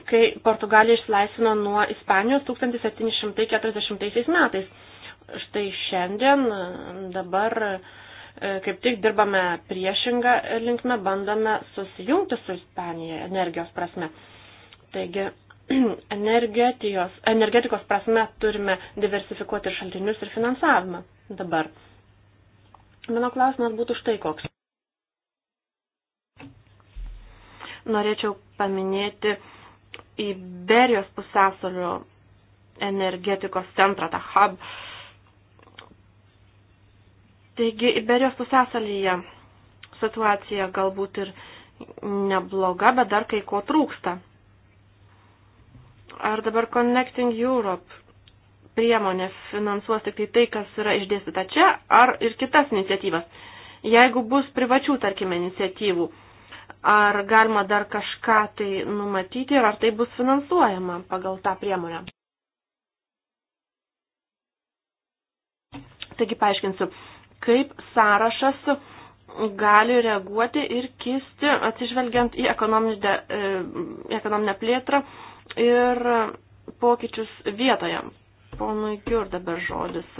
kai Portugalija išsilaisvino nuo Ispanijos 1740 metais. Štai šiandien e, dabar e, kaip tik dirbame priešingą linkmę, bandome susijungti su Ispanija energijos prasme. Taigi energetikos prasme turime diversifikuoti ir šaltinius ir finansavimą dabar. Mano klausimas būtų štai koks. norėčiau paminėti Iberijos pusiasalio energetikos centrą, tą hub. Taigi Iberijos pusiasalyje situacija galbūt ir nebloga, bet dar kai ko trūksta. Ar dabar Connecting Europe priemonė finansuos tik tai tai, kas yra išdėstyta čia, ar ir kitas iniciatyvas? Jeigu bus privačių, tarkime, iniciatyvų, Ar galima dar kažką tai numatyti ir ar tai bus finansuojama pagal tą priemonę? Taigi paaiškinsiu, kaip sąrašas gali reaguoti ir kisti atsižvelgiant į ekonominę, e, ekonominę plėtrą ir pokyčius vietoje. Ponui Giur dabar žodis.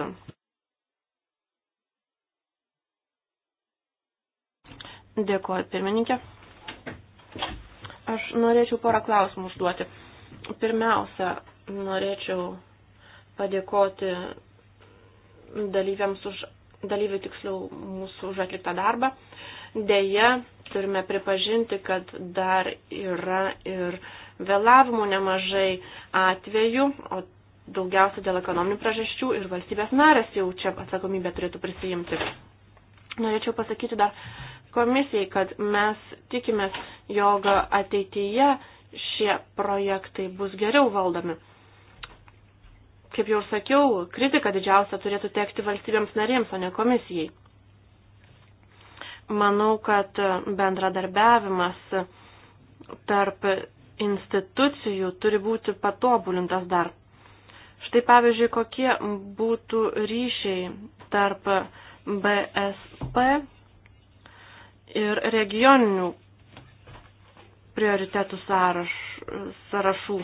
Dėkuoju pirmininkė. Aš norėčiau porą klausimų užduoti. Pirmiausia, norėčiau padėkoti dalyviams už dalyvių tiksliau mūsų už atliktą darbą. Deja, turime pripažinti, kad dar yra ir vėlavimų nemažai atvejų, o daugiausia dėl ekonominių priežasčių ir valstybės narės jau čia atsakomybę turėtų prisijimti. Norėčiau pasakyti dar komisijai, kad mes tikimės, jog ateityje šie projektai bus geriau valdomi. Kaip jau sakiau, kritika didžiausia turėtų tekti valstybėms narėms, o ne komisijai. Manau, kad bendradarbiavimas tarp institucijų turi būti patobulintas dar. Štai pavyzdžiui, kokie būtų ryšiai tarp BSP ir regioninių prioritetų sąraš, sąrašų.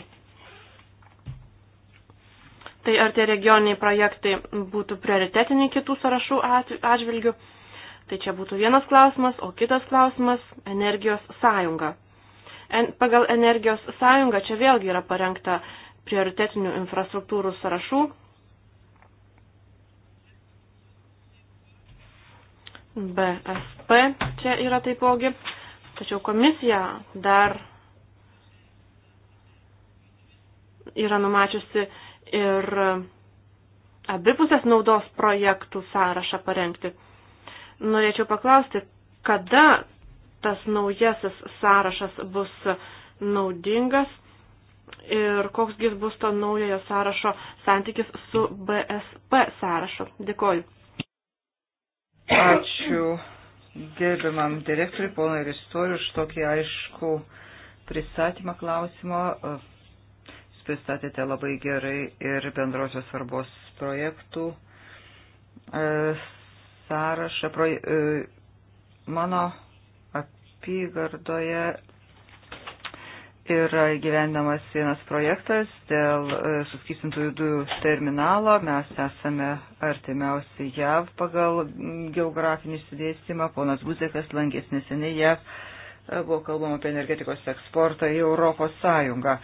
Tai ar tie regioniniai projektai būtų prioritetiniai kitų sąrašų atžvilgių? Tai čia būtų vienas klausimas, o kitas klausimas - energijos sąjunga. En, pagal energijos sąjungą čia vėlgi yra parengta prioritetinių infrastruktūrų sąrašų, BSP čia yra taipogi, tačiau komisija dar yra numačiusi ir abipusės naudos projektų sąrašą parengti. Norėčiau paklausti, kada tas naujasis sąrašas bus naudingas ir koks gis bus to naujojo sąrašo santykis su BSP sąrašu. Dėkoju. Ačiū gerbiamam direktoriui, ponui Ristoriu, už tokį aišku pristatymą klausimo. Jūs pristatėte labai gerai ir bendrosios svarbos projektų e, sąrašą. E, mano apygardoje Tai yra gyvenamas vienas projektas dėl e, suskystintųjų dujų terminalo. Mes esame artimiausi JAV pagal geografinį sudėstymą. Ponas Buzekas lankės neseniai JAV. E, buvo kalbama apie energetikos eksportą į Europos Sąjungą.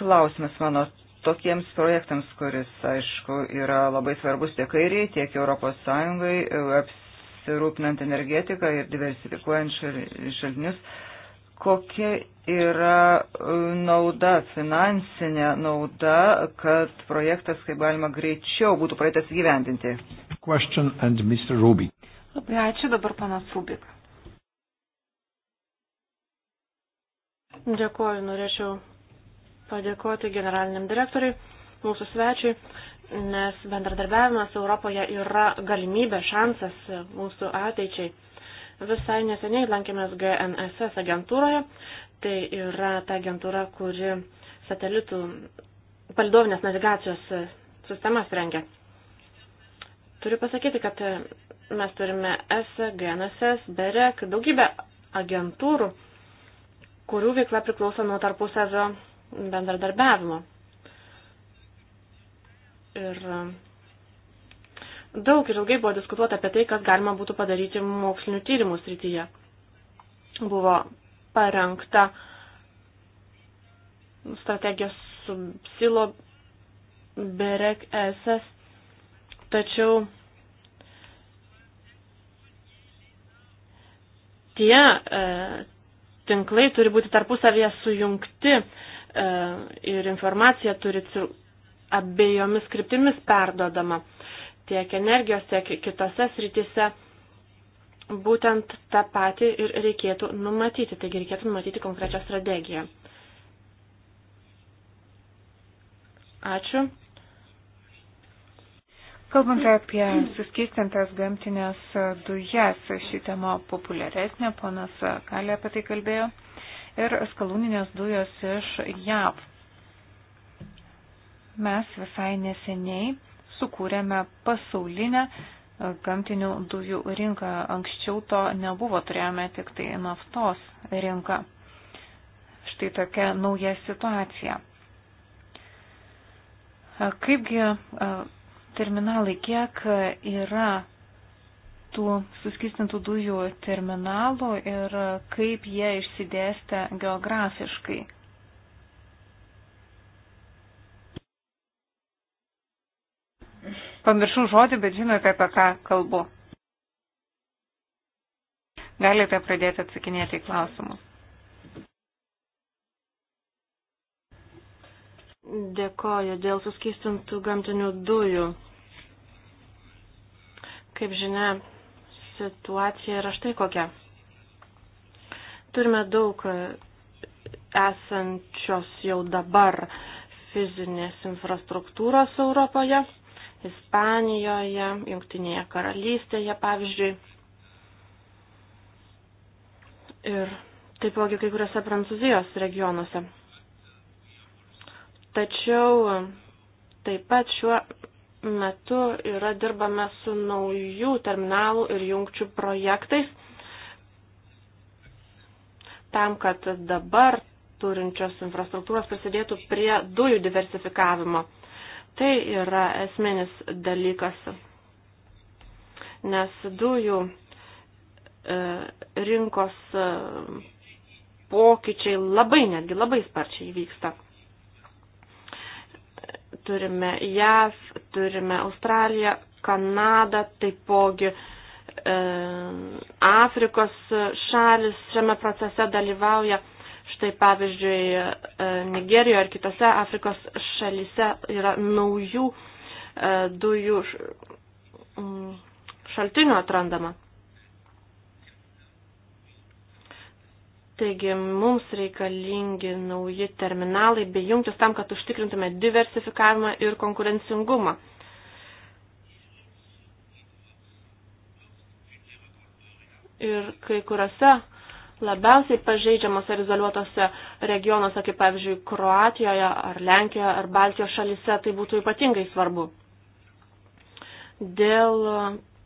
Klausimas mano tokiems projektams, kuris, aišku, yra labai svarbus tiek kairiai, tiek Europos Sąjungai, e, apsirūpinant energetiką ir diversifikuojant šaltinius. Šal Kokia yra e, nauda, finansinė nauda, kad projektas kaip galima greičiau būtų praeitas gyvendinti? Labai ačiū dabar panas Rubik. Dėkuoju, norėčiau padėkoti generaliniam direktoriui, mūsų svečiui, nes bendradarbiavimas Europoje yra galimybė, šansas mūsų ateičiai. Visai neseniai lankėmės GNSS agentūroje. Tai yra ta agentūra, kuri satelitų palidovinės navigacijos sistemas rengia. Turiu pasakyti, kad mes turime S, GNSS, BEREC, daugybę agentūrų, kurių veikla priklauso nuo tarpusavio bendradarbiavimo. Ir Daug ir ilgai buvo diskutuota apie tai, kas galima būtų padaryti mokslinių tyrimų srityje. Buvo parengta strategijos silo berek SS, tačiau tie e, tinklai turi būti tarpusavėje sujungti e, ir informacija turi abiejomis kryptimis perdodama tiek energijos, tiek kitose sritise, būtent tą patį ir reikėtų numatyti. Taigi reikėtų numatyti konkrečią strategiją. Ačiū. Kalbant apie suskistintas gamtinės dujas, ši tema populiaresnė, ponas Kalė apie tai kalbėjo, ir skalūninės dujos iš JAV. Mes visai neseniai sukūrėme pasaulinę e, gamtinių dujų rinką. Anksčiau to nebuvo, turėjome tik tai naftos rinką. Štai tokia nauja situacija. E, kaipgi e, terminalai, kiek yra tų suskistintų dujų terminalų ir kaip jie išsidėstė geografiškai? Pamiršau žodį, bet žinote, apie ką kalbu. Galite pradėti atsakinėti į klausimus. Dėkoju dėl suskystintų gamtinių dujų. Kaip žinia, situacija yra štai kokia. Turime daug esančios jau dabar fizinės infrastruktūros Europoje Ispanijoje, Jungtinėje karalystėje, pavyzdžiui. Ir taipogi kai kuriuose Prancūzijos regionuose. Tačiau taip pat šiuo metu yra dirbame su naujų terminalų ir jungčių projektais, tam, kad dabar turinčios infrastruktūros prisidėtų prie dujų diversifikavimo. Tai yra esminis dalykas, nes dujų e, rinkos e, pokyčiai labai netgi labai sparčiai vyksta. Turime JAV, turime Australiją, Kanadą, taipogi e, Afrikos šalis šiame procese dalyvauja. Štai pavyzdžiui, e, Nigerijoje ar kitose Afrikos šalyse yra naujų e, dujų mm, šaltinių atrandama. Taigi mums reikalingi nauji terminalai bei jungtis tam, kad užtikrintume diversifikavimą ir konkurencingumą. Ir kai kuriuose labiausiai pažeidžiamose ir izoliuotose regionuose, kaip pavyzdžiui Kroatijoje ar Lenkijoje ar Baltijos šalise, tai būtų ypatingai svarbu. Dėl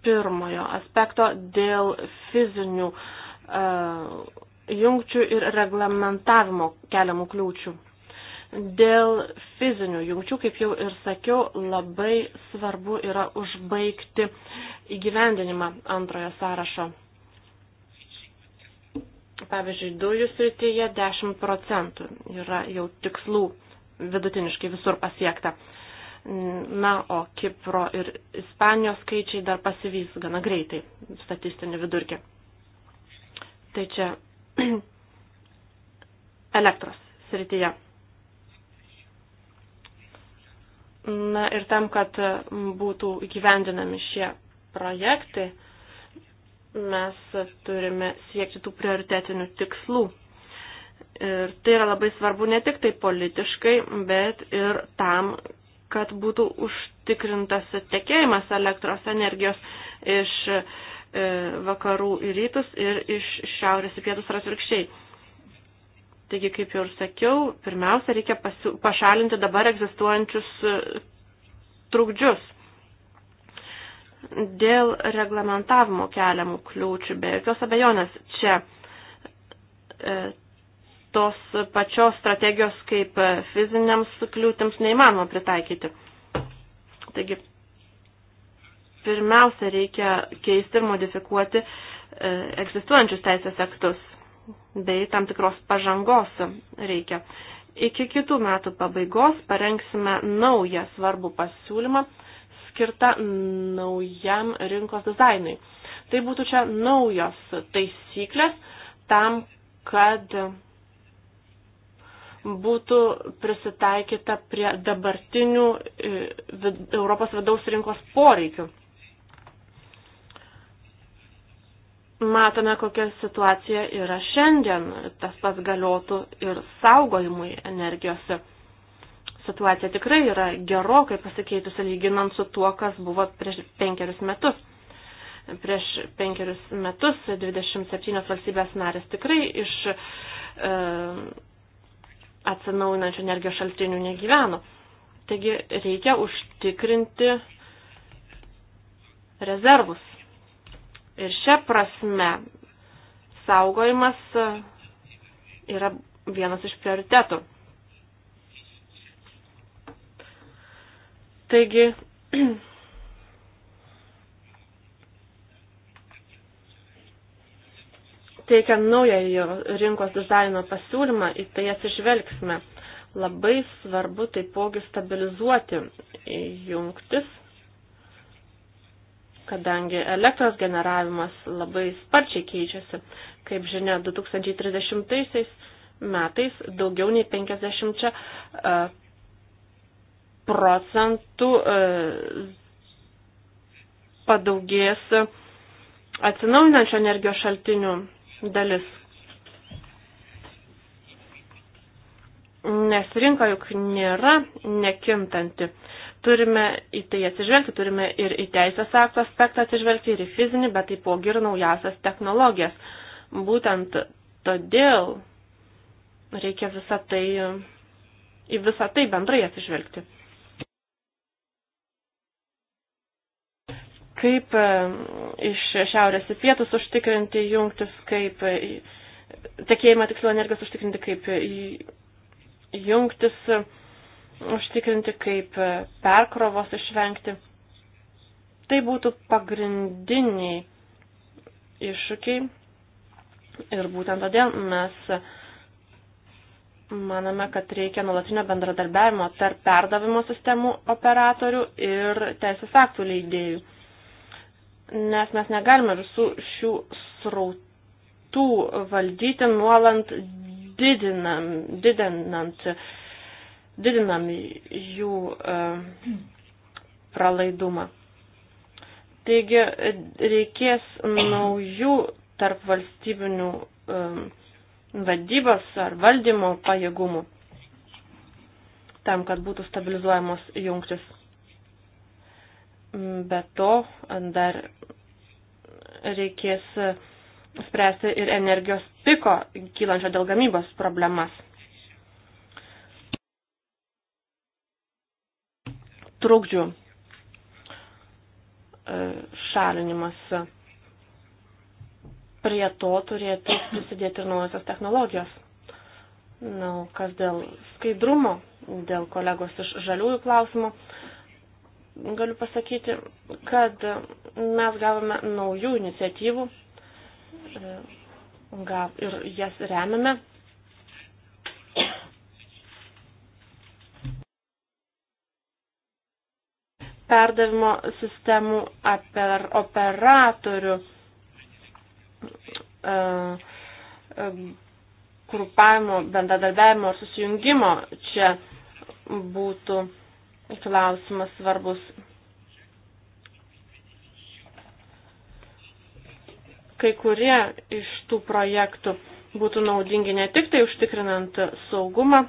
pirmojo aspekto, dėl fizinių uh, jungčių ir reglamentavimo keliamų kliūčių. Dėl fizinių jungčių, kaip jau ir sakiau, labai svarbu yra užbaigti įgyvendinimą antrojo sąrašo pavyzdžiui, dujų srityje 10 procentų yra jau tikslų vidutiniškai visur pasiekta. Na, o Kipro ir Ispanijos skaičiai dar pasivys gana greitai statistinį vidurkį. Tai čia elektros srityje. Na ir tam, kad būtų įgyvendinami šie projektai, mes turime siekti tų prioritetinių tikslų. Ir tai yra labai svarbu ne tik tai politiškai, bet ir tam, kad būtų užtikrintas tekėjimas elektros energijos iš e, vakarų į rytus ir iš šiaurės į pietus ar atvirkščiai. Taigi, kaip jau ir sakiau, pirmiausia, reikia pasiū, pašalinti dabar egzistuojančius e, trukdžius dėl reglamentavimo keliamų kliūčių. Be jokios abejonės čia e, tos pačios strategijos kaip fiziniams kliūtims neįmanoma pritaikyti. Taigi, pirmiausia, reikia keisti ir modifikuoti e, egzistuojančius teisės aktus, bei tam tikros pažangos reikia. Iki kitų metų pabaigos parengsime naują svarbų pasiūlymą skirta naujam rinkos dizainui. Tai būtų čia naujos taisyklės tam, kad būtų prisitaikyta prie dabartinių e, Europos vidaus rinkos poreikių. Matome, kokia situacija yra šiandien, tas pats galiotų ir saugojimui energijose situacija tikrai yra gerokai pasikeitusi lyginant su tuo, kas buvo prieš penkerius metus. Prieš penkerius metus 27 valstybės narės tikrai iš e, atsinaujinančių energijos šaltinių negyveno. Taigi reikia užtikrinti rezervus. Ir šia prasme saugojimas yra vienas iš prioritetų. Taigi, teikiant naują rinkos dizaino pasiūlymą, į tai atsižvelgsime. Labai svarbu taipogi stabilizuoti jungtis, kadangi elektros generavimas labai sparčiai keičiasi. Kaip žinia, 2030 metais daugiau nei 50 procentų e, padaugės atsinaujinančio energijos šaltinių dalis. Nes rinka juk nėra nekintanti. Turime į tai atsižvelgti, turime ir į teisės akto aspektą atsižvelgti, ir į fizinį, bet taipogi ir naujasias technologijas. Būtent todėl reikia visą tai, į visą tai bendrai atsižvelgti. kaip e, iš šiaurės į pietus užtikrinti jungtis, kaip e, tekėjimą tiksliau energijos užtikrinti, kaip e, jungtis užtikrinti, kaip perkrovos išvengti. Tai būtų pagrindiniai iššūkiai ir būtent todėl mes manome, kad reikia nuolatinio bendradarbiavimo tarp perdavimo sistemų operatorių ir teisės aktų leidėjų nes mes negalime visų šių srautų valdyti nuolant didinam, didinant, didinam jų e, pralaidumą. Taigi e, reikės naujų tarp valstybinių e, vadybos ar valdymo pajėgumų tam, kad būtų stabilizuojamos jungtis. Be to, dar reikės spręsti ir energijos piko kylančio dėl gamybos problemas. Trukdžių e, šalinimas prie to turėtų prisidėti ir naujosios technologijos. Na, kas dėl skaidrumo, dėl kolegos iš žaliųjų klausimų, galiu pasakyti, kad mes gavome naujų iniciatyvų e, gav, ir jas remiame. Perdavimo sistemų per operatorių e, e, grupavimo, bendradarbiavimo ir susijungimo čia būtų klausimas svarbus. Kai kurie iš tų projektų būtų naudingi ne tik tai užtikrinant saugumą,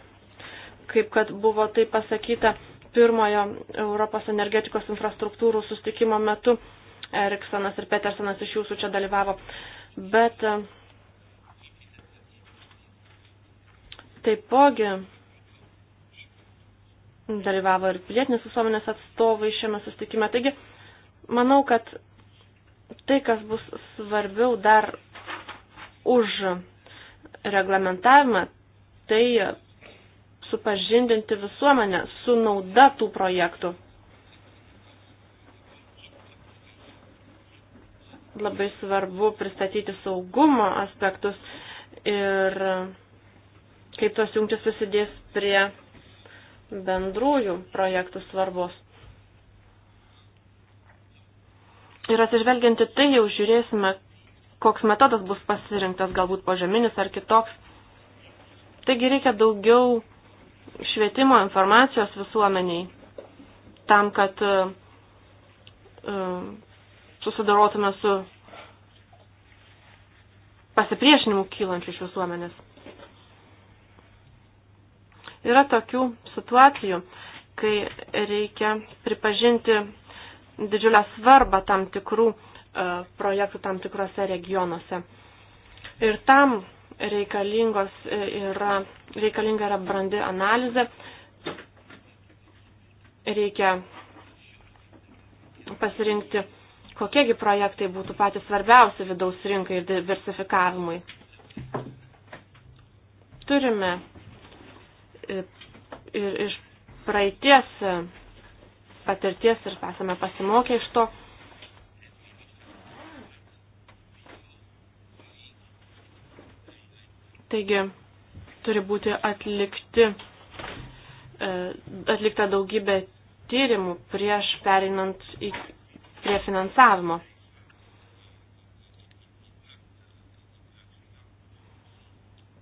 kaip kad buvo tai pasakyta pirmojo Europos energetikos infrastruktūrų sustikimo metu. Eriksonas ir Petersonas iš jūsų čia dalyvavo. Bet e, taipogi dalyvavo ir pilietinės visuomenės atstovai šiame sustikime. Taigi, manau, kad tai, kas bus svarbiau dar už reglamentavimą, tai supažindinti visuomenę su nauda tų projektų. Labai svarbu pristatyti saugumo aspektus ir kaip tos jungtis susidės prie bendrųjų projektų svarbos. Ir atsižvelgianti tai jau žiūrėsime, koks metodas bus pasirinktas, galbūt požeminis ar kitoks. Taigi reikia daugiau švietimo informacijos visuomeniai, tam, kad uh, e, e, susidarotume su pasipriešinimu kylančiu iš visuomenės. Yra tokių situacijų, kai reikia pripažinti didžiulę svarbą tam tikrų e, projektų tam tikrose regionuose. Ir tam reikalingos e, yra, reikalinga yra brandi analizė, reikia pasirinkti, kokiegi projektai būtų patys svarbiausi vidaus rinkai ir diversifikavimui. Turime ir iš praeities patirties ir esame pasimokę iš to. Taigi turi būti atlikti, e, atlikta daugybė tyrimų prieš perinant į, prie finansavimo.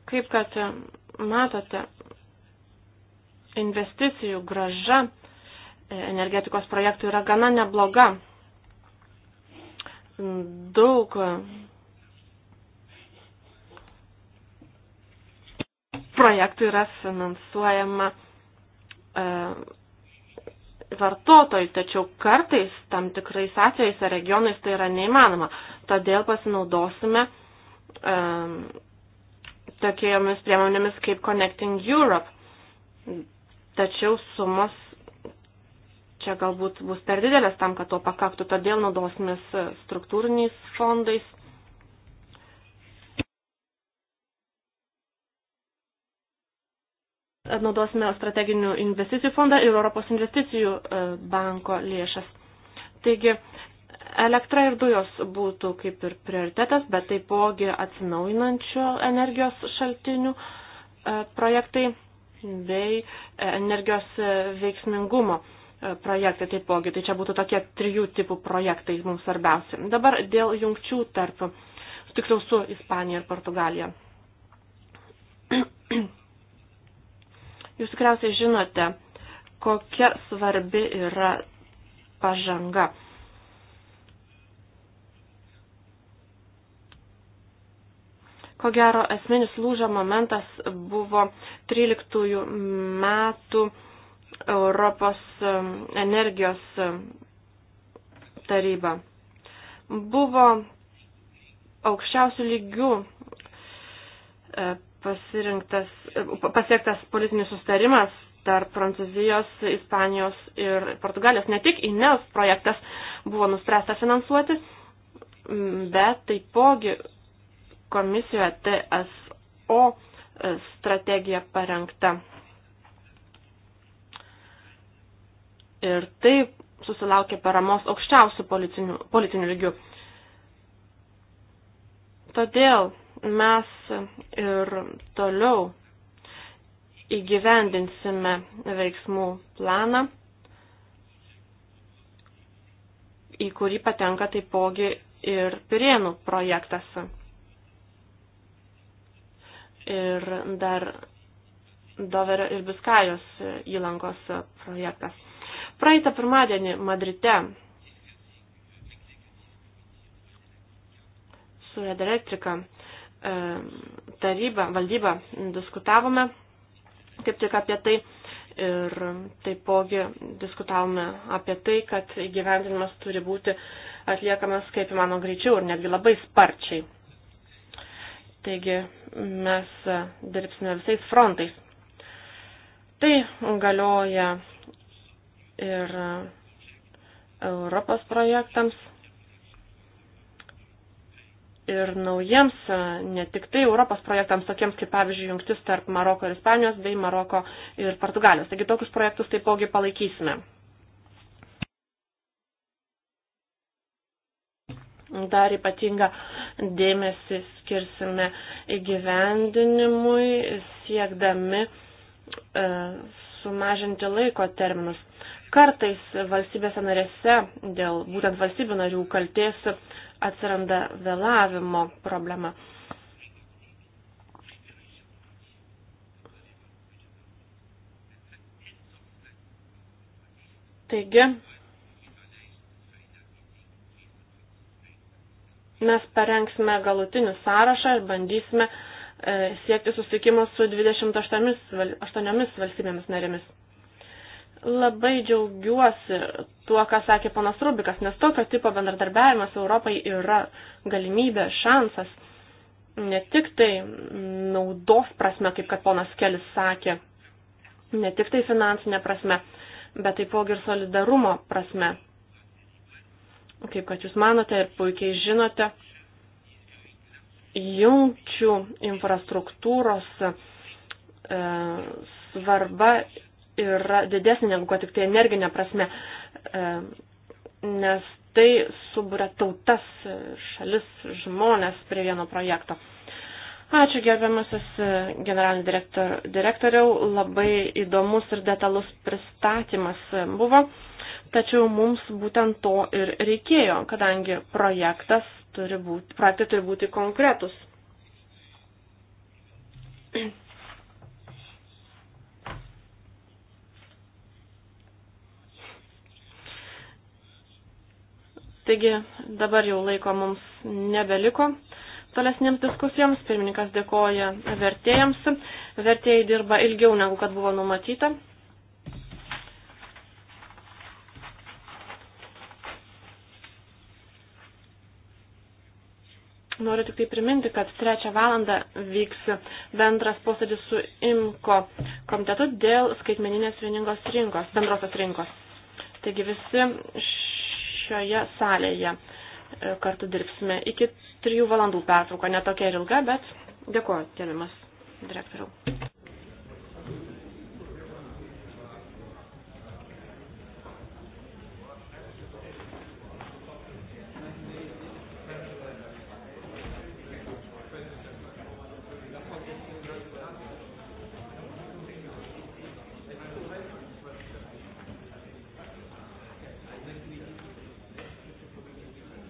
Kaip kad matote, investicijų graža e, energetikos projektų yra gana nebloga. Daug e, projektų yra finansuojama e, vartotojų, tačiau kartais tam tikrais atvejais ar regionais tai yra neįmanoma. Todėl pasinaudosime um, tokiomis priemonėmis kaip Connecting Europe tačiau sumos čia galbūt bus per didelės tam, kad to pakaktų, todėl naudosimės struktūriniais fondais. Naudosime strateginių investicijų fondą ir Europos investicijų e, banko lėšas. Taigi, elektra ir dujos būtų kaip ir prioritetas, bet taipogi atsinaujinančio energijos šaltinių e, projektai bei e, energijos e, veiksmingumo e, projektai taipogi. Tai čia būtų tokie trijų tipų projektai mums svarbiausi. Dabar dėl jungčių tarp, tiksliau su Ispanija ir Portugalija. Jūs tikriausiai žinote, kokia svarbi yra pažanga Ko gero, esminis lūžio momentas buvo 13 metų Europos energijos taryba. Buvo aukščiausių lygių e, e, pasiektas politinis sustarimas tarp Prancūzijos, Ispanijos ir Portugalijos. Ne tik INEOS projektas buvo nuspręsta finansuoti, bet taipogi komisijoje TSO strategija parengta. Ir taip susilaukė paramos aukščiausių politinių, politinių lygių. Todėl mes ir toliau įgyvendinsime veiksmų planą, į kurį patenka taipogi ir Pirėnų projektas ir dar Doverio ir Biskajos įlankos projektas. Praeitą pirmadienį Madrite su Red Electrica e, taryba, valdyba diskutavome kaip tik apie tai ir taipogi diskutavome apie tai, kad įgyvendinimas turi būti atliekamas kaip įmano greičiau ir netgi labai sparčiai. Taigi mes dirbsime visais frontais. Tai galioja ir Europos projektams ir naujiems, ne tik tai Europos projektams, tokiems kaip pavyzdžiui jungtis tarp Maroko ir Ispanijos bei Maroko ir Portugalijos. Taigi tokius projektus taipogi palaikysime. Dar ypatingą dėmesį skirsime įgyvendinimui, siekdami e, sumažinti laiko terminus. Kartais valstybėse narėse dėl būtent valstybių narių kalties atsiranda vėlavimo problema. Taigi, Mes parengsime galutinių sąrašą ir bandysime e, siekti susitikimus su 28 valstybėmis narėmis. Labai džiaugiuosi tuo, ką sakė ponas Rubikas, nes tokio tipo bendradarbiavimas Europai yra galimybė, šansas, ne tik tai naudos prasme, kaip kad ponas Kelis sakė, ne tik tai finansinė prasme, bet taipogi ir solidarumo prasme kaip kad jūs manote ir puikiai žinote, jungčių infrastruktūros e, svarba yra didesnė negu kad tik tai energinė prasme, e, nes tai subūrė tautas, e, šalis, žmonės prie vieno projekto. Ačiū gerbiamasis e, generalinį direktor, direktoriau, labai įdomus ir detalus pristatymas e, buvo tačiau mums būtent to ir reikėjo, kadangi projektas turi būti, projektai turi būti konkretus. Taigi dabar jau laiko mums nebeliko tolesniems diskusijoms. Pirmininkas dėkoja vertėjams. Vertėjai dirba ilgiau negu kad buvo numatyta. Noriu tik tai priminti, kad trečią valandą vyks bendras posėdis su IMKO komitetu dėl skaitmeninės vieningos rinkos, bendrosios rinkos. Taigi visi šioje salėje e, kartu dirbsime iki trijų valandų pertrauko, netokia ir ilga, bet dėkuoju, gerbiamas direktoriau.